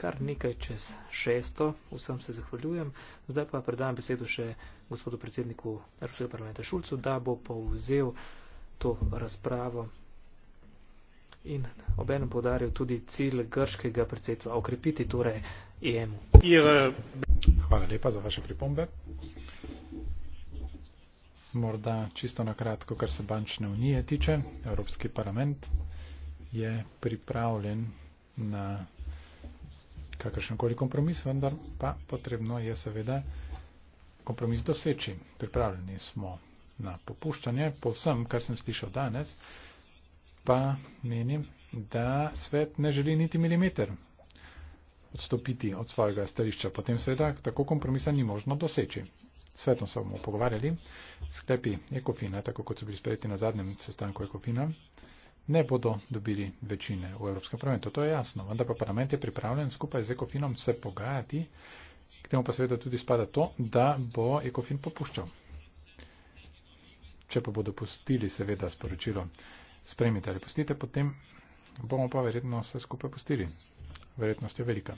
kar nekaj čez šesto. Vsem se zahvaljujem. Zdaj pa predajam besedo še gospodu predsedniku Evropskega parlamenta Šulcu, da bo povzel to razpravo in obenem podaril tudi cilj grškega predsedstva, okrepiti torej EM. Hvala lepa za vaše pripombe. Morda čisto na kratko, kar se bančne unije tiče, Evropski parlament je pripravljen na kakršen koli kompromis, vendar pa potrebno je seveda kompromis doseči. Pripravljeni smo na popuščanje, povsem, kar sem slišal danes, pa menim, da svet ne želi niti milimeter odstopiti od svojega stališča. Potem seveda tako kompromisa ni možno doseči. Svetom so bomo pogovarjali, sklepi Ekofina, tako kot so bili sprejeti na zadnjem sestanku Ekofina ne bodo dobili večine v Evropskem parlamentu. To je jasno, vendar pa parlament je pripravljen skupaj z ECOFINom se pogajati, k temu pa seveda tudi spada to, da bo ECOFIN popuščal. Če pa bodo pustili seveda sporočilo, spremite ali pustite, potem bomo pa verjetno vse skupaj pustili. Verjetnost je velika.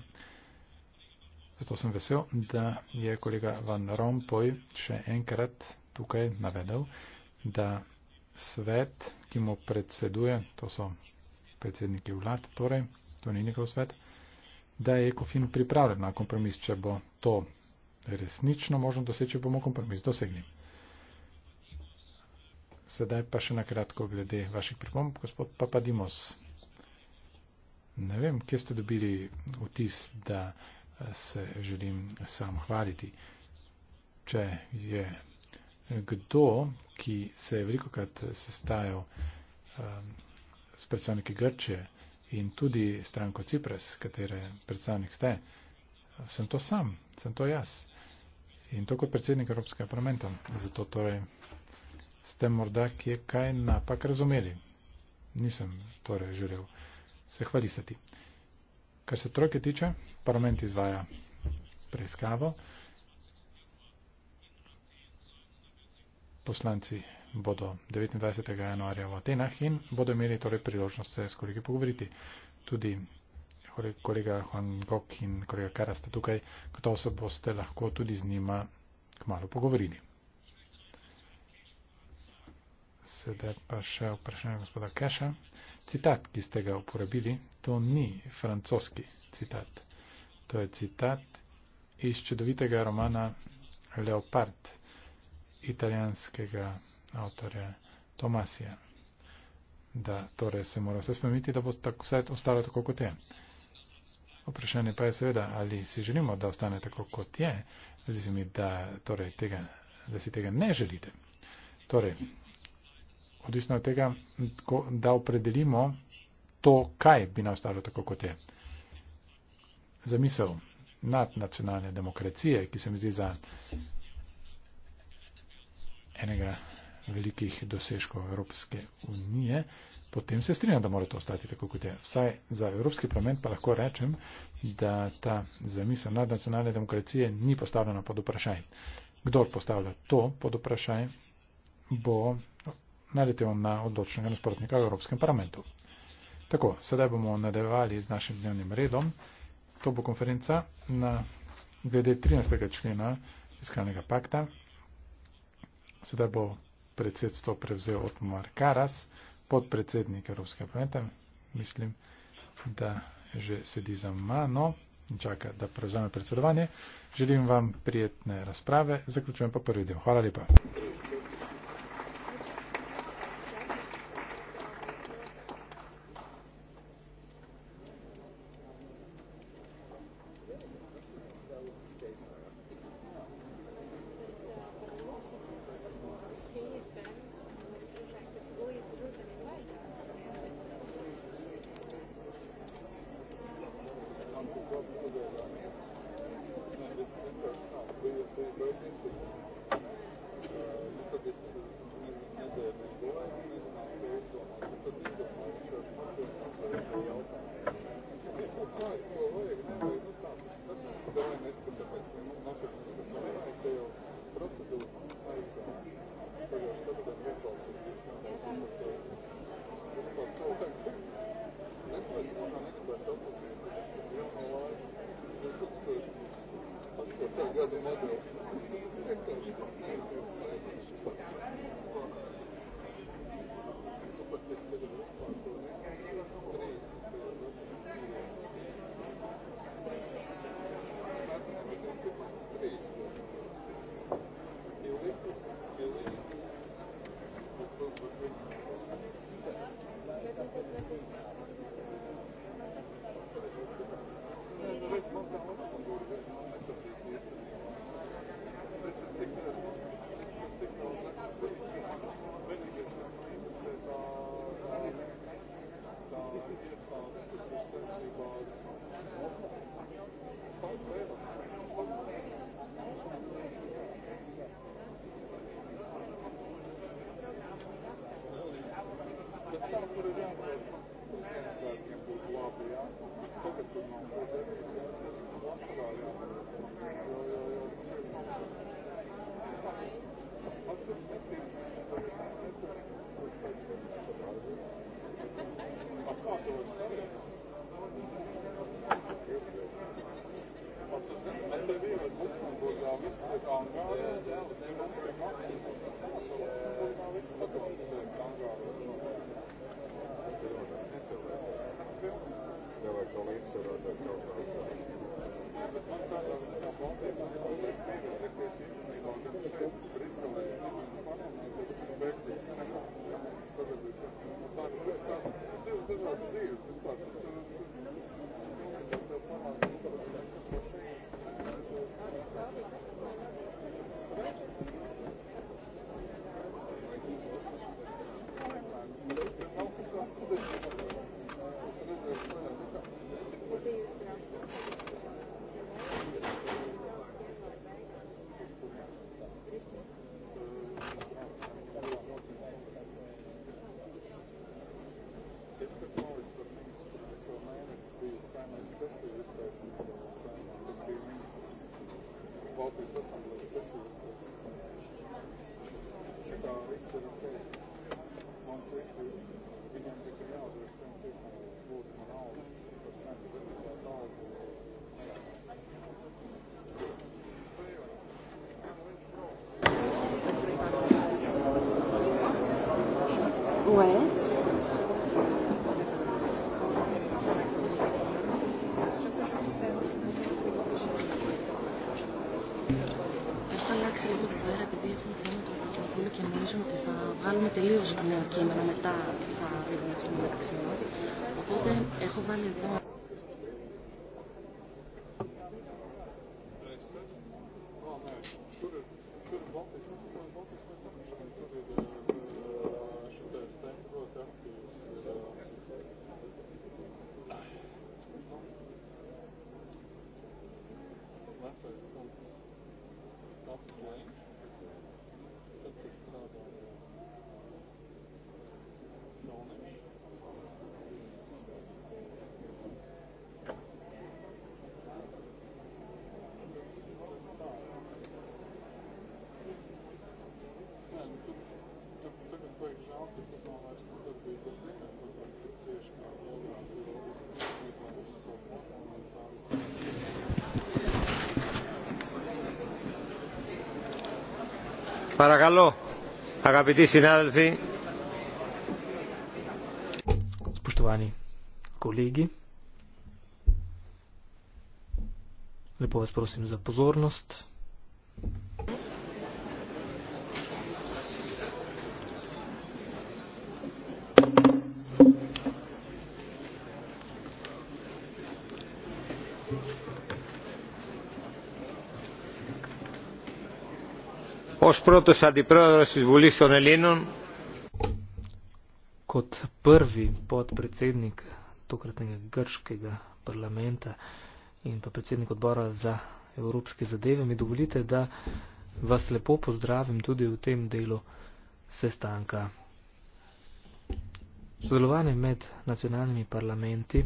Zato sem vesel, da je kolega Van Rompuy še enkrat tukaj navedel, da svet, ki mu predseduje, to so predsedniki vlad, torej, to ni njegov svet, da je Ekofin pripravljen na kompromis, če bo to resnično možno doseči, bomo kompromis dosegli. Sedaj pa še na kratko glede vaših pripomb, gospod Papadimos. Ne vem, kje ste dobili vtis, da se želim sam hvaliti. Če je kdo, ki se je veliko krat sestajal um, s predstavniki Grčije in tudi stranko Cipres, katere predstavnik ste, sem to sam, sem to jaz. In to kot predsednik Evropskega parlamenta. Zato torej ste morda kje kaj napak razumeli. Nisem torej želel se hvalisati. Kar se trojke tiče, parlament izvaja preiskavo. poslanci bodo 29. januarja v Atenah in bodo imeli torej priložnost se s kolegi pogovoriti. Tudi kolega Juan Gok in kolega Kara sta tukaj, kato se boste lahko tudi z njima kmalo pogovorili. Sedaj pa še vprašanje gospoda Keša. Citat, ki ste ga uporabili, to ni francoski citat. To je citat iz čudovitega romana Leopard, italijanskega avtorja Tomasija, da torej se mora vse spremeniti, da bo tako, vse ostalo tako, kot je. Vprašanje pa je seveda, ali si želimo, da ostane tako, kot je. Zdi se mi, da, torej, tega, da si tega ne želite. Torej, odvisno od tega, da opredelimo to, kaj bi nam ostalo tako, kot je. Zamisel nadnacionalne demokracije, ki se mi zdi za enega velikih dosežkov Evropske unije, potem se strinjam, da mora to ostati tako, kot je. Vsaj za Evropski parlament pa lahko rečem, da ta zamisel nadnacionalne demokracije ni postavljena pod vprašaj. Kdor postavlja to pod vprašaj, bo naletel na odločnega nasprotnika v Evropskem parlamentu. Tako, sedaj bomo nadaljevali z našim dnevnim redom. To bo konferenca na glede 13. člena fiskalnega pakta, Sedaj bo predsedstvo prevzel Otmar Karas, podpredsednik Evropskega parlamenta. Mislim, da že sedi za mano in čaka, da prevzame predsedovanje. Želim vam prijetne razprave. Zaključujem pa prvi del. Hvala lepa. κάνουμε τελείω νέο κείμενο μετά θα δούμε το μεταξύ μα. Οπότε έχω βάλει εδώ Spoštovani kolegi, lepo vas prosim za pozornost. Kot prvi podpredsednik tokratnega grškega parlamenta in pa predsednik odbora za evropske zadeve mi dovolite, da vas lepo pozdravim tudi v tem delu sestanka. Sodelovanje med nacionalnimi parlamenti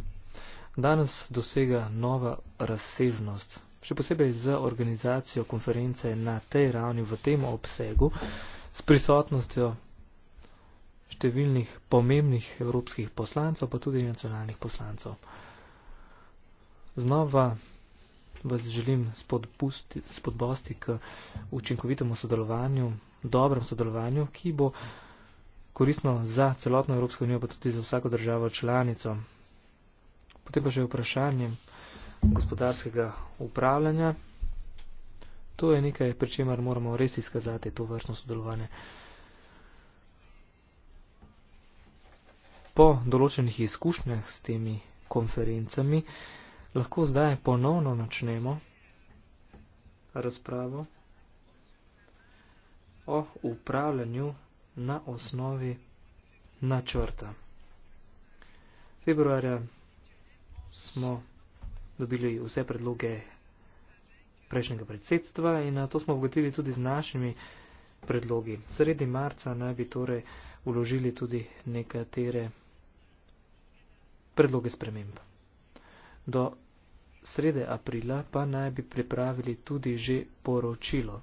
danes dosega nova razsežnost še posebej z organizacijo konference na tej ravni, v tem obsegu, s prisotnostjo številnih pomembnih evropskih poslancev, pa tudi nacionalnih poslancev. Znova vas želim spodbosti k učinkovitemu sodelovanju, dobrem sodelovanju, ki bo koristno za celotno Evropsko unijo, pa tudi za vsako državo članico. Potem pa že vprašanje gospodarskega upravljanja. To je nekaj, pri čemer moramo res izkazati to vrstno sodelovanje. Po določenih izkušnjah s temi konferencami lahko zdaj ponovno načnemo razpravo o upravljanju na osnovi načrta. Februarja smo dobili vse predloge prejšnjega predsedstva in to smo ugotili tudi z našimi predlogi. Sredi marca naj bi torej uložili tudi nekatere predloge sprememb. Do srede aprila pa naj bi pripravili tudi že poročilo.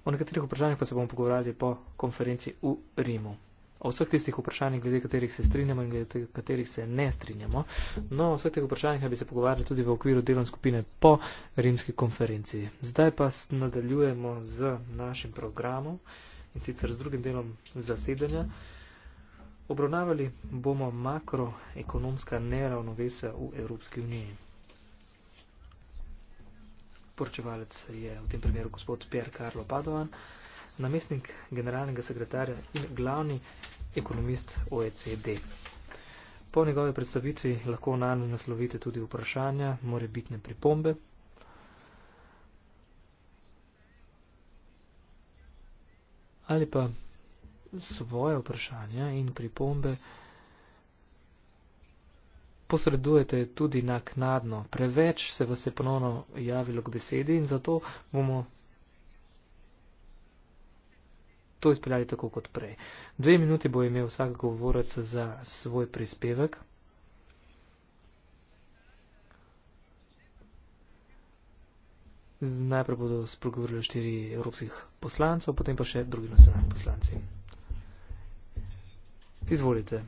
O nekaterih vprašanjih pa se bomo pogovarjali po konferenci v Rimu o vseh tistih vprašanjih, glede katerih se strinjamo in glede katerih se ne strinjamo. No, o vseh teh vprašanjih bi se pogovarjali tudi v okviru delovne skupine po rimski konferenciji. Zdaj pa nadaljujemo z našim programom in sicer z drugim delom zasedanja. Obravnavali bomo makroekonomska neravnovesja v Evropski uniji. Porčevalec je v tem primeru gospod Pierre Carlo Padovan namestnik generalnega sekretarja in glavni ekonomist OECD. Po njegovi predstavitvi lahko na naslovite tudi vprašanja, more bitne pripombe. Ali pa svoje vprašanja in pripombe posredujete tudi naknadno. Preveč se vas je ponovno javilo k besedi in zato bomo to izpeljali tako kot prej. Dve minuti bo imel vsak govorec za svoj prispevek. Najprej bodo spregovorili štiri evropskih poslancev, potem pa še drugi nacionalni poslanci. Izvolite.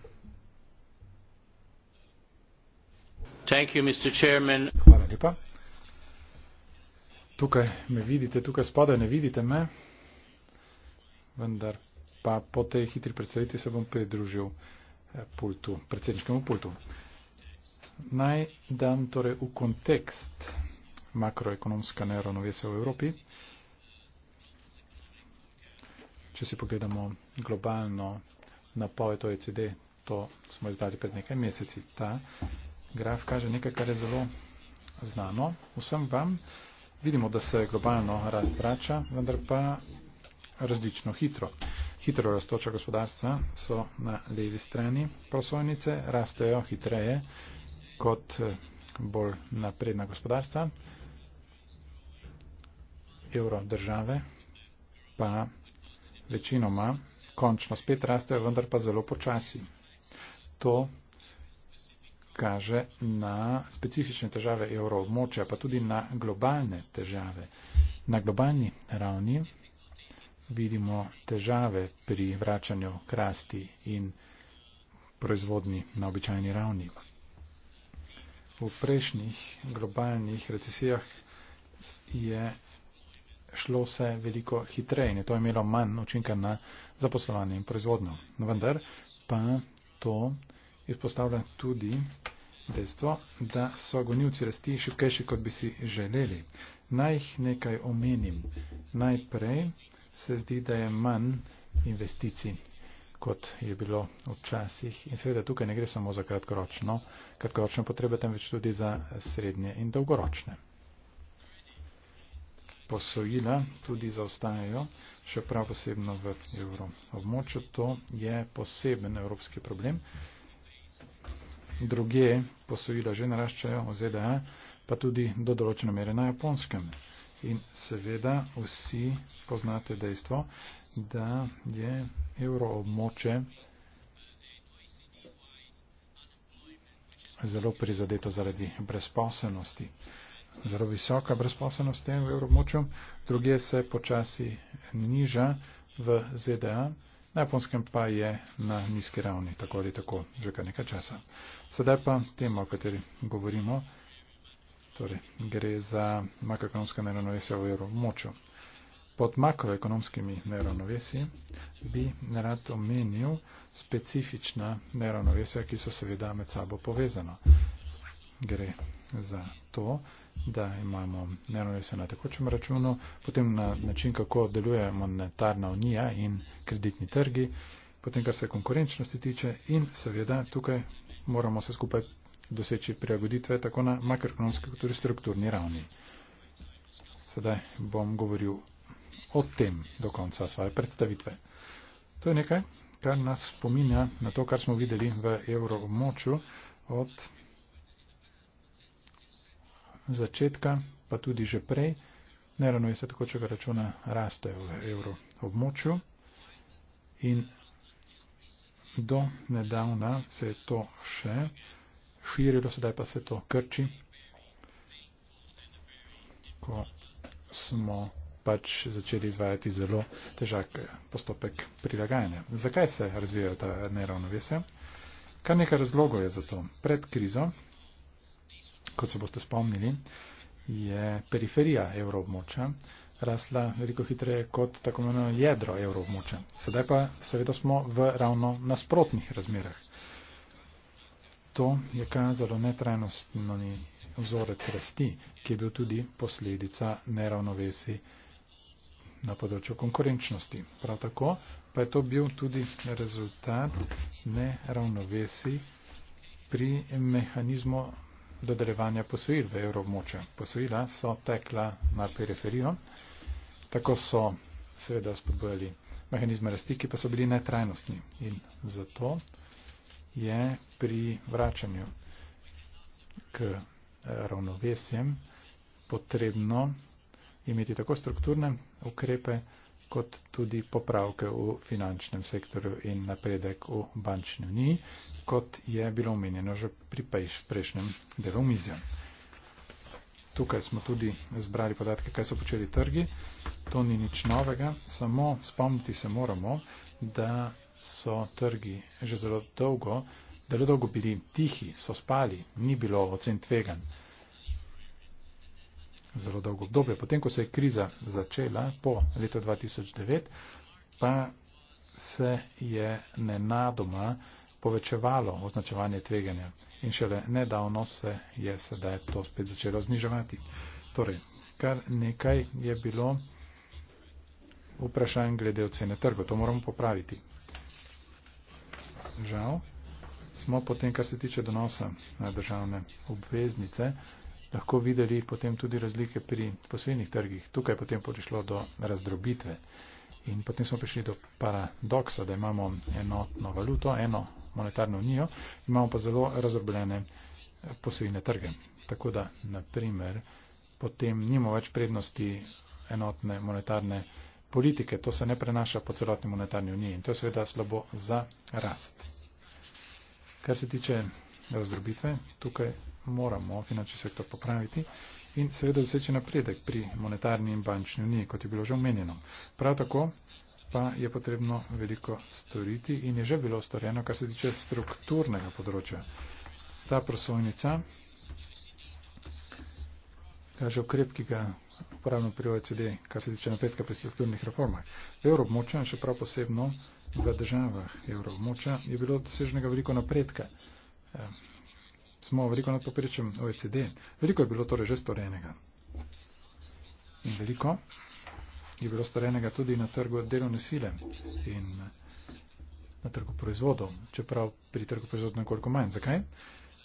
Hvala lepa. Tukaj me vidite, tukaj spada, ne vidite me vendar pa po tej hitri predsedici se bom pridružil eh, pultu, predsedničkemu pultu. Naj dam torej v kontekst makroekonomska neravnovesja v Evropi. Če si pogledamo globalno napoved OECD, to smo izdali pred nekaj meseci. Ta graf kaže nekaj, kar je zelo znano vsem vam. Vidimo, da se globalno rast vrača, vendar pa različno hitro. Hitro rastoča gospodarstva so na levi strani prosojnice, rastejo hitreje kot eh, bolj napredna gospodarstva, evro države pa večinoma končno spet rastejo, vendar pa zelo počasi. To kaže na specifične težave evroobmočja, pa tudi na globalne težave. Na globalni ravni vidimo težave pri vračanju krasti in proizvodni na običajni ravni. V prejšnjih globalnih recesijah je šlo se veliko hitreje in je to imelo manj učinka na zaposlovanje in proizvodno. No, vendar pa to izpostavlja tudi dejstvo, da so gonilci rasti šipkejši, kot bi si želeli. Naj jih nekaj omenim. Najprej se zdi, da je manj investicij kot je bilo včasih. In seveda tukaj ne gre samo za kratkoročno, kratkoročno potrebe, temveč tudi za srednje in dolgoročne. Posojila tudi zaostajajo, še prav posebno v evroobmočju. To je poseben evropski problem druge posojila že naraščajo v ZDA, pa tudi do določene mere na japonskem. In seveda vsi poznate dejstvo, da je euroobmoče zelo prizadeto zaradi brezposelnosti. Zelo visoka brezposelnost je v euroobmoču, druge se počasi niža v ZDA na japonskem pa je na nizki ravni, tako ali tako, že kar nekaj časa. Sedaj pa tema, o kateri govorimo, torej gre za makroekonomske neravnovesje v evromočju. Pod makroekonomskimi neravnovesji bi rad omenil specifična neravnovesja, ki so seveda med sabo povezana gre za to, da imamo neravnovesje na tekočem računu, potem na način, kako deluje monetarna unija in kreditni trgi, potem kar se konkurenčnosti tiče in seveda tukaj moramo se skupaj doseči prilagoditve tako na makroekonomski kot tudi strukturni ravni. Sedaj bom govoril o tem do konca svoje predstavitve. To je nekaj, kar nas spominja na to, kar smo videli v evroobmoču od začetka, pa tudi že prej, neravnovesje tekočega računa raste v evro območju in do nedavna se je to še širilo, sedaj pa se to krči, ko smo pač začeli izvajati zelo težak postopek prilagajanja. Zakaj se razvijajo ta neravnovesja? Kar nekaj razlogov je za to. Pred krizo kot se boste spomnili, je periferija evroobmoča rasla veliko hitreje kot tako imenovano jedro evroobmoča. Sedaj pa seveda smo v ravno nasprotnih razmerah. To je kazalo netrajnostni vzorec rasti, ki je bil tudi posledica neravnovesi na področju konkurenčnosti. Prav tako pa je to bil tudi rezultat neravnovesi pri mehanizmu dodeljevanja posojil v evroobmočju. Posojila so tekla na periferijo, tako so seveda spodbojali mehanizme rasti, ki pa so bili netrajnostni. In zato je pri vračanju k eh, ravnovesjem potrebno imeti tako strukturne ukrepe, kot tudi popravke v finančnem sektorju in napredek v bančni uniji, kot je bilo omenjeno že pri prejšnjem delu mizijo. Tukaj smo tudi zbrali podatke, kaj so počeli trgi. To ni nič novega, samo spomniti se moramo, da so trgi že zelo dolgo, zelo dolgo bili tihi, so spali, ni bilo ocen tveganj zelo dolgo obdobje. Potem, ko se je kriza začela po letu 2009, pa se je nenadoma povečevalo označevanje tveganja in šele nedavno se je sedaj to spet začelo zniževati. Torej, kar nekaj je bilo vprašanj glede ocene trgov. To moramo popraviti. Žal smo potem, kar se tiče donosa na državne obveznice, lahko videli potem tudi razlike pri posebnih trgih. Tukaj potem prišlo do razdrobitve in potem smo prišli do paradoksa, da imamo enotno valuto, eno monetarno unijo, imamo pa zelo razdrobljene eh, posebne trge. Tako da, naprimer, potem nimamo več prednosti enotne monetarne politike, to se ne prenaša po celotni monetarni uniji in to je seveda slabo za rast. Kar se tiče razdrobitve, tukaj moramo finančni sektor popraviti in seveda doseči napredek pri monetarni in bančni uniji, kot je bilo že omenjeno. Prav tako pa je potrebno veliko storiti in je že bilo storjeno, kar se tiče strukturnega področja. Ta prosojnica kaže ukrep, ki ga uporabljamo pri OECD, kar se tiče napredka pri strukturnih reformah. V Evropmoča, še prav posebno v državah Evropmoča, je bilo doseženega veliko napredka. Eh, smo veliko nad poprečjem OECD. Veliko je bilo torej že storenega. In veliko je bilo storenega tudi na trgu delovne sile in na trgu proizvodov, čeprav pri trgu proizvodov nekoliko manj. Zakaj?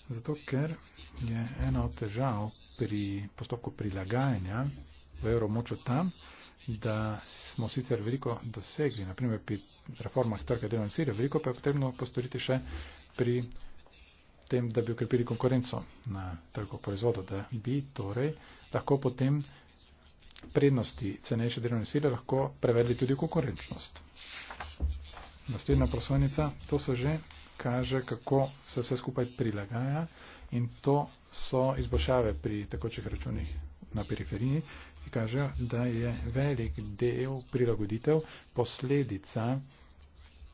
Zato, ker je ena od težav pri postopku prilagajanja v evromočo tam, da smo sicer veliko dosegli, naprimer pri reformah trga delovne sile, veliko pa je potrebno postoriti še pri tem, da bi ukrepili konkurenco na trgu proizvodov, da bi torej lahko potem prednosti cenejše delovne sile lahko prevedli tudi v konkurenčnost. Naslednja prosojnica, to se že kaže, kako se vse skupaj prilagaja in to so izboljšave pri tekočih računih na periferiji, ki kaže, da je velik del prilagoditev posledica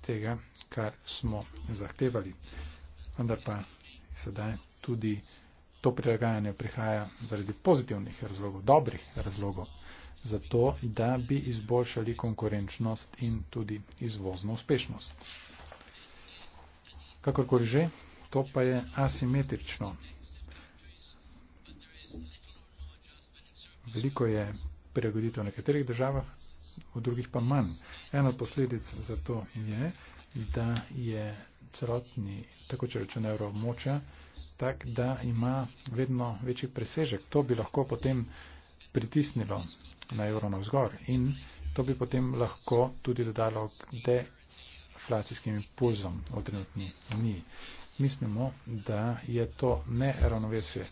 tega, kar smo zahtevali. Vendar pa sedaj tudi to prilagajanje prihaja zaradi pozitivnih razlogov, dobrih razlogov, zato da bi izboljšali konkurenčnost in tudi izvozno uspešnost. Kakorkoli že, to pa je asimetrično. Veliko je prilagoditev v nekaterih državah, v drugih pa manj. Ena od posledic za to je, da je celotni, tako če rečem, evroobmočja, tak, da ima vedno večji presežek. To bi lahko potem pritisnilo na evro navzgor in to bi potem lahko tudi dodalo k deflacijskim impulzom v trenutni uniji. Mislimo, da je to neravnovesje.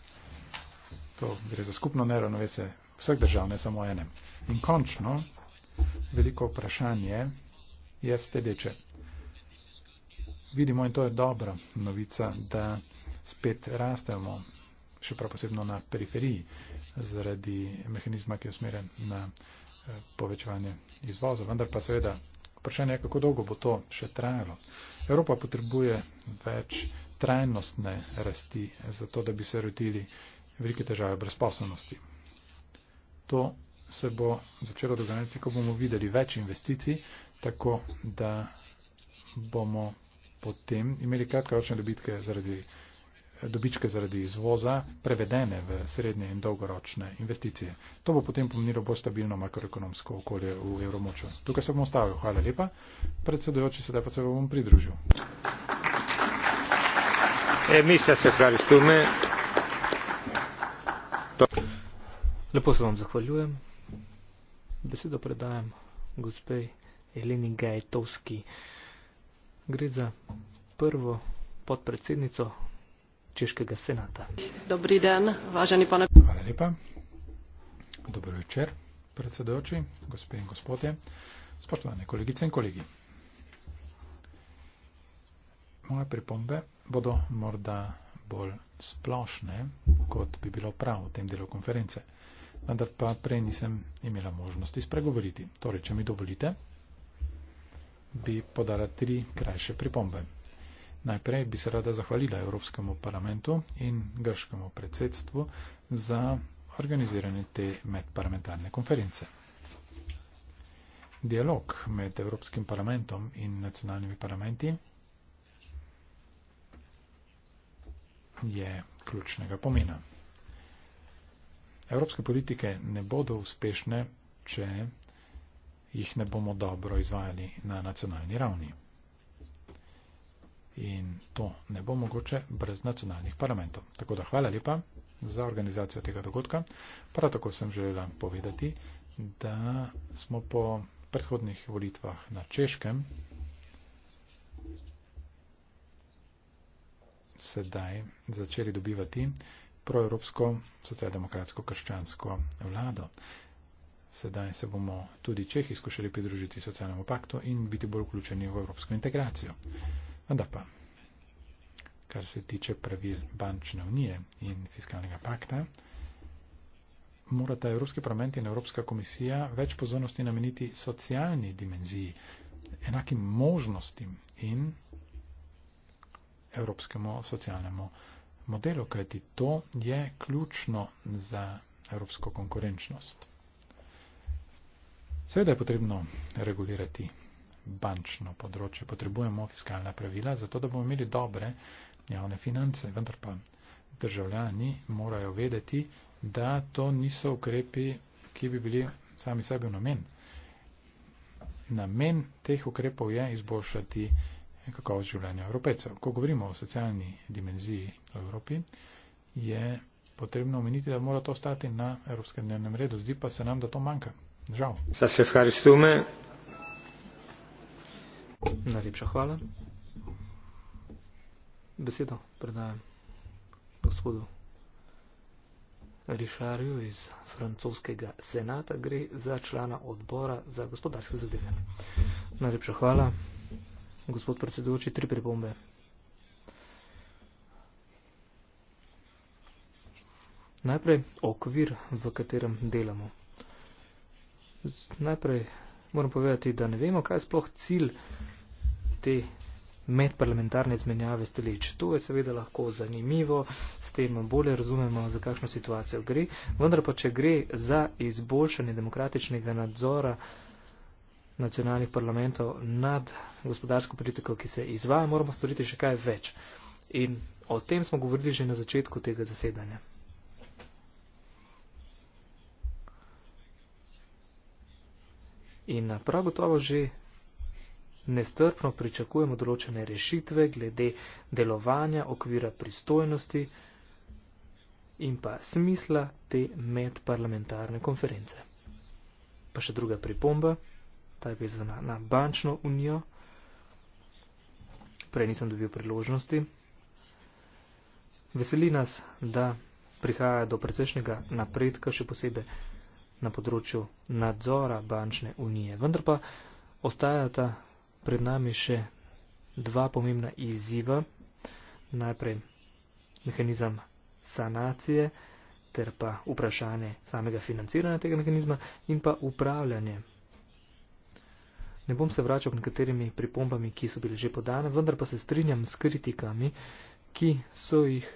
To gre za skupno neravnovesje vseh držav, ne samo enem. In končno, veliko vprašanje je sledeče vidimo in to je dobra novica, da spet rastemo, še prav posebno na periferiji, zaradi mehanizma, ki je usmerjen na eh, povečevanje izvoza. Vendar pa seveda vprašanje je, kako dolgo bo to še trajalo. Evropa potrebuje več trajnostne rasti, zato da bi se rodili velike težave brezposobnosti. To se bo začelo dogajati, ko bomo videli več investicij, tako da bomo potem imeli kratkoročne dobitke zaradi, dobičke zaradi izvoza, prevedene v srednje in dolgoročne investicije. To bo potem pomenilo bolj stabilno makroekonomsko okolje v evromočju. Tukaj se bom ustavil. Hvala lepa. Predsedujoči, sedaj pa se bom pridružil. Emisija se pravi stume. Lepo se vam zahvaljujem. Besedo predajam gospej Eleni Gajtovski. Gre za prvo podpredsednico Češkega senata. Dobri dan, važeni pane. Hvala lepa. Dobro večer, predsedoči, gospe in gospodje, spoštovane kolegice in kolegi. Moje pripombe bodo morda bolj splošne, kot bi bilo prav v tem delu konference, vendar pa prej nisem imela možnosti spregovoriti. Torej, če mi dovolite, bi podala tri krajše pripombe. Najprej bi se rada zahvalila Evropskemu parlamentu in grškemu predsedstvu za organiziranje te medparlamentarne konference. Dialog med Evropskim parlamentom in nacionalnimi parlamenti je ključnega pomena. Evropske politike ne bodo uspešne, če jih ne bomo dobro izvajali na nacionalni ravni. In to ne bo mogoče brez nacionalnih parlamentov. Tako da hvala lepa za organizacijo tega dogodka. Prav tako sem želela povedati, da smo po predhodnih volitvah na Češkem sedaj začeli dobivati proevropsko socialdemokratsko krščansko vlado sedaj se bomo tudi Čehi skušali pridružiti socialnemu paktu in biti bolj vključeni v evropsko integracijo. Vendar pa, kar se tiče pravil bančne unije in fiskalnega pakta, morata Evropski parlament in Evropska komisija več pozornosti nameniti socialni dimenziji, enakim možnostim in evropskemu socialnemu modelu, kajti to je ključno za evropsko konkurenčnost. Seveda je potrebno regulirati bančno področje, potrebujemo fiskalna pravila, zato da bomo imeli dobre javne finance, vendar pa državljani morajo vedeti, da to niso ukrepi, ki bi bili sami sebi v namen. Namen teh ukrepov je izboljšati kakovost življenja evropejcev. Ko govorimo o socialni dimenziji v Evropi, je potrebno omeniti, da mora to ostati na evropskem dnevnem redu. Zdi pa se nam, da to manjka. Žal. Za se vharistume. Najlepša hvala. Besedo predajam gospodu Rišarju iz francoskega senata. Gre za člana odbora za gospodarske zadeve. Najlepša hvala. Gospod predsedujoči, tri pripombe. Najprej okvir, v katerem delamo najprej moram povedati, da ne vemo, kaj je sploh cilj te medparlamentarne izmenjave stališč. To je seveda lahko zanimivo, s tem bolje razumemo, za kakšno situacijo gre, vendar pa, če gre za izboljšanje demokratičnega nadzora nacionalnih parlamentov nad gospodarsko politiko, ki se izvaja, moramo storiti še kaj več. In o tem smo govorili že na začetku tega zasedanja. In prav gotovo že nestrpno pričakujemo določene rešitve glede delovanja, okvira pristojnosti in pa smisla te medparlamentarne konference. Pa še druga pripomba, ta je vezana na bančno unijo. Prej nisem dobil priložnosti. Veseli nas, da prihaja do precejšnjega napredka, še posebej na področju nadzora bančne unije. Vendar pa ostajata pred nami še dva pomembna izziva. Najprej mehanizem sanacije ter pa vprašanje samega financiranja tega mehanizma in pa upravljanje. Ne bom se vračal k nekaterimi pripombami, ki so bile že podane, vendar pa se strinjam s kritikami, ki so jih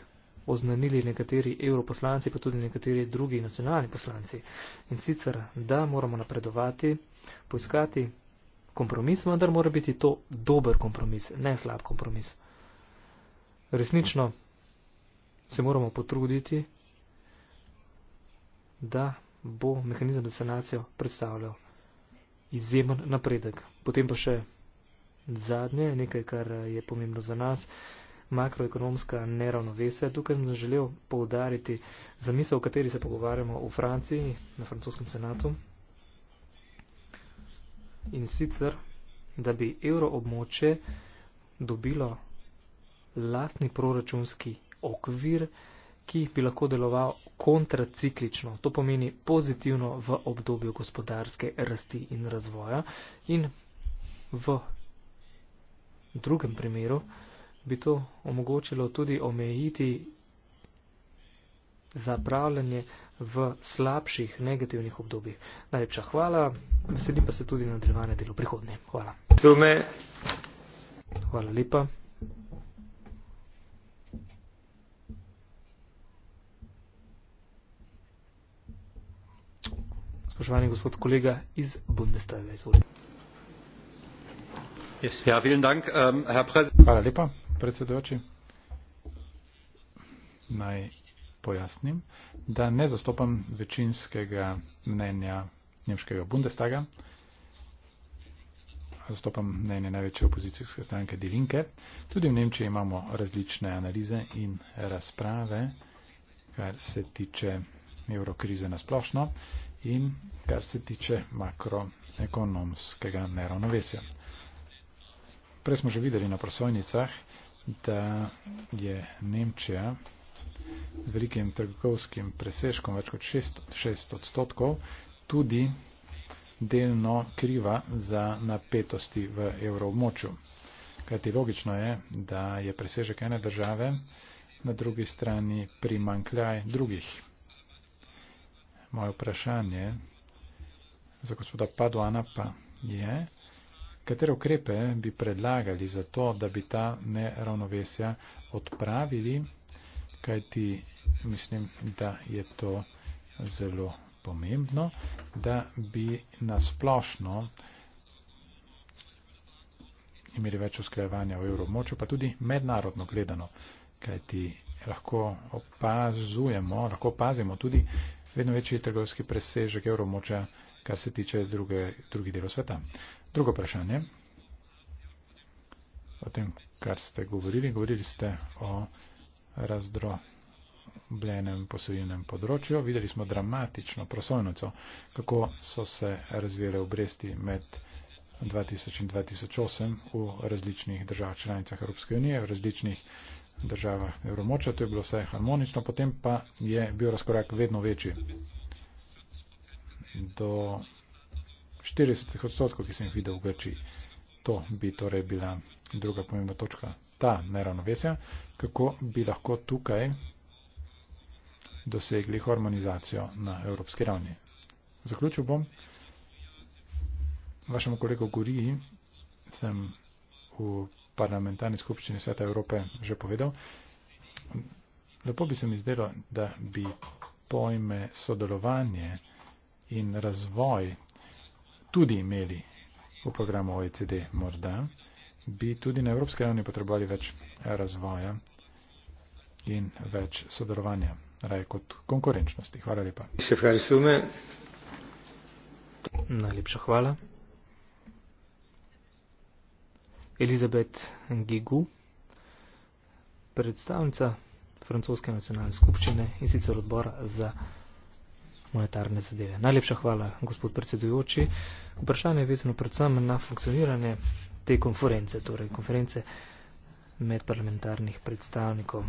oznanili nekateri europoslanci, pa tudi nekateri drugi nacionalni poslanci. In sicer, da moramo napredovati, poiskati kompromis, vendar mora biti to dober kompromis, ne slab kompromis. Resnično se moramo potruditi, da bo mehanizem za sanacijo predstavljal izjemen napredek. Potem pa še zadnje, nekaj, kar je pomembno za nas makroekonomska neravnovesja. Tukaj bom želel poudariti zamisel, o kateri se pogovarjamo v Franciji, na francoskem senatu. In sicer, da bi euroobmoče dobilo lastni proračunski okvir, ki bi lahko deloval kontraciklično. To pomeni pozitivno v obdobju gospodarske rasti in razvoja. In v drugem primeru, bi to omogočilo tudi omejiti zapravljanje v slabših negativnih obdobjih. Najlepša hvala, veseli pa se tudi nadaljevanje delo prihodnje. Hvala. Tume. Hvala lepa. Spoštovani gospod kolega iz Bundestaga, izvolite. Ja, vielen Dank, ähm, Herr Hvala lepa predsedujoči. Naj pojasnim, da ne zastopam večinskega mnenja nemškega Bundestaga, zastopam mnenje največje opozicijske stranke Divinke. Tudi v Nemčiji imamo različne analize in razprave, kar se tiče evrokrize na splošno in kar se tiče makroekonomskega neravnovesja. Prej smo že videli na prosojnicah, da je Nemčija z velikim trgovskim presežkom več kot 6 odstotkov tudi delno kriva za napetosti v evroobmočju. Kajti logično je, da je presežek ene države na drugi strani primankljaj drugih. Moje vprašanje za gospoda Paduana pa je, Katere ukrepe bi predlagali za to, da bi ta neravnovesja odpravili, kajti mislim, da je to zelo pomembno, da bi nasplošno imeli več usklajevanja v evromočju, pa tudi mednarodno gledano, kajti lahko opazujemo, lahko opazimo tudi vedno večji trgovski presežek evromočja, kar se tiče drugih delov sveta. Drugo vprašanje. O tem, kar ste govorili, govorili ste o razdrobljenem posojilnem področju. Videli smo dramatično prosojnico, kako so se razvijale obresti med 2000 in 2008 v različnih državah članicah Evropske unije, v različnih državah evromoča. To je bilo vse harmonično, potem pa je bil razkorak vedno večji. Do 40 odstotkov, ki sem jih videl v Grčiji. To bi torej bila druga pomembna točka, ta neravnovesja, kako bi lahko tukaj dosegli harmonizacijo na evropski ravni. Zaključil bom. Vašemu kolegu Guriji sem v parlamentarni skupščini Sveta Evrope že povedal. Lepo bi se mi zdelo, da bi pojme sodelovanje in razvoj tudi imeli v programu OECD morda, bi tudi na evropski ravni potrebovali več razvoja in več sodelovanja, raje kot konkurenčnosti. Hvala lepa. Najlepša hvala. Elizabet Gigu, predstavnica Francoske nacionalne skupščine in sicer odbora za monetarne zadeve. Najlepša hvala, gospod predsedujoči. Vprašanje je vezano predvsem na funkcioniranje te konference, torej konference medparlamentarnih predstavnikov.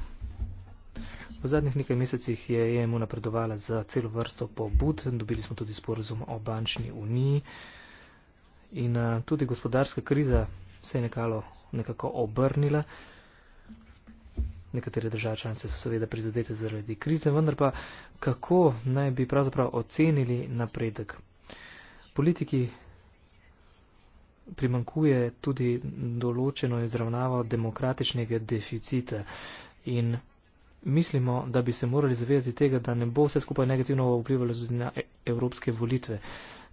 V zadnjih nekaj mesecih je EMU napredovala za celo vrsto pobud, dobili smo tudi sporozum o bančni uniji in tudi gospodarska kriza se je nekalo, nekako obrnila nekatere države članice so seveda prizadete zaradi krize, vendar pa kako naj bi pravzaprav ocenili napredek. Politiki primankuje tudi določeno izravnavo demokratičnega deficita in mislimo, da bi se morali zavezati tega, da ne bo vse skupaj negativno vplivalo tudi na e-, evropske volitve.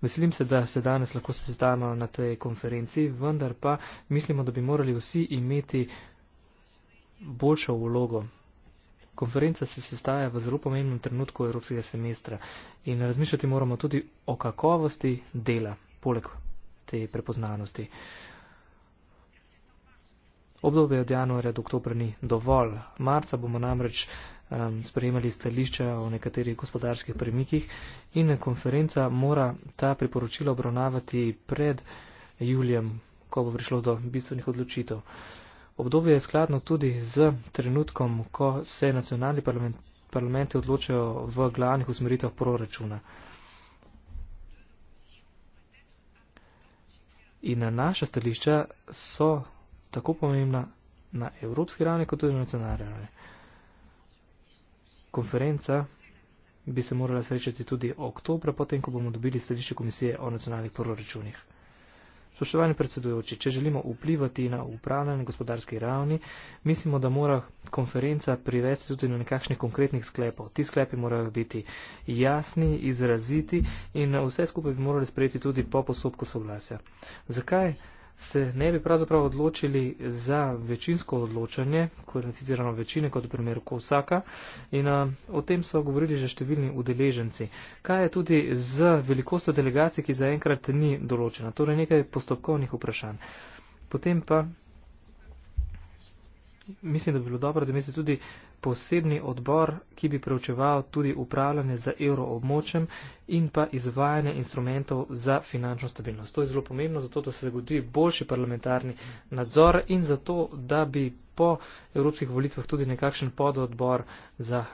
Veselim se, da se danes lahko sestavimo na tej konferenci, vendar pa mislimo, da bi morali vsi imeti boljšo vlogo. Konferenca se sestaja v zelo pomembnem trenutku evropskega semestra in razmišljati moramo tudi o kakovosti dela, poleg te prepoznanosti. Obdobje od januarja do oktober ni dovolj. Marca bomo namreč um, sprejemali stališča o nekaterih gospodarskih premikih in konferenca mora ta priporočila obravnavati pred julijem, ko bo prišlo do bistvenih odločitev. Uh, Obdobje je skladno tudi z trenutkom, ko se nacionalni parlament, parlamenti odločajo v glavnih usmeritev proračuna. In naša stališča so tako pomembna na evropski ravni, kot tudi na nacionalni ravni. Konferenca bi se morala srečati tudi oktobra, potem, ko bomo dobili stališče komisije o nacionalnih proračunih. Spoštovani predsedujoči, če želimo vplivati na upravljanje gospodarske ravni, mislimo, da mora konferenca privesti tudi na nekakšnih konkretnih sklepov. Ti sklepi morajo biti jasni, izraziti in vse skupaj bi morali sprejeti tudi po postopku soglasja. Zakaj se ne bi pravzaprav odločili za večinsko odločanje, kvalificirano večine kot v primeru Kosaka in a, o tem so govorili že številni udeleženci. Kaj je tudi z velikostjo delegacij, ki zaenkrat ni določena? Torej nekaj postopkovnih vprašanj. Potem pa mislim, da bi bilo dobro, da bi se tudi posebni odbor, ki bi preučeval tudi upravljanje za euroobmočjem in pa izvajanje instrumentov za finančno stabilnost. To je zelo pomembno, zato da se zagodi boljši parlamentarni nadzor in zato, da bi po evropskih volitvah tudi nekakšen pododbor za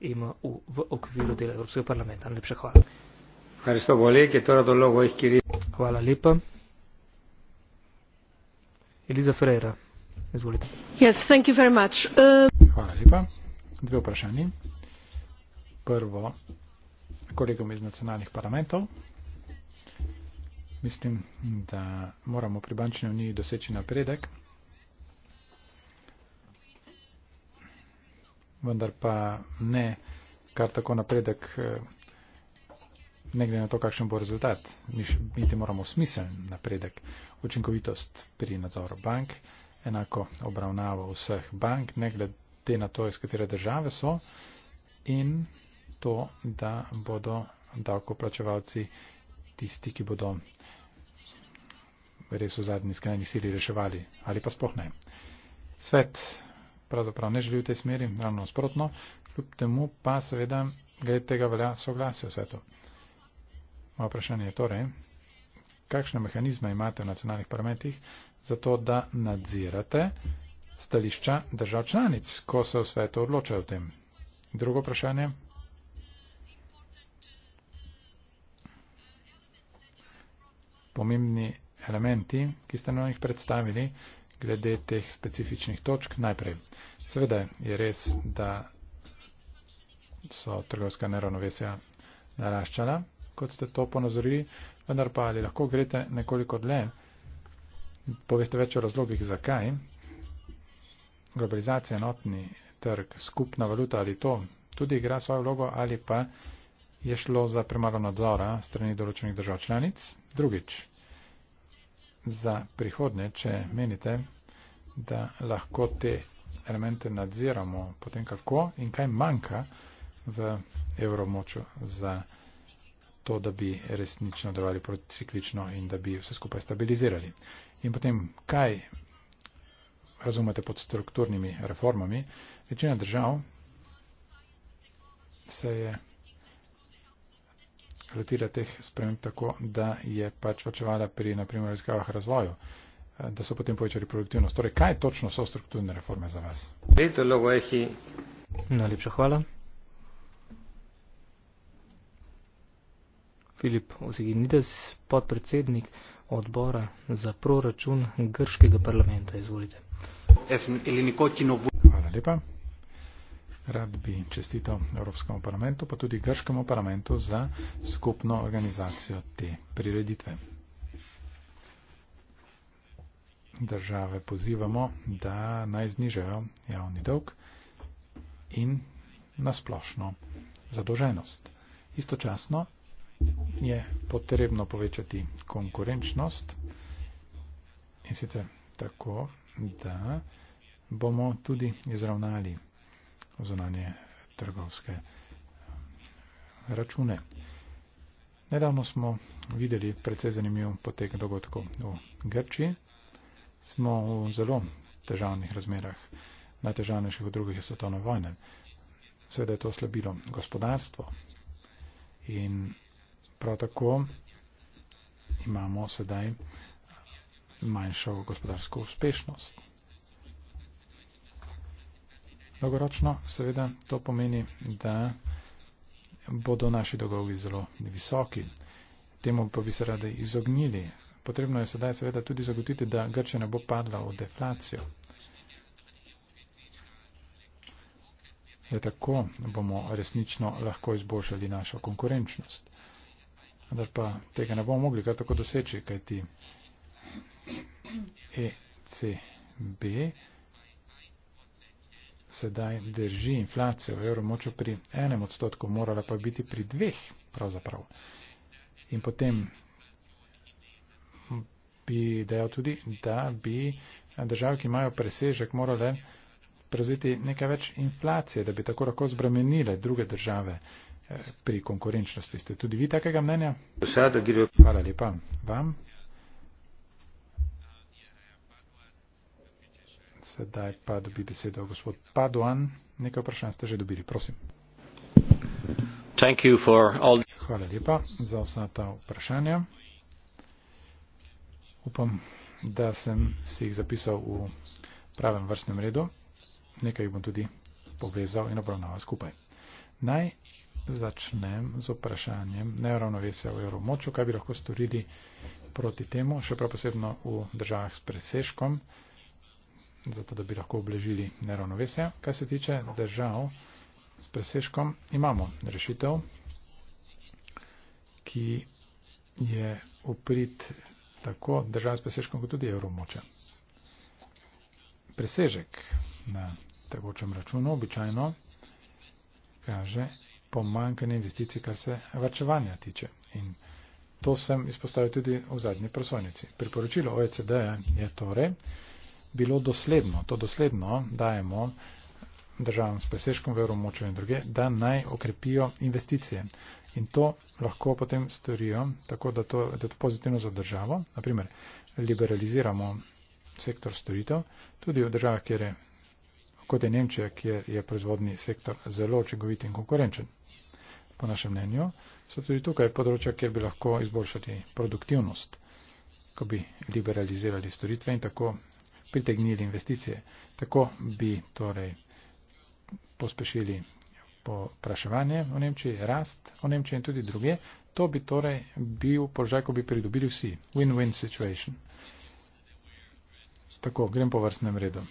EMU v okviru dela Evropskega parlamenta. Najlepša hvala. Hvala lepa. Eliza Ferreira, izvolite. Yes, thank you very much. Uh... Hvala lepa. Dve vprašanje. Prvo, kolegom iz nacionalnih parlamentov. Mislim, da moramo pri bančni uniji doseči napredek. Vendar pa ne kar tako napredek, eh, ne glede na to, kakšen bo rezultat. Mi biti moramo smiseln napredek, učinkovitost pri nadzoru bank, enako obravnavo vseh bank, ne glede glede na to, iz katere države so, in to, da bodo davkoplačevalci tisti, ki bodo res v zadnji skrajni sili reševali ali pa spohne. Svet pravzaprav ne želi v tej smeri, ravno sprotno, kljub temu pa seveda glede tega velja soglasje v svetu. Moje vprašanje je torej, kakšne mehanizme imate v nacionalnih parlamentih za to, da nadzirate stališča držav članic, ko se v svetu odločajo o tem. Drugo vprašanje. Pomembni elementi, ki ste nam jih predstavili, glede teh specifičnih točk najprej. Seveda je res, da so trgovska neravnovesja naraščala, kot ste to ponazorili, vendar pa ali lahko grete nekoliko dlje, poveste več o razlogih, zakaj globalizacija, enotni trg, skupna valuta ali to tudi igra svojo vlogo ali pa je šlo za premalo nadzora strani določenih držav članic. Drugič, za prihodnje, če menite, da lahko te elemente nadziramo potem kako in kaj manjka v evromoču za to, da bi resnično delovali proticiklično in da bi vse skupaj stabilizirali. In potem, kaj razumete pod strukturnimi reformami, večina držav se je lotila teh sprememb tako, da je pač vačevala pri, naprimer, razgavah razvoju, eh, da so potem povečali produktivnost. Torej, kaj točno so strukturne reforme za vas? Najlepša hvala. Filip Oziginides, podpredsednik odbora za proračun grškega parlamenta. Izvolite. Hvala lepa. Rad bi čestital Evropskemu parlamentu, pa tudi grškemu parlamentu za skupno organizacijo te prireditve. Države pozivamo, da naj znižajo javni dolg in nasplošno zadoženost. Istočasno je potrebno povečati konkurenčnost in sicer tako, da bomo tudi izravnali zonanje trgovske um, račune. Nedavno smo videli precej zanimiv potek dogodkov v Grčiji. Smo v zelo težavnih razmerah, najtežavnejših v drugih svetovnih vojnah. Seveda je to oslabilo gospodarstvo in Prav tako imamo sedaj manjšo gospodarsko uspešnost. Dolgoročno seveda to pomeni, da bodo naši dolgovi zelo visoki. Temu pa bi se radi izognili. Potrebno je sedaj seveda tudi zagotiti, da Grčija ne bo padla v deflacijo. Le tako bomo resnično lahko izboljšali našo konkurenčnost vendar pa tega ne bomo mogli kar tako doseči, kaj ti ECB sedaj drži inflacijo v evromočju pri enem odstotku, morala pa biti pri dveh pravzaprav. In potem bi dejal tudi, da bi države, ki imajo presežek, morale prevzeti nekaj več inflacije, da bi tako lahko zbremenile druge države pri konkurenčnosti. Ste tudi vi takega mnenja? Hvala lepa vam. Sedaj pa dobi besedo gospod Paduan. Nekaj vprašanj ste že dobili, prosim. Hvala lepa za vsa ta vprašanja. Upam, da sem si jih zapisal v pravem vrstnem redu. Nekaj jih bom tudi povezal in obravnaval skupaj. Naj začnem z vprašanjem neravnovesja v evromočju, kaj bi lahko storili proti temu, še prav posebno v državah s preseškom, zato da bi lahko obležili neravnovesja. Kaj se tiče držav s preseškom, imamo rešitev, ki je uprit tako držav s preseškom, kot tudi evromoča. Presežek na tekočem računu običajno kaže pomankanje investicij, kar se vrčevanja tiče. In to sem izpostavil tudi v zadnji prosojnici. Priporočilo OECD je torej bilo dosledno, to dosledno dajemo državam s presežkom v evromočju in druge, da naj okrepijo investicije. In to lahko potem storijo tako, da, to, da je to pozitivno za državo. Naprimer, liberaliziramo sektor storitev, tudi v državah, kjer je, kot je Nemčija, kjer je proizvodni sektor zelo očegovit in konkurenčen po našem mnenju, so tudi tukaj področja, kjer bi lahko izboljšali produktivnost, ko bi liberalizirali storitve in tako pritegnili investicije. Tako bi torej pospešili popraševanje v Nemčiji, rast v Nemčiji in tudi druge. To bi torej bil požaj, ko bi pridobili vsi. Win-win situation. Tako, grem po vrstnem redu.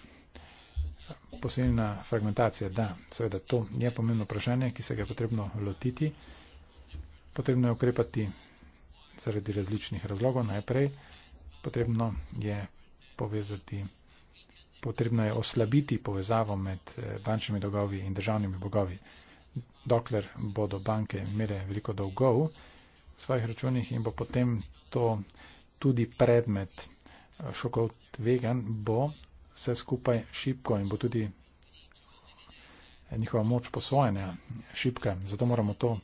Posebna fragmentacija, da, seveda to je pomembno vprašanje, ki se ga je potrebno lotiti. Potrebno je ukrepati zaradi različnih razlogov najprej. Potrebno je povezati, potrebno je oslabiti povezavo med eh, bančnimi dolgovi in državnimi bogovi. Dokler bodo banke imele veliko dolgov v svojih računih in bo potem to tudi predmet eh, šokov tvegan, bo vse skupaj šipko in bo tudi njihova moč posvojena šipka. Zato moramo to,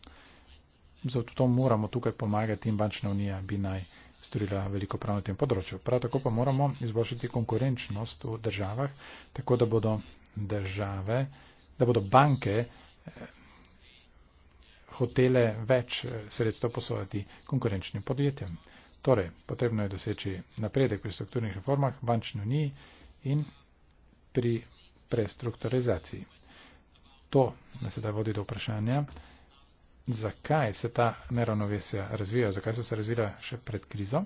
zato to moramo tukaj pomagati in bančna unija bi naj storila veliko prav na tem področju. Prav tako pa moramo izboljšati konkurenčnost v državah, tako da bodo države, da bodo banke eh, hotele več eh, sredstev posojati konkurenčnim podjetjem. Torej, potrebno je doseči napredek pri strukturnih reformah, bančni uniji in pri prestrukturizaciji. To me sedaj vodi do vprašanja, zakaj se ta neravnovesja razvija, zakaj so se razvila še pred krizo.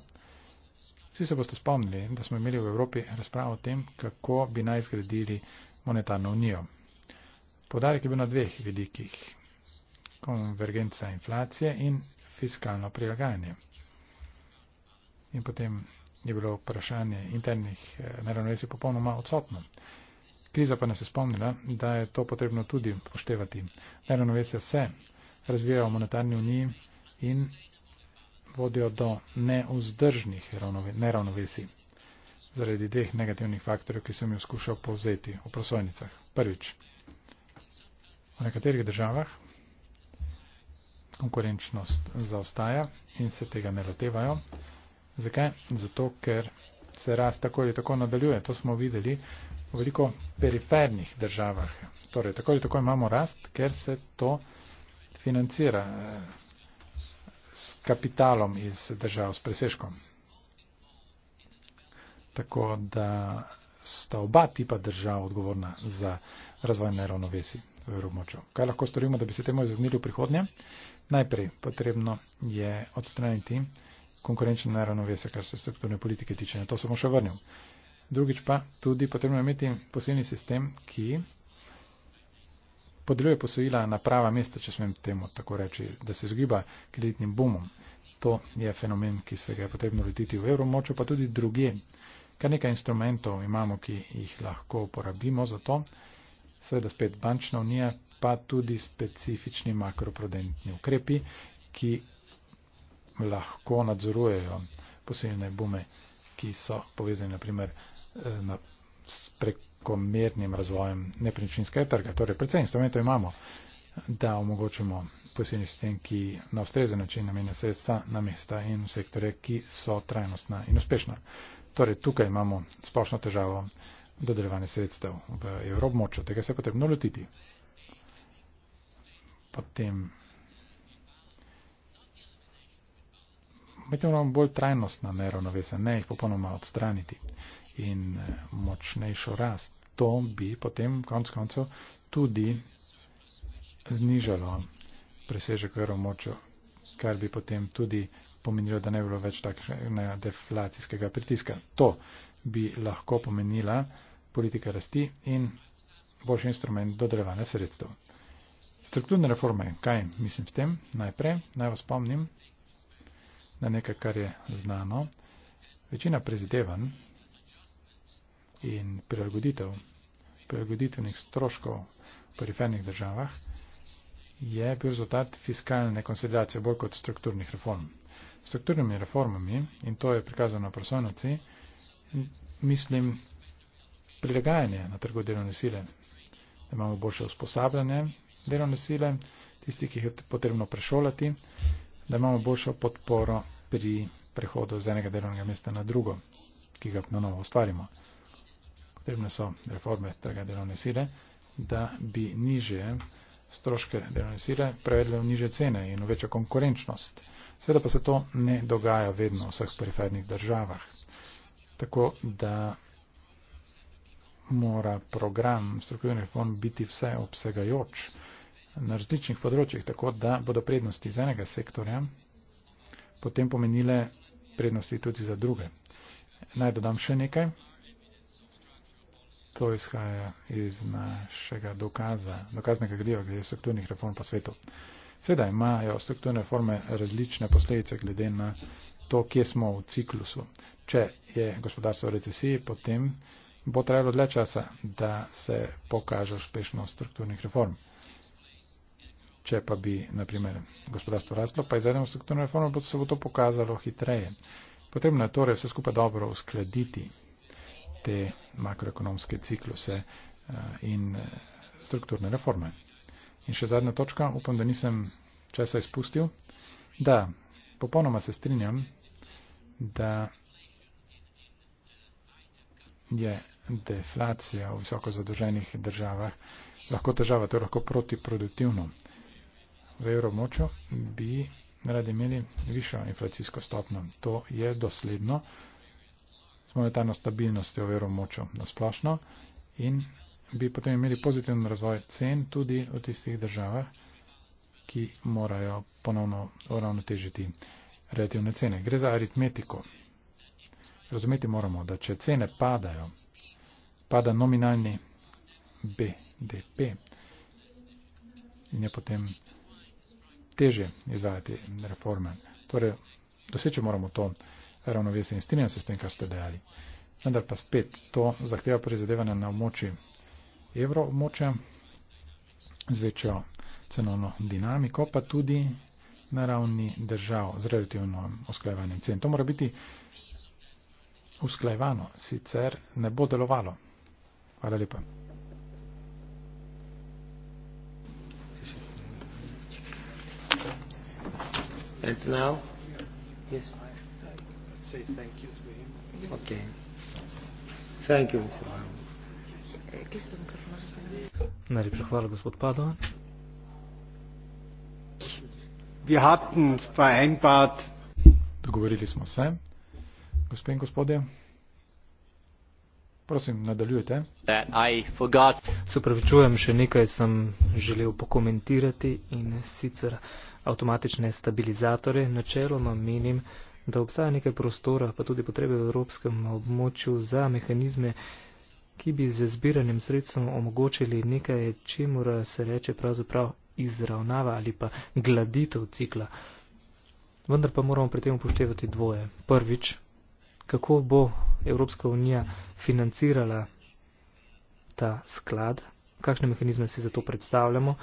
Vsi se boste spomnili, da smo imeli v Evropi razpravo o tem, kako bi naj zgradili monetarno unijo. Podarek je bil na dveh vidikih. Konvergenca inflacije in fiskalno prilagajanje. In potem je bilo vprašanje internih eh, neravnovesij popolnoma odsotno. Kriza pa nas je spomnila, da je to potrebno tudi poštevati. Neravnovesja se razvijajo v monetarni uniji in vodijo do neuzdržnih neravnovesij zaradi dveh negativnih faktorjev, ki sem jih skušal povzeti v prosojnicah. Prvič, v nekaterih državah konkurenčnost zaostaja in se tega ne lotevajo. Zakaj? Zato, ker se rast tako ali tako nadaljuje. To smo videli v veliko perifernih državah. Torej, tako ali tako imamo rast, ker se to financira eh, s kapitalom iz držav, s preseškom. Tako da sta oba tipa držav odgovorna za razvoj neravnovesi v Evropmočju. Kaj lahko storimo, da bi se temu izognili v prihodnje? Najprej potrebno je odstraniti konkurenčno neravnovesje, kar se strukturne politike tiče. Na to se bom še vrnil. Drugič pa tudi potrebno je imeti posebni sistem, ki podeljuje posojila na prava mesta, če smem temu tako reči, da se zgiba kreditnim bumom. To je fenomen, ki se ga je potrebno lotiti v evromočju, pa tudi druge. Kar nekaj instrumentov imamo, ki jih lahko uporabimo za to, seveda spet bančna unija, pa tudi specifični makroprudentni ukrepi, ki lahko nadzorujejo posiljene bume, ki so povezane naprimer eh, na, s prekomernim razvojem nepremičninskega trga. Torej, predvsem instrumentov imamo, da omogočimo posiljni sistem, ki na ustrezen način namenja sredstva na mesta in v sektore, ki so trajnostna in uspešna. Torej, tukaj imamo splošno težavo dodeljevanja sredstev v evrobmočju. Tega se je potrebno lotiti. Potem medtem imamo bolj trajnostna neravnovesja, ne jih popolnoma odstraniti in eh, močnejšo rast. To bi potem konc koncev tudi znižalo presežek v moču, kar bi potem tudi pomenilo, da ne bi bilo več takšnega deflacijskega pritiska. To bi lahko pomenila politika rasti in boljši instrument dodelevanja sredstev. Strukturne reforme, kaj mislim s tem? Najprej naj vas spomnim, na nekaj, kar je znano. Večina prizadevanj in prilagoditev, prilagoditevnih stroškov v perifernih državah je bil rezultat fiskalne konsolidacije bolj kot strukturnih reform. Strukturnimi reformami, in to je prikazano v prosojnici, mislim prilagajanje na trgu delovne sile, da imamo boljše usposabljanje delovne sile, tisti, ki jih je potrebno prešolati, da imamo boljšo podporo pri prehodu z enega delovnega mesta na drugo, ki ga na novo ustvarimo. Potrebne so reforme tega delovne sile, da bi niže stroške delovne sile prevedle v niže cene in v večjo konkurenčnost. Sveda pa se to ne dogaja vedno v vseh perifernih državah. Tako da mora program strokovnih reform biti vse obsegajoč na različnih področjih, tako da bodo prednosti za enega sektorja potem pomenile prednosti tudi za druge. Naj dodam še nekaj. To izhaja iz našega dokaza, dokaznega gradiva glede strukturnih reform po svetu. Seveda imajo strukturne reforme različne posledice glede na to, kje smo v ciklusu. Če je gospodarstvo v recesiji, potem bo trajalo dlje časa, da se pokaže uspešnost strukturnih reform. Če pa bi, na primer, gospodarstvo raslo, pa izvedemo strukturno reformo, bo se bo to pokazalo hitreje. Potrebno je torej vse skupaj dobro uskladiti te makroekonomske cikluse eh, in eh, strukturne reforme. In še zadnja točka, upam, da nisem česa izpustil, da popolnoma se strinjam, da je deflacija v visoko zadrženih državah lahko težava, to je lahko protiproduktivno v evromočo, bi radi imeli višjo inflacijsko stopno. To je dosledno s monetarno stabilnostjo v evromočo nasplošno in bi potem imeli pozitiven razvoj cen tudi v tistih državah, ki morajo ponovno uravnotežiti relativne cene. Gre za aritmetiko. Razumeti moramo, da če cene padajo, pada nominalni BDP in je potem teže izvajati reforme. Torej, doseči moramo to ravnovesje in strinjam se s tem, kar ste dejali. Vendar pa spet to zahteva prizadevanje na območju evro območja z večjo cenovno dinamiko, pa tudi na ravni držav z relativno usklajevanjem cen. To mora biti usklajevano, sicer ne bo delovalo. Hvala lepa. And now? Yes? I would say thank you to him. Okay. Thank you, Mr. Najlepša hvala, gospod Padova. Dogovorili smo se, gospe in gospodje. Prosim, nadaljujte. Se pravičujem, še nekaj sem želel pokomentirati in sicer avtomatične stabilizatore. Načeloma menim, da obstaja nekaj prostora, pa tudi potrebe v evropskem območju za mehanizme, ki bi z zbiranjem sredstvom omogočili nekaj, če mora se reče pravzaprav izravnava ali pa gladitev cikla. Vendar pa moramo pri tem upoštevati dvoje. Prvič, kako bo Evropska unija financirala ta sklad, kakšne mehanizme si za to predstavljamo.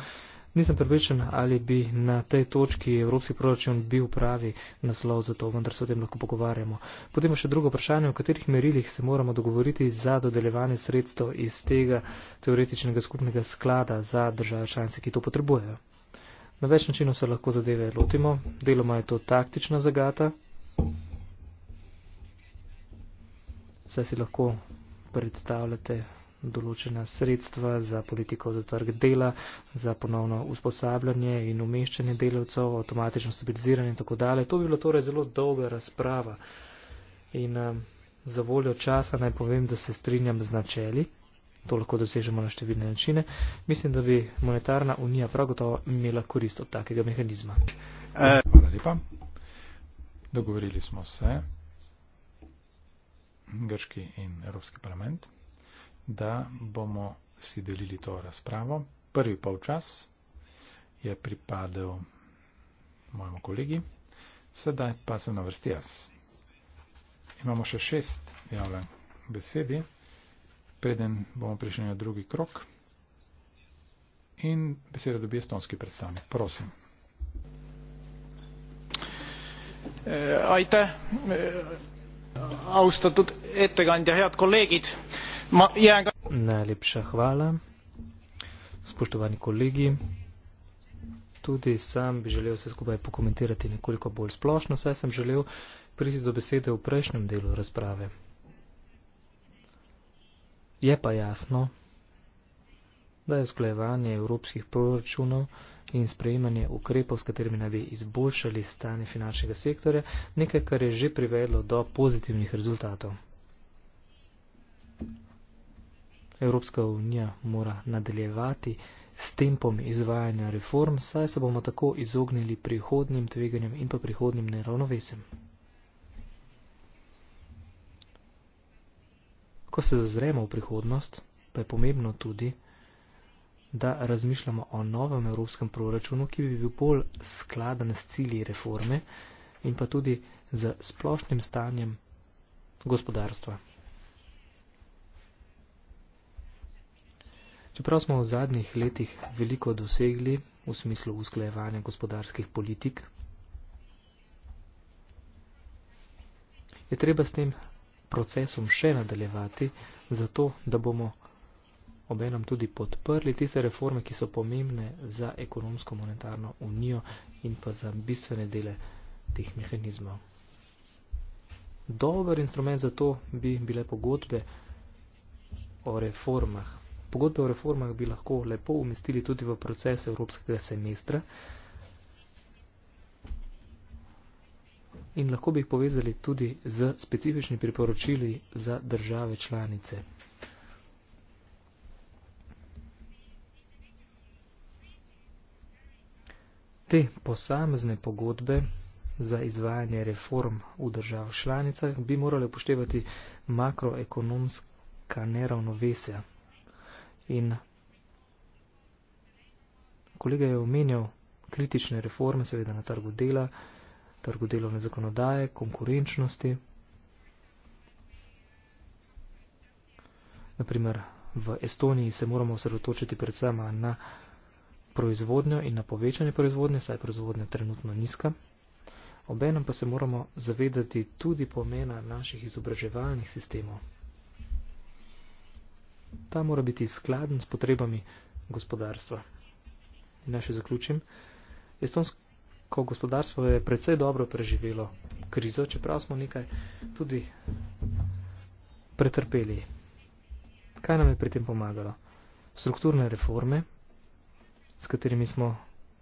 Nisem prepričan, ali bi na tej točki Evropski proračun bil pravi naslov za to, vendar se o tem lahko pogovarjamo. Potem pa še drugo vprašanje, v katerih merilih se moramo dogovoriti za dodeljevanje sredstev iz tega teoretičnega skupnega sklada za države članice, ki to potrebujejo. Na več načinov se lahko zadeve lotimo, deloma je to taktična zagata saj si lahko predstavljate določena sredstva za politiko za trg dela, za ponovno usposabljanje in umeščanje delavcev, avtomatično stabiliziranje in tako dalje. To bi bila torej zelo dolga razprava in uh, za voljo časa naj povem, da se strinjam z načeli. To lahko dosežemo na številne načine. Mislim, da bi monetarna unija prav gotovo imela korist od takega mehanizma. Eh. Hvala lepa. Dogovorili smo se. Grški in Evropski parlament, da bomo si delili to razpravo. Prvi polčas je pripadel mojemu kolegi, sedaj pa se na vrsti jaz. Imamo še šest javljen besedi, preden bomo prišli na drugi krok in besedo dobi estonski predstavnik. Prosim. E, eh, ajte. E, eh, austatud ettekandja, head kolleegid, ma jään ka. Najlepša hvala, spoštovani kolegi. Tudi sam bi želel vse skupaj pokomentirati nekoliko bolj splošno, saj sem želel priti do besede v prejšnjem delu razprave. Je pa jasno, da je usklajevanje evropskih proračunov in sprejemanje ukrepov, s katerimi naj bi izboljšali stanje finančnega sektorja, nekaj, kar je že privedlo do pozitivnih rezultatov. Evropska unija mora nadaljevati s tempom izvajanja reform, saj se bomo tako izognili prihodnim tveganjem in pa prihodnim neravnovesem. Ko se zazremo v prihodnost, pa je pomembno tudi, da razmišljamo o novem evropskem proračunu, ki bi bil bolj skladen s cilji reforme in pa tudi z splošnim stanjem gospodarstva. Čeprav smo v zadnjih letih veliko dosegli v smislu usklajevanja gospodarskih politik, je treba s tem procesom še nadaljevati, zato da bomo obenem tudi podprli tiste reforme, ki so pomembne za ekonomsko-monetarno unijo in pa za bistvene dele teh mehanizmov. Dober instrument za to bi bile pogodbe o reformah. Pogodbe o reformah bi lahko lepo umestili tudi v proces evropskega semestra in lahko bi jih povezali tudi z specifičnimi priporočili za države članice. Te posamezne pogodbe za izvajanje reform v državah članicah bi morale upoštevati makroekonomska neravnovesja. In kolega je omenjal kritične reforme, seveda na trgu dela, trgu delovne zakonodaje, konkurenčnosti, naprimer v Estoniji se moramo osredotočiti predvsem na proizvodnjo in na povečanje proizvodnje, saj je proizvodnja trenutno nizka. Obenem pa se moramo zavedati tudi pomena naših izobraževalnih sistemov. Ta mora biti skladen s potrebami gospodarstva. In naj še zaključim. Estonsko gospodarstvo je precej dobro preživelo krizo, čeprav smo nekaj tudi pretrpeli. Kaj nam je pri tem pomagalo? Strukturne reforme, s katerimi smo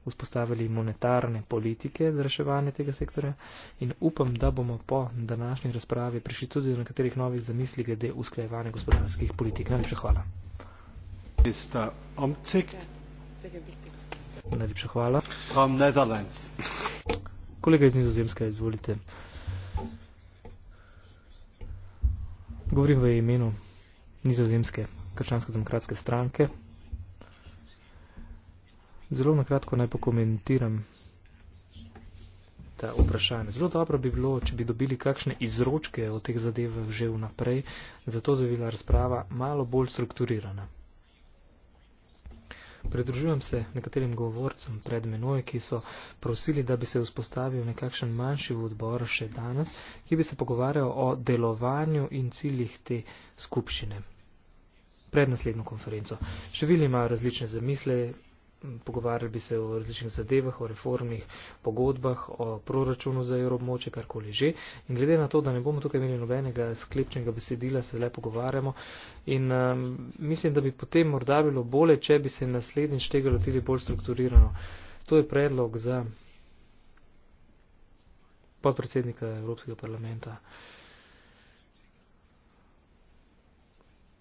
vzpostavili monetarne politike za reševanje tega sektorja in upam, da bomo po današnji razpravi prišli tudi do nekaterih novih zamisli glede usklajevanja gospodarskih politik. Najlepša hvala. Najlepša hvala. From Netherlands. Kolega iz Nizozemske, izvolite. Govorim v imenu Nizozemske krščansko-demokratske stranke. Zelo na kratko naj pokomentiram ta vprašanje. Zelo dobro bi bilo, če bi dobili kakšne izročke o teh zadevah že vnaprej, zato da bi bila razprava malo bolj strukturirana. Predružujem se nekaterim govorcem pred menoj, ki so prosili, da bi se vzpostavil nekakšen manjši odbor še danes, ki bi se pogovarjal o delovanju in ciljih te skupščine pred naslednjo konferenco. Številni imajo različne zamisle, pogovarjali bi se o različnih zadevah, o reformih, pogodbah, o proračunu za evroobmoče, karkoli že. In glede na to, da ne bomo tukaj imeli nobenega sklepčnega besedila, se le pogovarjamo. In um, mislim, da bi potem morda bilo bolje, če bi se naslednjič tega lotili bolj strukturirano. To je predlog za podpredsednika Evropskega parlamenta.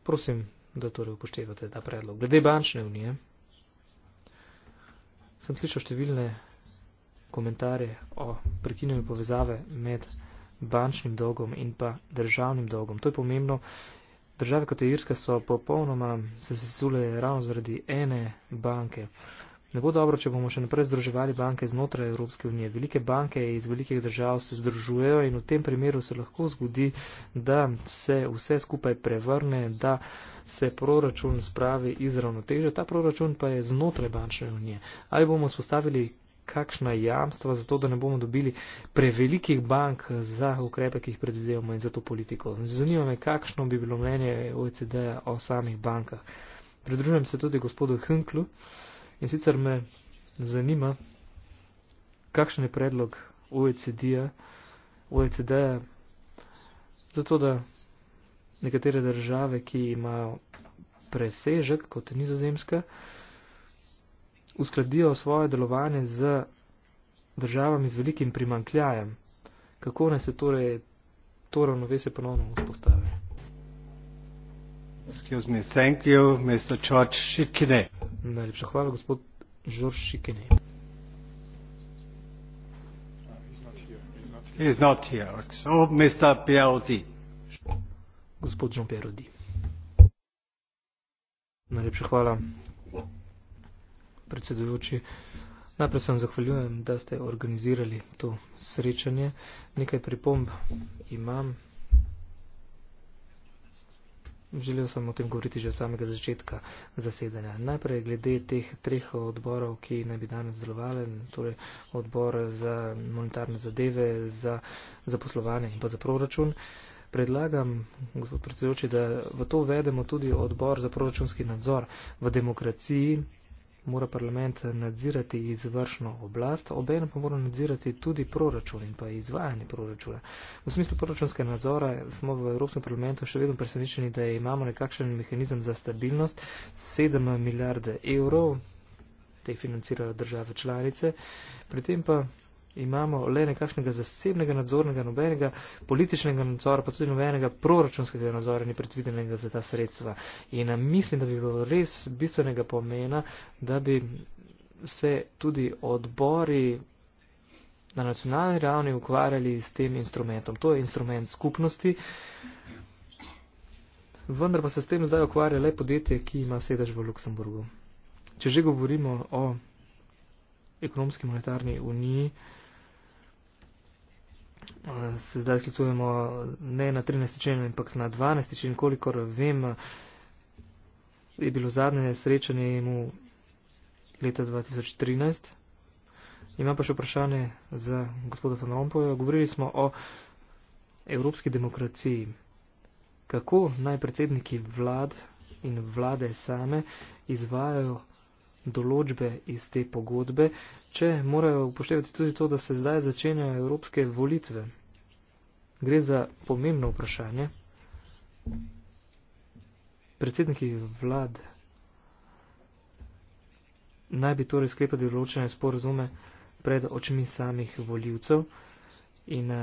Prosim, da torej upoštevate ta predlog. Glede bančne unije. Sem slišal številne komentarje o prekinjanju povezave med bančnim dolgom in pa državnim dolgom. To je pomembno. Države kot je Irska so popolnoma se sesule ravno zaradi ene banke, Ne bo dobro, če bomo še naprej združevali banke znotraj Evropske unije. Velike banke iz velikih držav se združujejo in v tem primeru se lahko zgodi, da se vse skupaj prevrne, da se proračun spravi iz ravnoteže, ta proračun pa je znotraj bančne unije. Ali bomo spostavili kakšna jamstva za to, da ne bomo dobili prevelikih bank za ukrepe, ki jih predvidevamo in za to politiko. Zanima me, kakšno bi bilo mnenje OECD-ja o samih bankah. Pridružujem se tudi gospodu Hunklu. In sicer me zanima, kakšen je predlog OECD-ja, OECD zato da nekatere države, ki imajo presežek, kot je nizozemska, uskladijo svoje delovanje z državami z velikim primankljajem. Kako naj se torej to ravnovesje ponovno vzpostavi? Excuse me, thank you, Mr. George Shikine. Najlepša hvala, gospod Žorž Šikenej. He's not here. So, Mr. Pierodi. Gospod Jean Pierodi. Najlepša hvala, predsedujoči. Najprej sem zahvaljujem, da ste organizirali to srečanje. Nekaj pripomb imam. Želel sem o tem govoriti že od samega začetka zasedanja. Najprej glede teh treh odborov, ki naj bi danes delovali, torej odbor za monetarne zadeve, za zaposlovanje in pa za proračun. Predlagam, gospod predsedujoči, da v to uvedemo tudi odbor za proračunski nadzor v demokraciji, mora parlament nadzirati izvršno oblast, obenem pa mora nadzirati tudi proračun in pa izvajanje proračuna. V smislu proračunske nadzora smo v Evropskem parlamentu še vedno presenečeni, da imamo nekakšen mehanizem za stabilnost, 7 milijarde evrov, te financirajo države članice, pri tem pa imamo le nekakšnega zasebnega nadzornega, nobenega političnega nadzora, pa tudi nobenega proračunskega nadzora ni predvidenega za ta sredstva. In eh, mislim, da bi bilo res bistvenega pomena, da bi se tudi odbori na nacionalni ravni ukvarjali s tem instrumentom. To je instrument skupnosti. Vendar pa se s tem zdaj ukvarja le podjetje, ki ima sedež v Luksemburgu. Če že govorimo o ekonomski monetarni uniji, se zdaj sklicujemo ne na 13. člen, ampak na 12. člen, kolikor vem, je bilo zadnje srečanje mu leta 2013. Imam pa še vprašanje za gospoda Van Rompuyja. Govorili smo o evropski demokraciji. Kako naj predsedniki vlad in vlade same izvajajo določbe iz te pogodbe, če morajo upoštevati tudi to, da se zdaj začenjajo evropske volitve. Gre za pomembno vprašanje. Predsedniki vlad naj bi torej sklepati določene sporozume pred očmi samih voljivcev in eh,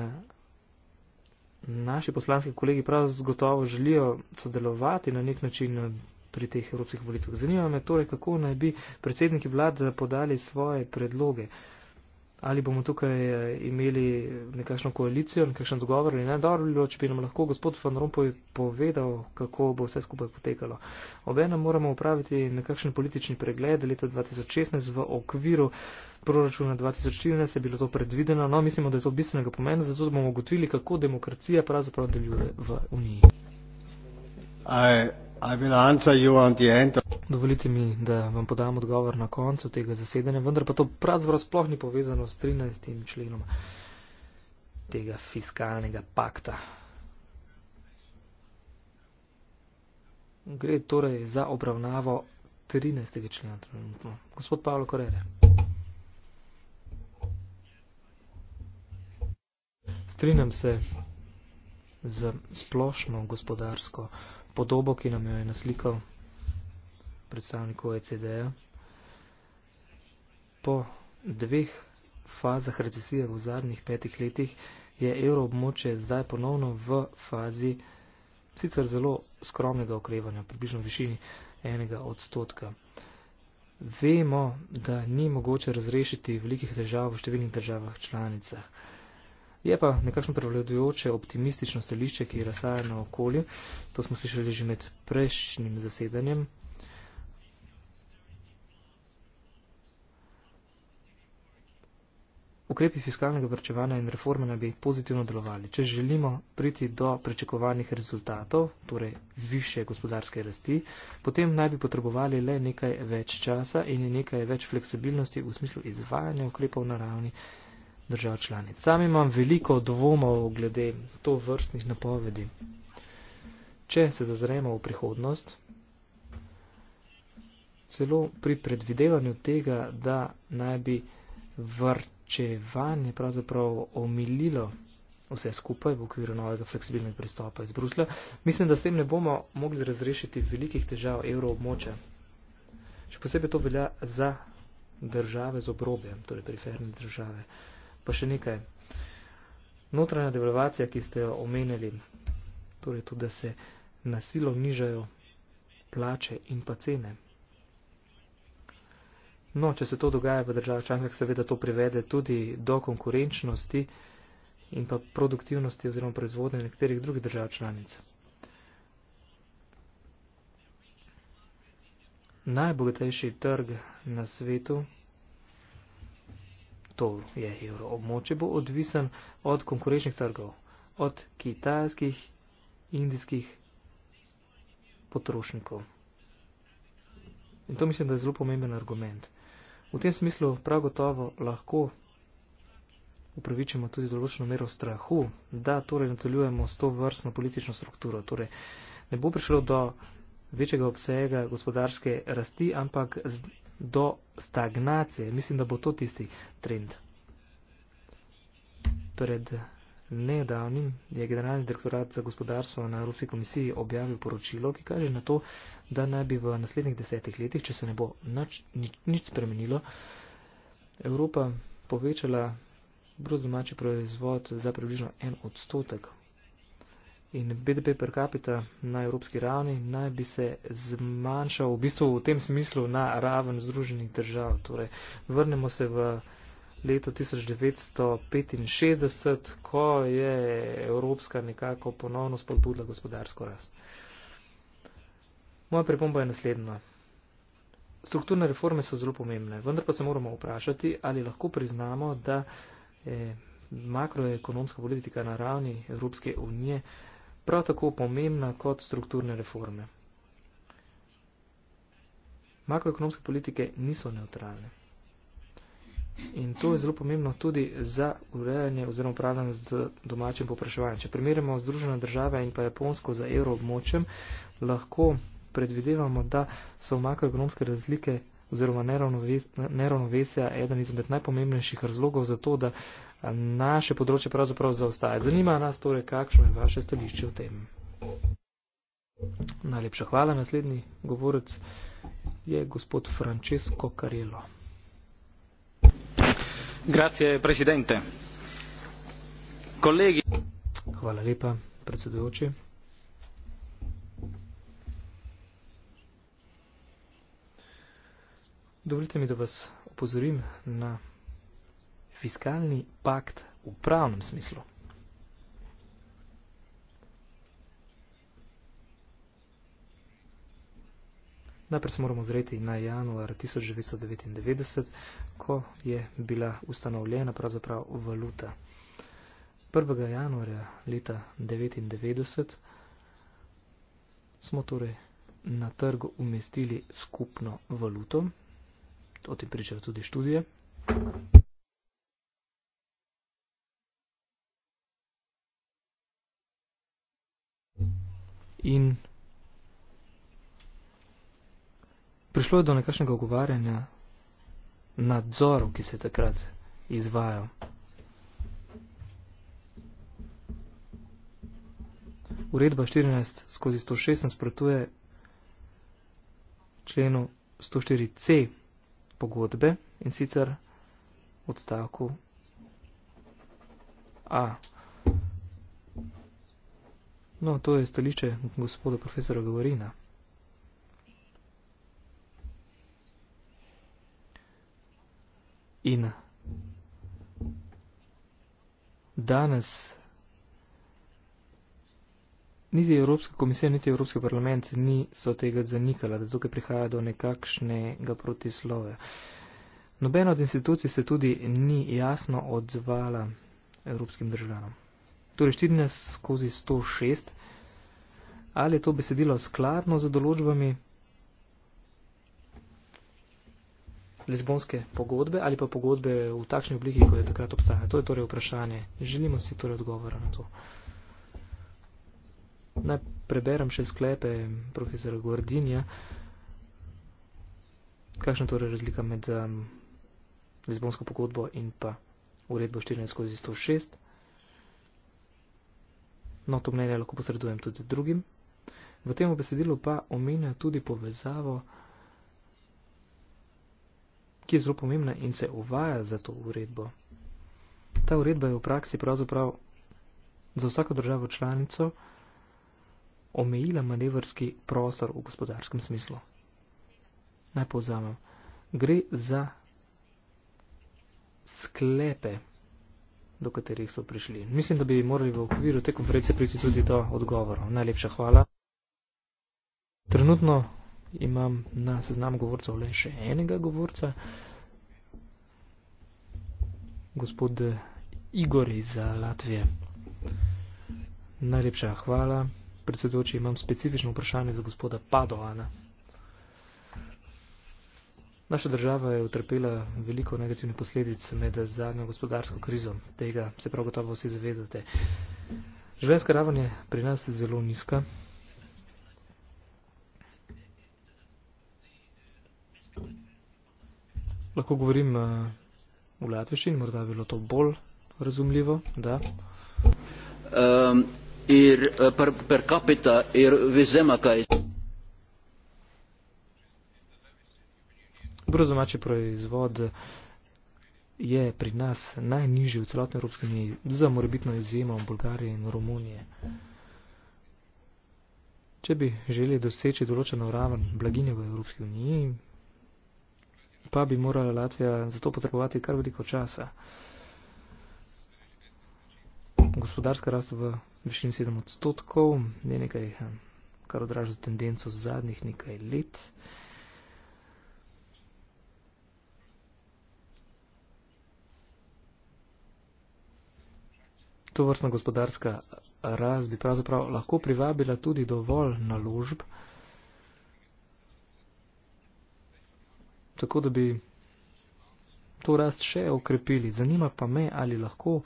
naši poslanski kolegi prav zgotovo želijo sodelovati na nek način pri teh evropskih volitvah. Zanima me torej, kako naj bi predsedniki vlad podali svoje predloge. Ali bomo tukaj eh, imeli nekakšno koalicijo, nekakšen dogovor ali ne? Dobro bi bilo, če bi nam lahko gospod Van Rompuy povedal, kako bo vse skupaj potekalo. Obenem moramo upraviti nekakšen politični pregled leta 2016 v okviru proračuna 2014, je bilo to predvideno, no mislimo, da je to bistvenega pomena, zato bomo ugotovili, kako demokracija pravzaprav deluje v Uniji. Aj. Dovolite mi, da vam podam odgovor na koncu tega zasedanja, vendar pa to pravzaprav sploh ni povezano s 13. členom tega fiskalnega pakta. Gre torej za obravnavo 13. člena trenutno. Gospod Pavlo Korere. Strinjam se z splošno gospodarsko podobo, ki nam jo je naslikal predstavnik OECD-ja. Po dveh fazah recesije v zadnjih petih letih je evroobmoče zdaj ponovno v fazi sicer zelo skromnega okrevanja, približno v višini enega odstotka. Vemo, da ni mogoče razrešiti velikih težav v številnih državah članicah. Je pa nekakšno prevladujoče optimistično stališče, ki je razsajeno okoli. To smo slišali že med prejšnjim zasedanjem. Ukrepi fiskalnega vrčevanja in reforme naj bi pozitivno delovali. Če želimo priti do prečakovanih rezultatov, torej više gospodarske rasti, potem naj bi potrebovali le nekaj več časa in nekaj več fleksibilnosti v smislu izvajanja ukrepov na ravni držav članic. Sam imam veliko dvomov glede to vrstnih napovedi. Če se zazremo v prihodnost, celo pri predvidevanju tega, da naj bi vrčevanje pravzaprav omililo vse skupaj v okviru novega fleksibilnega pristopa iz Brusla, mislim, da s tem ne bomo mogli razrešiti velikih težav evroobmoča. Še posebej to velja za države z obrobjem, torej periferne države. Uh, Pa še nekaj. Notranja devalvacija, ki ste jo omenili, torej tudi, da se nasilo nižajo plače in pa cene. No, če se to dogaja v državah članicah, seveda to privede tudi do konkurenčnosti in pa produktivnosti oziroma proizvodnje nekaterih drugih držav članic. Najbogatejši trg na svetu to je evro območje, bo odvisen od konkurenčnih trgov, od kitajskih, indijskih potrošnikov. In to mislim, da je zelo pomemben argument. V tem smislu prav gotovo lahko upravičimo tudi določeno mero strahu, da torej nadaljujemo s to vrstno politično strukturo. Torej, ne bo prišlo do večjega obsega gospodarske rasti, ampak do stagnacije. Mislim, da bo to tisti trend. Pred nedavnim je generalni direktorat za gospodarstvo na Evropski komisiji objavil poročilo, ki kaže na to, da naj bi v naslednjih desetih letih, če se ne bo nič, nič, nič spremenilo, Evropa povečala brudomači proizvod za približno en odstotek, in BDP per capita na evropski ravni naj bi se zmanjšal v bistvu v tem smislu na raven združenih držav. Torej, vrnemo se v leto 1965, ko je evropska nekako ponovno spodbudila gospodarsko rast. Moja pripomba je naslednja. Strukturne reforme so zelo pomembne, vendar pa se moramo vprašati, ali lahko priznamo, da eh, makroekonomska politika na ravni Evropske unije eh, prav tako pomembna kot strukturne reforme. Makroekonomske politike niso neutralne. In to je zelo pomembno tudi za urejanje oziroma upravljanje z domačim popraševanjem. Če primerjamo Združene države in pa Japonsko za evroobmočjem, lahko predvidevamo, da so makroekonomske razlike oziroma neravnovesja eden izmed najpomembnejših razlogov za to, da naše področje pravzaprav zaostaje. Zanima nas torej, kakšno je vaše stališče o tem. Najlepša hvala. Naslednji govorec je gospod Francesco Carello. Grazie, presidente. Kolegi. Hvala lepa, predsedujoči. Dovolite mi, da vas opozorim na fiskalni pakt v pravnem smislu. Najprej se moramo zreti na januar 1999, ko je bila ustanovljena pravzaprav valuta. 1. januarja leta 1999 smo torej na trgu umestili skupno valuto, o tem pričajo tudi študije. In prišlo je do nekakšnega ogovarjanja nadzoru, ki se je takrat izvajal. Uredba 14 skozi 116 spratuje členu 104c pogodbe in sicer odstavku A. No, to je stališče gospoda profesora Govorina. In danes Nizi Evropske komisije, niti Evropski parlament niso tega zanikala, da tukaj prihaja do nekakšnega protislove. Nobena od institucij se tudi ni jasno odzvala evropskim državljanom. Torej 14 skozi 106, ali je to besedilo skladno z določbami lizbonske pogodbe ali pa pogodbe v takšni obliki, kot je takrat obstajala. To je torej vprašanje. Želimo si torej odgovora na to. Naj preberem še sklepe profesora Gordinja. Kakšna torej razlika med um, Lizbonsko pogodbo in pa uredbo 14 skozi 106? No, to mnenje lahko posredujem tudi drugim. V tem besedilu pa omenja tudi povezavo, ki je zelo pomembna in se uvaja za to uredbo. Ta uredba je v praksi pravzaprav za vsako državo članico omejila manevrski prostor v gospodarskem smislu. Naj povzamem. Gre za sklepe, do katerih so prišli. Mislim, da bi morali v okviru te konference priti tudi do odgovorov. Najlepša hvala. Trenutno imam na seznam govorcev le še enega govorca, gospod Igor iz Latvije. Najlepša hvala predsedoči, imam specifično vprašanje za gospoda Padoana. Naša država je utrpela veliko negativnih posledic med zadnjo gospodarsko krizo. Tega se prav gotovo vsi zavedate. Življenjska raven je pri nas zelo nizka. Lahko govorim eh, v latviščini, morda bi bilo to bolj razumljivo. Um, ir eh, per, per capita ir visiems, ką jis. Brzo domači proizvod je pri nas najnižji v celotni Evropski uniji, za morebitno izjemo Bolgarije in Romunije. Če bi želeli doseči določeno raven blaginje v Evropski uniji, pa bi morala Latvija za to potrebovati kar veliko časa. Gospodarska rast v višini 7 odstotkov, je nekaj, eh, kar odraža tendenco zadnjih nekaj let. To vrstna gospodarska raz bi pravzaprav lahko privabila tudi dovolj naložb, tako da bi to rast še okrepili. Zanima pa me, ali lahko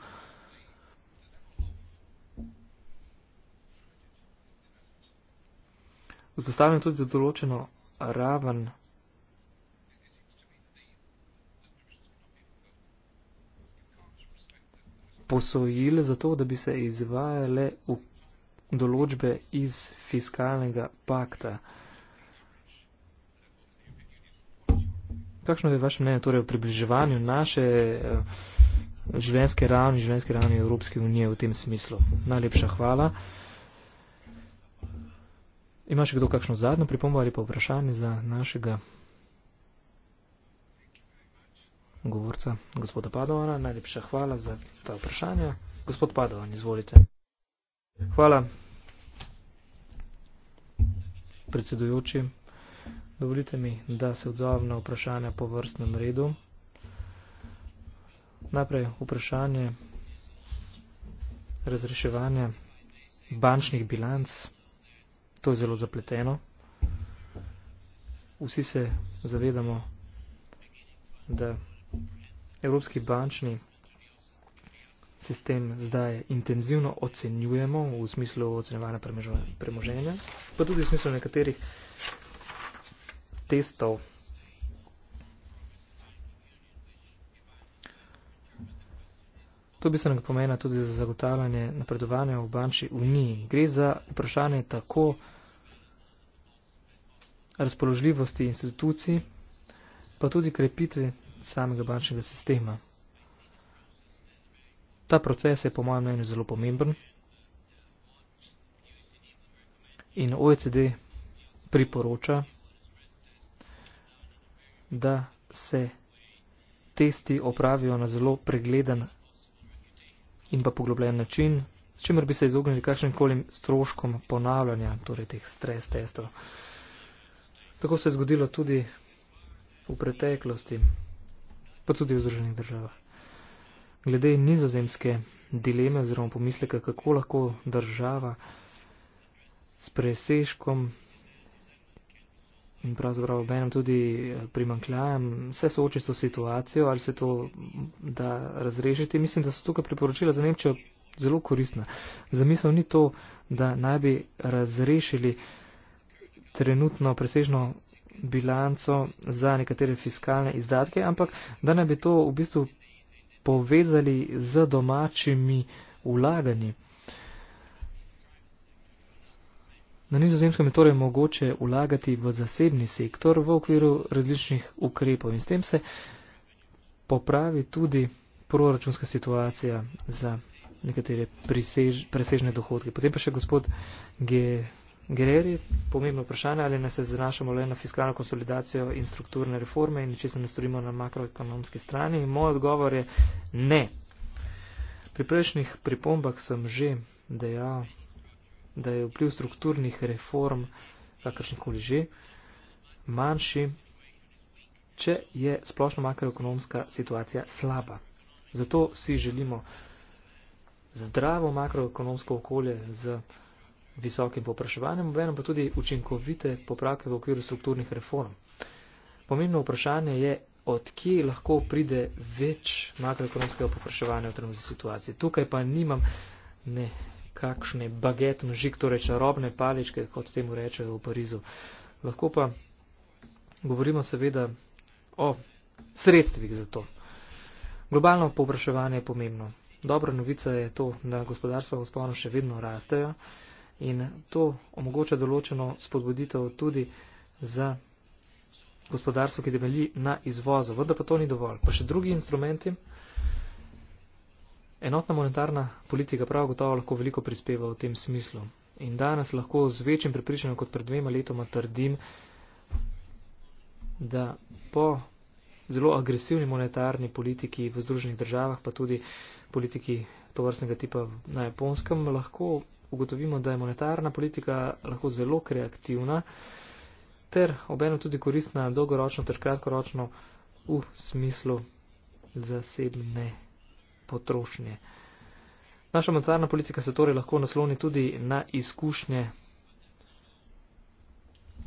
vzpostavim tudi določeno raven posojil za to, da bi se izvajale v določbe iz fiskalnega pakta. Kakšno je vaše mnenje torej o približevanju naše eh, življenjske ravni, življenjske ravni Evropske unije v tem smislu? Najlepša hvala. Ima še kdo kakšno zadnjo pripombo ali pa vprašanje za našega govorca, gospoda Padovana? Najlepša hvala za ta vprašanja. Gospod Padovan, izvolite. Hvala. Predsedujoči, dovolite mi, da se odzovem na vprašanja po vrstnem redu. Najprej vprašanje razreševanja bančnih bilanc to je zelo zapleteno. Vsi se zavedamo, da evropski bančni sistem zdaj intenzivno ocenjujemo v smislu ocenjevanja premoženja, pa tudi v smislu nekaterih testov To bi se nam pomena tudi za zagotavljanje napredovanja v bančni uniji. Gre za vprašanje tako razpoložljivosti institucij, pa tudi krepitve samega bančnega sistema. Ta proces je po mojem mnenju zelo pomemben in OECD priporoča, da se testi opravijo na zelo pregleden način in pa poglobljen način, s čimer bi se izognili kakšnim koli stroškom ponavljanja, torej teh stres testov. Tako se je zgodilo tudi v preteklosti, pa tudi v Združenih državah. Glede nizozemske dileme oziroma pomisleka, kako lahko država s preseškom in pravzaprav ob enem tudi eh, primankljajem, se sooči s to situacijo ali se to da razrešiti. Mislim, da so tukaj priporočila za Nemčijo zelo koristna. Zamisel ni to, da naj bi razrešili trenutno presežno bilanco za nekatere fiskalne izdatke, ampak da naj bi to v bistvu povezali z domačimi vlaganji. Na nizozemskem je torej mogoče vlagati v zasebni sektor v okviru različnih ukrepov in s tem se popravi tudi proračunska situacija za nekatere prisež, presežne dohodke. Potem pa še gospod Gereri, pomembno vprašanje, ali ne se zanašamo le na fiskalno konsolidacijo in strukturne reforme in če se ne storimo na makroekonomski strani. In moj odgovor je ne. Pri prejšnjih pripombah sem že dejal, da je vpliv strukturnih reform, kakršnih koli že, manjši, če je splošno makroekonomska situacija slaba. Zato si želimo zdravo makroekonomsko okolje z visokim popraševanjem, obenem pa tudi učinkovite popravke v okviru strukturnih reform. Pomembno vprašanje je, odkje lahko pride več makroekonomskega popraševanja v trenutni situaciji. Tukaj pa nimam ne, kakšne baget mžik, torej čarobne paličke, kot temu rečejo v Parizu. Lahko pa govorimo seveda o sredstvih za to. Globalno povpraševanje je pomembno. Dobra novica je to, da gospodarstva v sponu še vedno rastejo in to omogoča določeno spodbuditev tudi za gospodarstvo, ki temelji na izvozu. Vendar pa to ni dovolj. Pa še drugi instrumenti. Enotna monetarna politika prav gotovo lahko veliko prispeva v tem smislu. In danes lahko z večjim prepričanjem kot pred dvema letoma trdim, da po zelo agresivni monetarni politiki v Združenih državah, pa tudi politiki tovrstnega tipa na japonskem, lahko ugotovimo, da je monetarna politika lahko zelo kreativna ter obenem tudi koristna dolgoročno ter kratkoročno v smislu zasebne potrošnje. Naša monetarna politika se torej lahko nasloni tudi na izkušnje,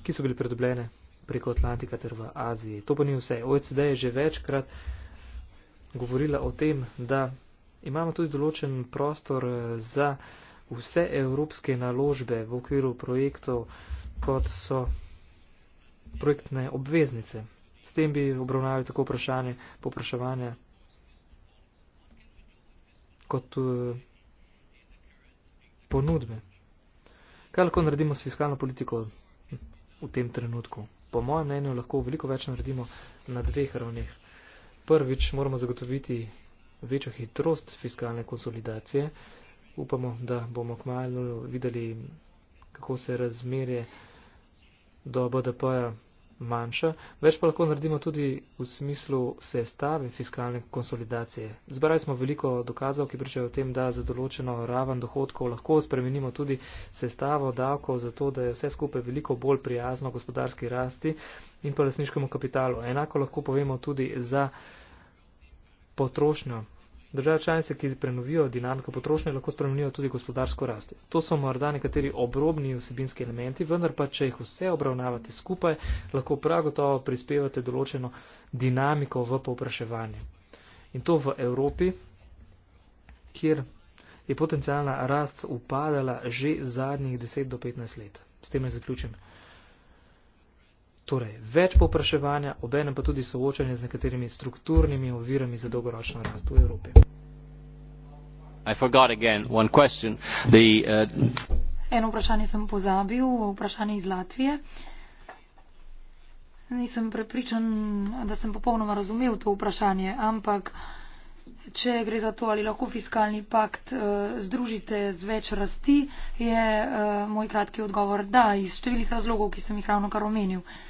ki so bile pridobljene preko Atlantika ter v Aziji. To pa ni vse. OECD je že večkrat govorila o tem, da imamo tudi določen prostor za vse evropske naložbe v okviru projektov, kot so projektne obveznice. S tem bi obravnavali tako vprašanje popraševanja kot eh, ponudbe. Kaj lahko naredimo s fiskalno politiko hm, v tem trenutku? Po mojem mnenju lahko veliko več naredimo na dveh ravneh. Prvič moramo zagotoviti večjo hitrost fiskalne konsolidacije. Upamo, da bomo kmalo videli, kako se razmerje do BDP-ja manjša, več pa lahko naredimo tudi v smislu sestave fiskalne konsolidacije. Zbrali smo veliko dokazov, ki pričajo o tem, da za določeno raven dohodkov lahko spremenimo tudi sestavo davkov, zato da je vse skupaj veliko bolj prijazno gospodarski rasti in pa lasniškemu kapitalu. Enako lahko povemo tudi za potrošnjo, Države članice, ki prenovijo dinamiko potrošnje, lahko spremenijo tudi gospodarsko rast. To so morda nekateri obrobni vsebinski elementi, vendar pa, če jih vse obravnavate skupaj, lahko prav gotovo prispevate določeno dinamiko v povpraševanje. In to v Evropi, kjer je potencijalna rast upadala že zadnjih 10 do 15 let. S tem je zaključen. Torej, več povpraševanja, obenem pa tudi soočanje z nekaterimi strukturnimi ovirami za dolgoročno rast v Evropi. Uh, Eno vprašanje sem pozabil, vprašanje iz Latvije. Nisem prepričan, da sem popolnoma razumel to vprašanje, ampak če gre za to, ali lahko fiskalni pakt uh, združite z več rasti, je uh, moj kratki odgovor da, iz številnih razlogov, ki sem jih ravno kar omenil. Uh,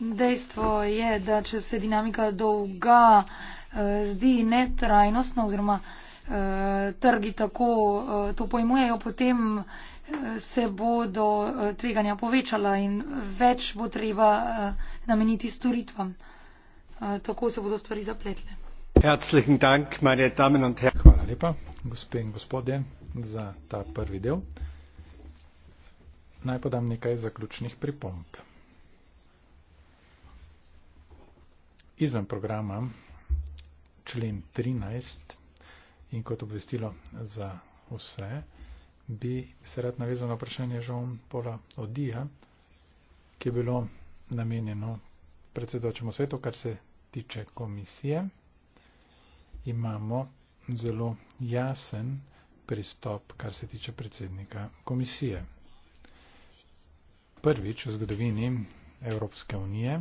Dejstvo je, da če se dinamika dolga eh, zdi netrajnostna oziroma eh, trgi tako eh, to pojmujejo, potem se bodo tveganja povečala in več bo treba nameniti storitvam. Tako se bodo stvari zapletle. Hvala lepa, gospe in gospodje, za ta prvi del. Naj podam nekaj zaključnih pripomp. izven programa člen 13 in kot obvestilo za vse, bi se rad navezal na vprašanje Žon Pola Odija, ki je bilo namenjeno predsedočemu svetu, kar se tiče komisije. Imamo zelo jasen pristop, kar se tiče predsednika komisije. Prvič v zgodovini Evropske unije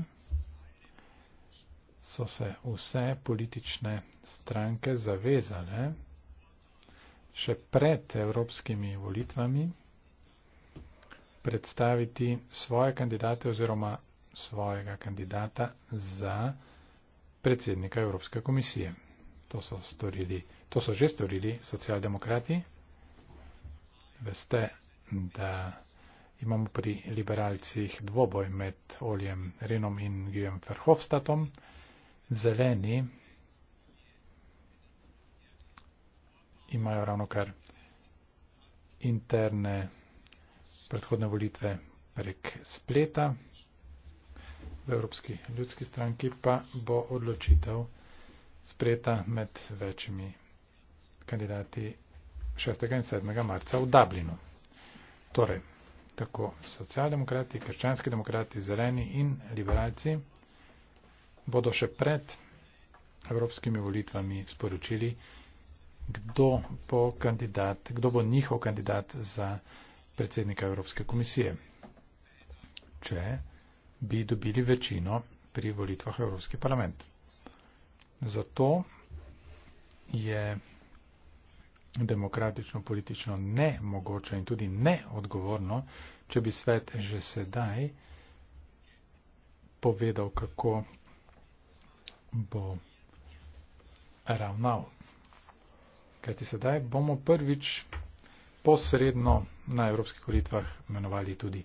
so se vse politične stranke zavezale še pred evropskimi volitvami predstaviti svoje kandidate oziroma svojega kandidata za predsednika Evropske komisije. To so, storili, to so že storili socialdemokrati. Veste, da imamo pri liberalcih dvoboj med Oljem Renom in Gijem Verhofstatom zeleni imajo ravno kar interne predhodne volitve prek spleta. V Evropski ljudski stranki pa bo odločitev spreta med večjimi kandidati 6. in 7. marca v Dublinu. Torej, tako socialdemokrati, krščanski demokrati, zeleni in liberalci bodo še pred evropskimi volitvami sporočili, kdo bo, kandidat, kdo bo njihov kandidat za predsednika Evropske komisije, če bi dobili večino pri volitvah v Evropski parlament. Zato je demokratično, politično nemogoče in tudi neodgovorno, če bi svet že sedaj povedal, kako bo ravnal. Kajti sedaj bomo prvič posredno na evropskih volitvah imenovali tudi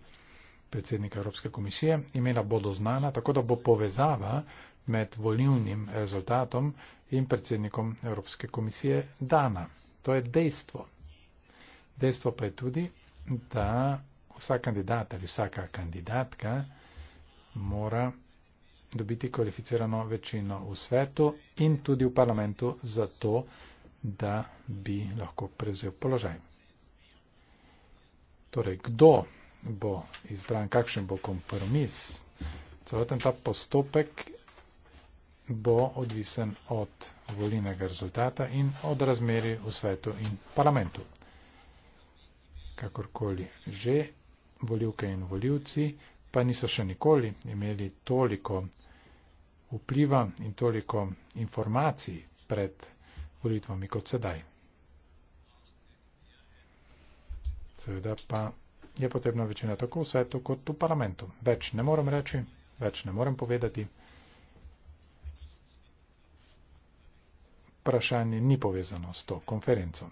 predsednika Evropske komisije. Imena bodo znana, tako da bo povezava med volivnim rezultatom in predsednikom Evropske komisije dana. To je dejstvo. Dejstvo pa je tudi, da vsak kandidat ali vsaka kandidatka mora dobiti kvalificirano večino v svetu in tudi v parlamentu za to, da bi lahko prevzel položaj. Torej, kdo bo izbran, kakšen bo kompromis, celoten ta postopek bo odvisen od volilnega rezultata in od razmeri v svetu in parlamentu. Kakorkoli že, volivke in volivci pa niso še nikoli imeli toliko vpliva in toliko informacij pred volitvami kot sedaj. Seveda pa je potrebna večina tako v svetu kot v parlamentu. Več ne morem reči, več ne morem povedati. Vprašanje ni povezano s to konferenco.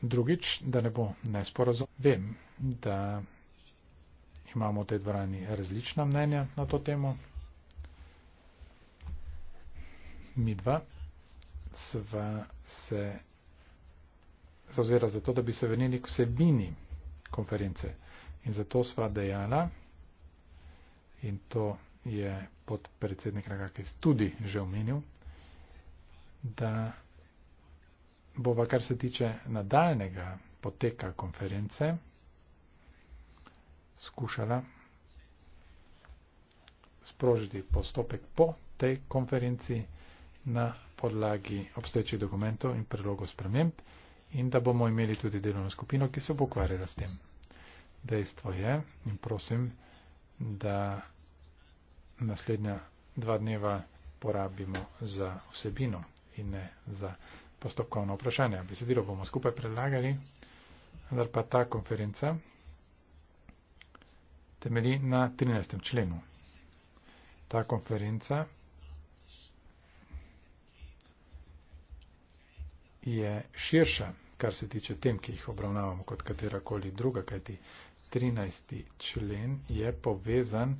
Drugič, da ne bo nesporazum, vem, da imamo v tej dvorani različna mnenja na to temo. Mi dva sva se zauzela za to, da bi se vrnili k vsebini konference. In zato sva dejala, in to je podpredsednik Rakakis tudi že omenil, da bova, kar se tiče nadaljnega poteka konference, skušala sprožiti postopek po tej konferenci na podlagi obstoječih dokumentov in predlogov sprememb in da bomo imeli tudi delovno skupino, ki se bo ukvarjala s tem. Dejstvo je in prosim, da naslednja dva dneva porabimo za vsebino in ne za postopkovno vprašanje. Besedilo bomo skupaj predlagali, vendar pa ta konferenca temelji na 13. členu. Ta konferenca je širša, kar se tiče tem, ki jih obravnavamo kot katerakoli druga, kajti 13. člen je povezan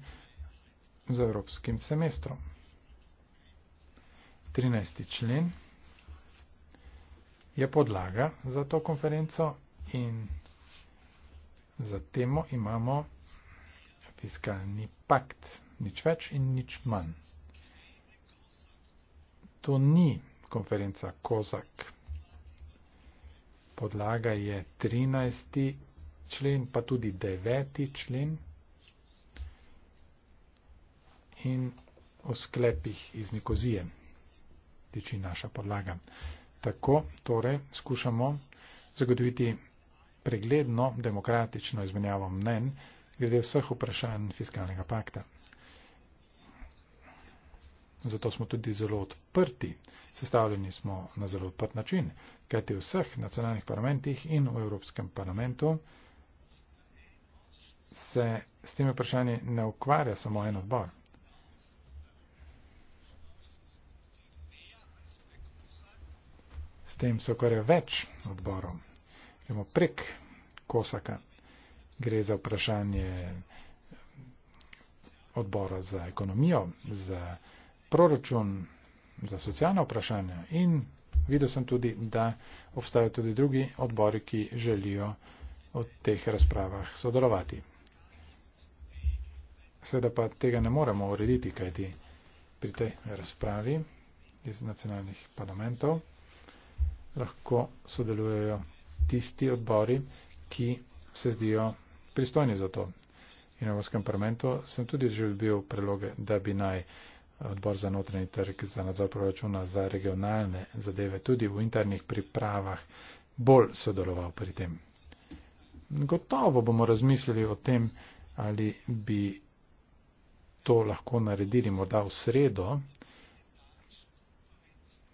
z evropskim semestrom. 13. člen je podlaga za to konferenco in za temo imamo fiskalni pakt, nič več in nič manj. To ni konferenca Kozak. Podlaga je 13. člen, pa tudi 9. člen in o sklepih iz Nikozije, tiči naša podlaga. Tako torej skušamo zagotoviti pregledno demokratično izmenjavo mnen, glede vseh vprašanj fiskalnega pakta. Zato smo tudi zelo odprti. Sestavljeni smo na zelo odprt način, kajti v vseh nacionalnih parlamentih in v Evropskem parlamentu se s temi vprašanji ne ukvarja samo en odbor. S tem se ukvarja več odborov. Gremo prek kosaka gre za vprašanje odbora za ekonomijo, za proračun, za socialna vprašanja in videl sem tudi, da obstajajo tudi drugi odbori, ki želijo v teh razpravah sodelovati. Seveda pa tega ne moremo urediti, kajti pri tej razpravi iz nacionalnih parlamentov lahko sodelujejo tisti odbori, ki se zdijo pristojni za to. In v Evropskem parlamentu sem tudi že dobil predloge, da bi naj odbor za notranji trg, za nadzor proračuna, za regionalne zadeve tudi v internih pripravah bolj sodeloval pri tem. Gotovo bomo razmislili o tem, ali bi to lahko naredili morda v sredo,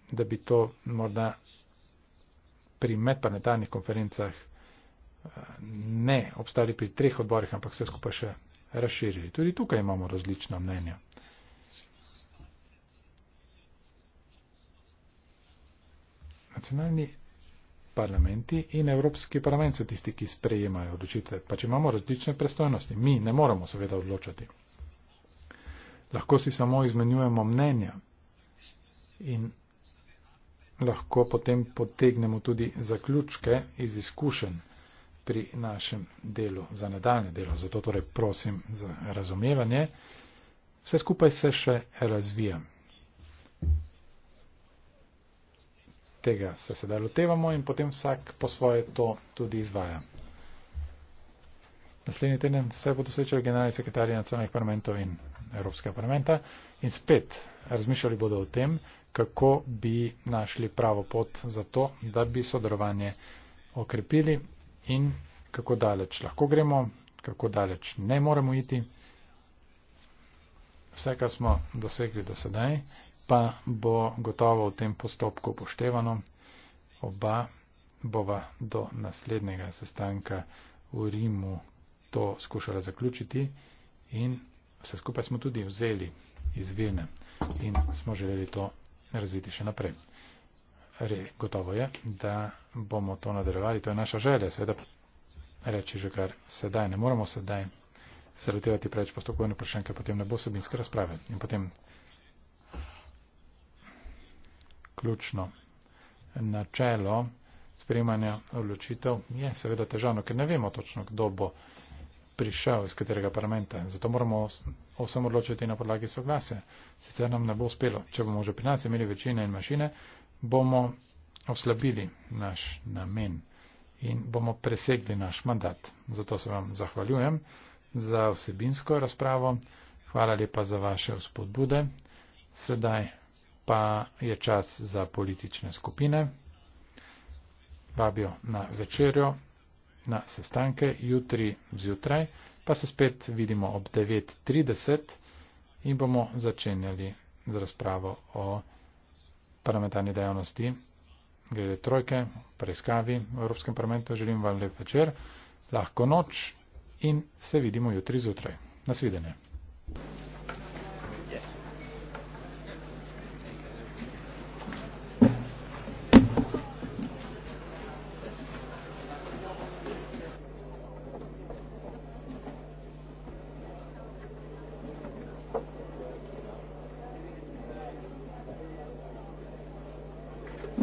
da bi to morda pri medparlamentarnih konferencah ne obstali pri treh odborih, ampak vse skupaj še razširili. Tudi tukaj imamo različna mnenja. Nacionalni parlamenti in Evropski parlament so tisti, ki sprejemajo odločitve. Pač imamo različne predstojnosti. Mi ne moramo seveda odločati. Lahko si samo izmenjujemo mnenja in lahko potem potegnemo tudi zaključke iz izkušenj pri našem delu, za nadaljne delo. Zato torej prosim za razumevanje. Vse skupaj se še razvija. Tega se sedaj lotevamo in potem vsak po svoje to tudi izvaja. Naslednji teden se bodo srečali generalni sekretarji nacionalnih parlamentov in Evropskega parlamenta in spet razmišljali bodo o tem, kako bi našli pravo pot za to, da bi sodelovanje okrepili in kako daleč lahko gremo, kako daleč ne moremo iti. Vse, kar smo dosegli do sedaj, pa bo gotovo v tem postopku upoštevano. Oba bova do naslednjega sestanka v Rimu to skušala zaključiti in vse skupaj smo tudi vzeli iz Vilne in smo želeli to razviti še naprej re, gotovo je, da bomo to nadaljevali. To je naša želja, seveda reči že kar sedaj. Ne moramo sedaj se lotevati preveč postopkovne vprašanke, potem ne bo sebinske razprave. In potem ključno načelo sprejemanja odločitev je seveda težavno, ker ne vemo točno, kdo bo prišel iz katerega parlamenta. Zato moramo vsem odločiti na podlagi soglasja. Sicer nam ne bo uspelo. Če bomo že pri nas imeli večine in mašine, bomo oslabili naš namen in bomo presegli naš mandat. Zato se vam zahvaljujem za vsebinsko razpravo. Hvala lepa za vaše vzpodbude. Sedaj pa je čas za politične skupine. Vabijo na večerjo, na sestanke jutri zjutraj, pa se spet vidimo ob 9.30 in bomo začenjali z razpravo o parlamentarni dejavnosti, glede trojke, preiskavi v Evropskem parlamentu. Želim vam lep večer, lahko noč in se vidimo jutri zjutraj. Nasvidenje.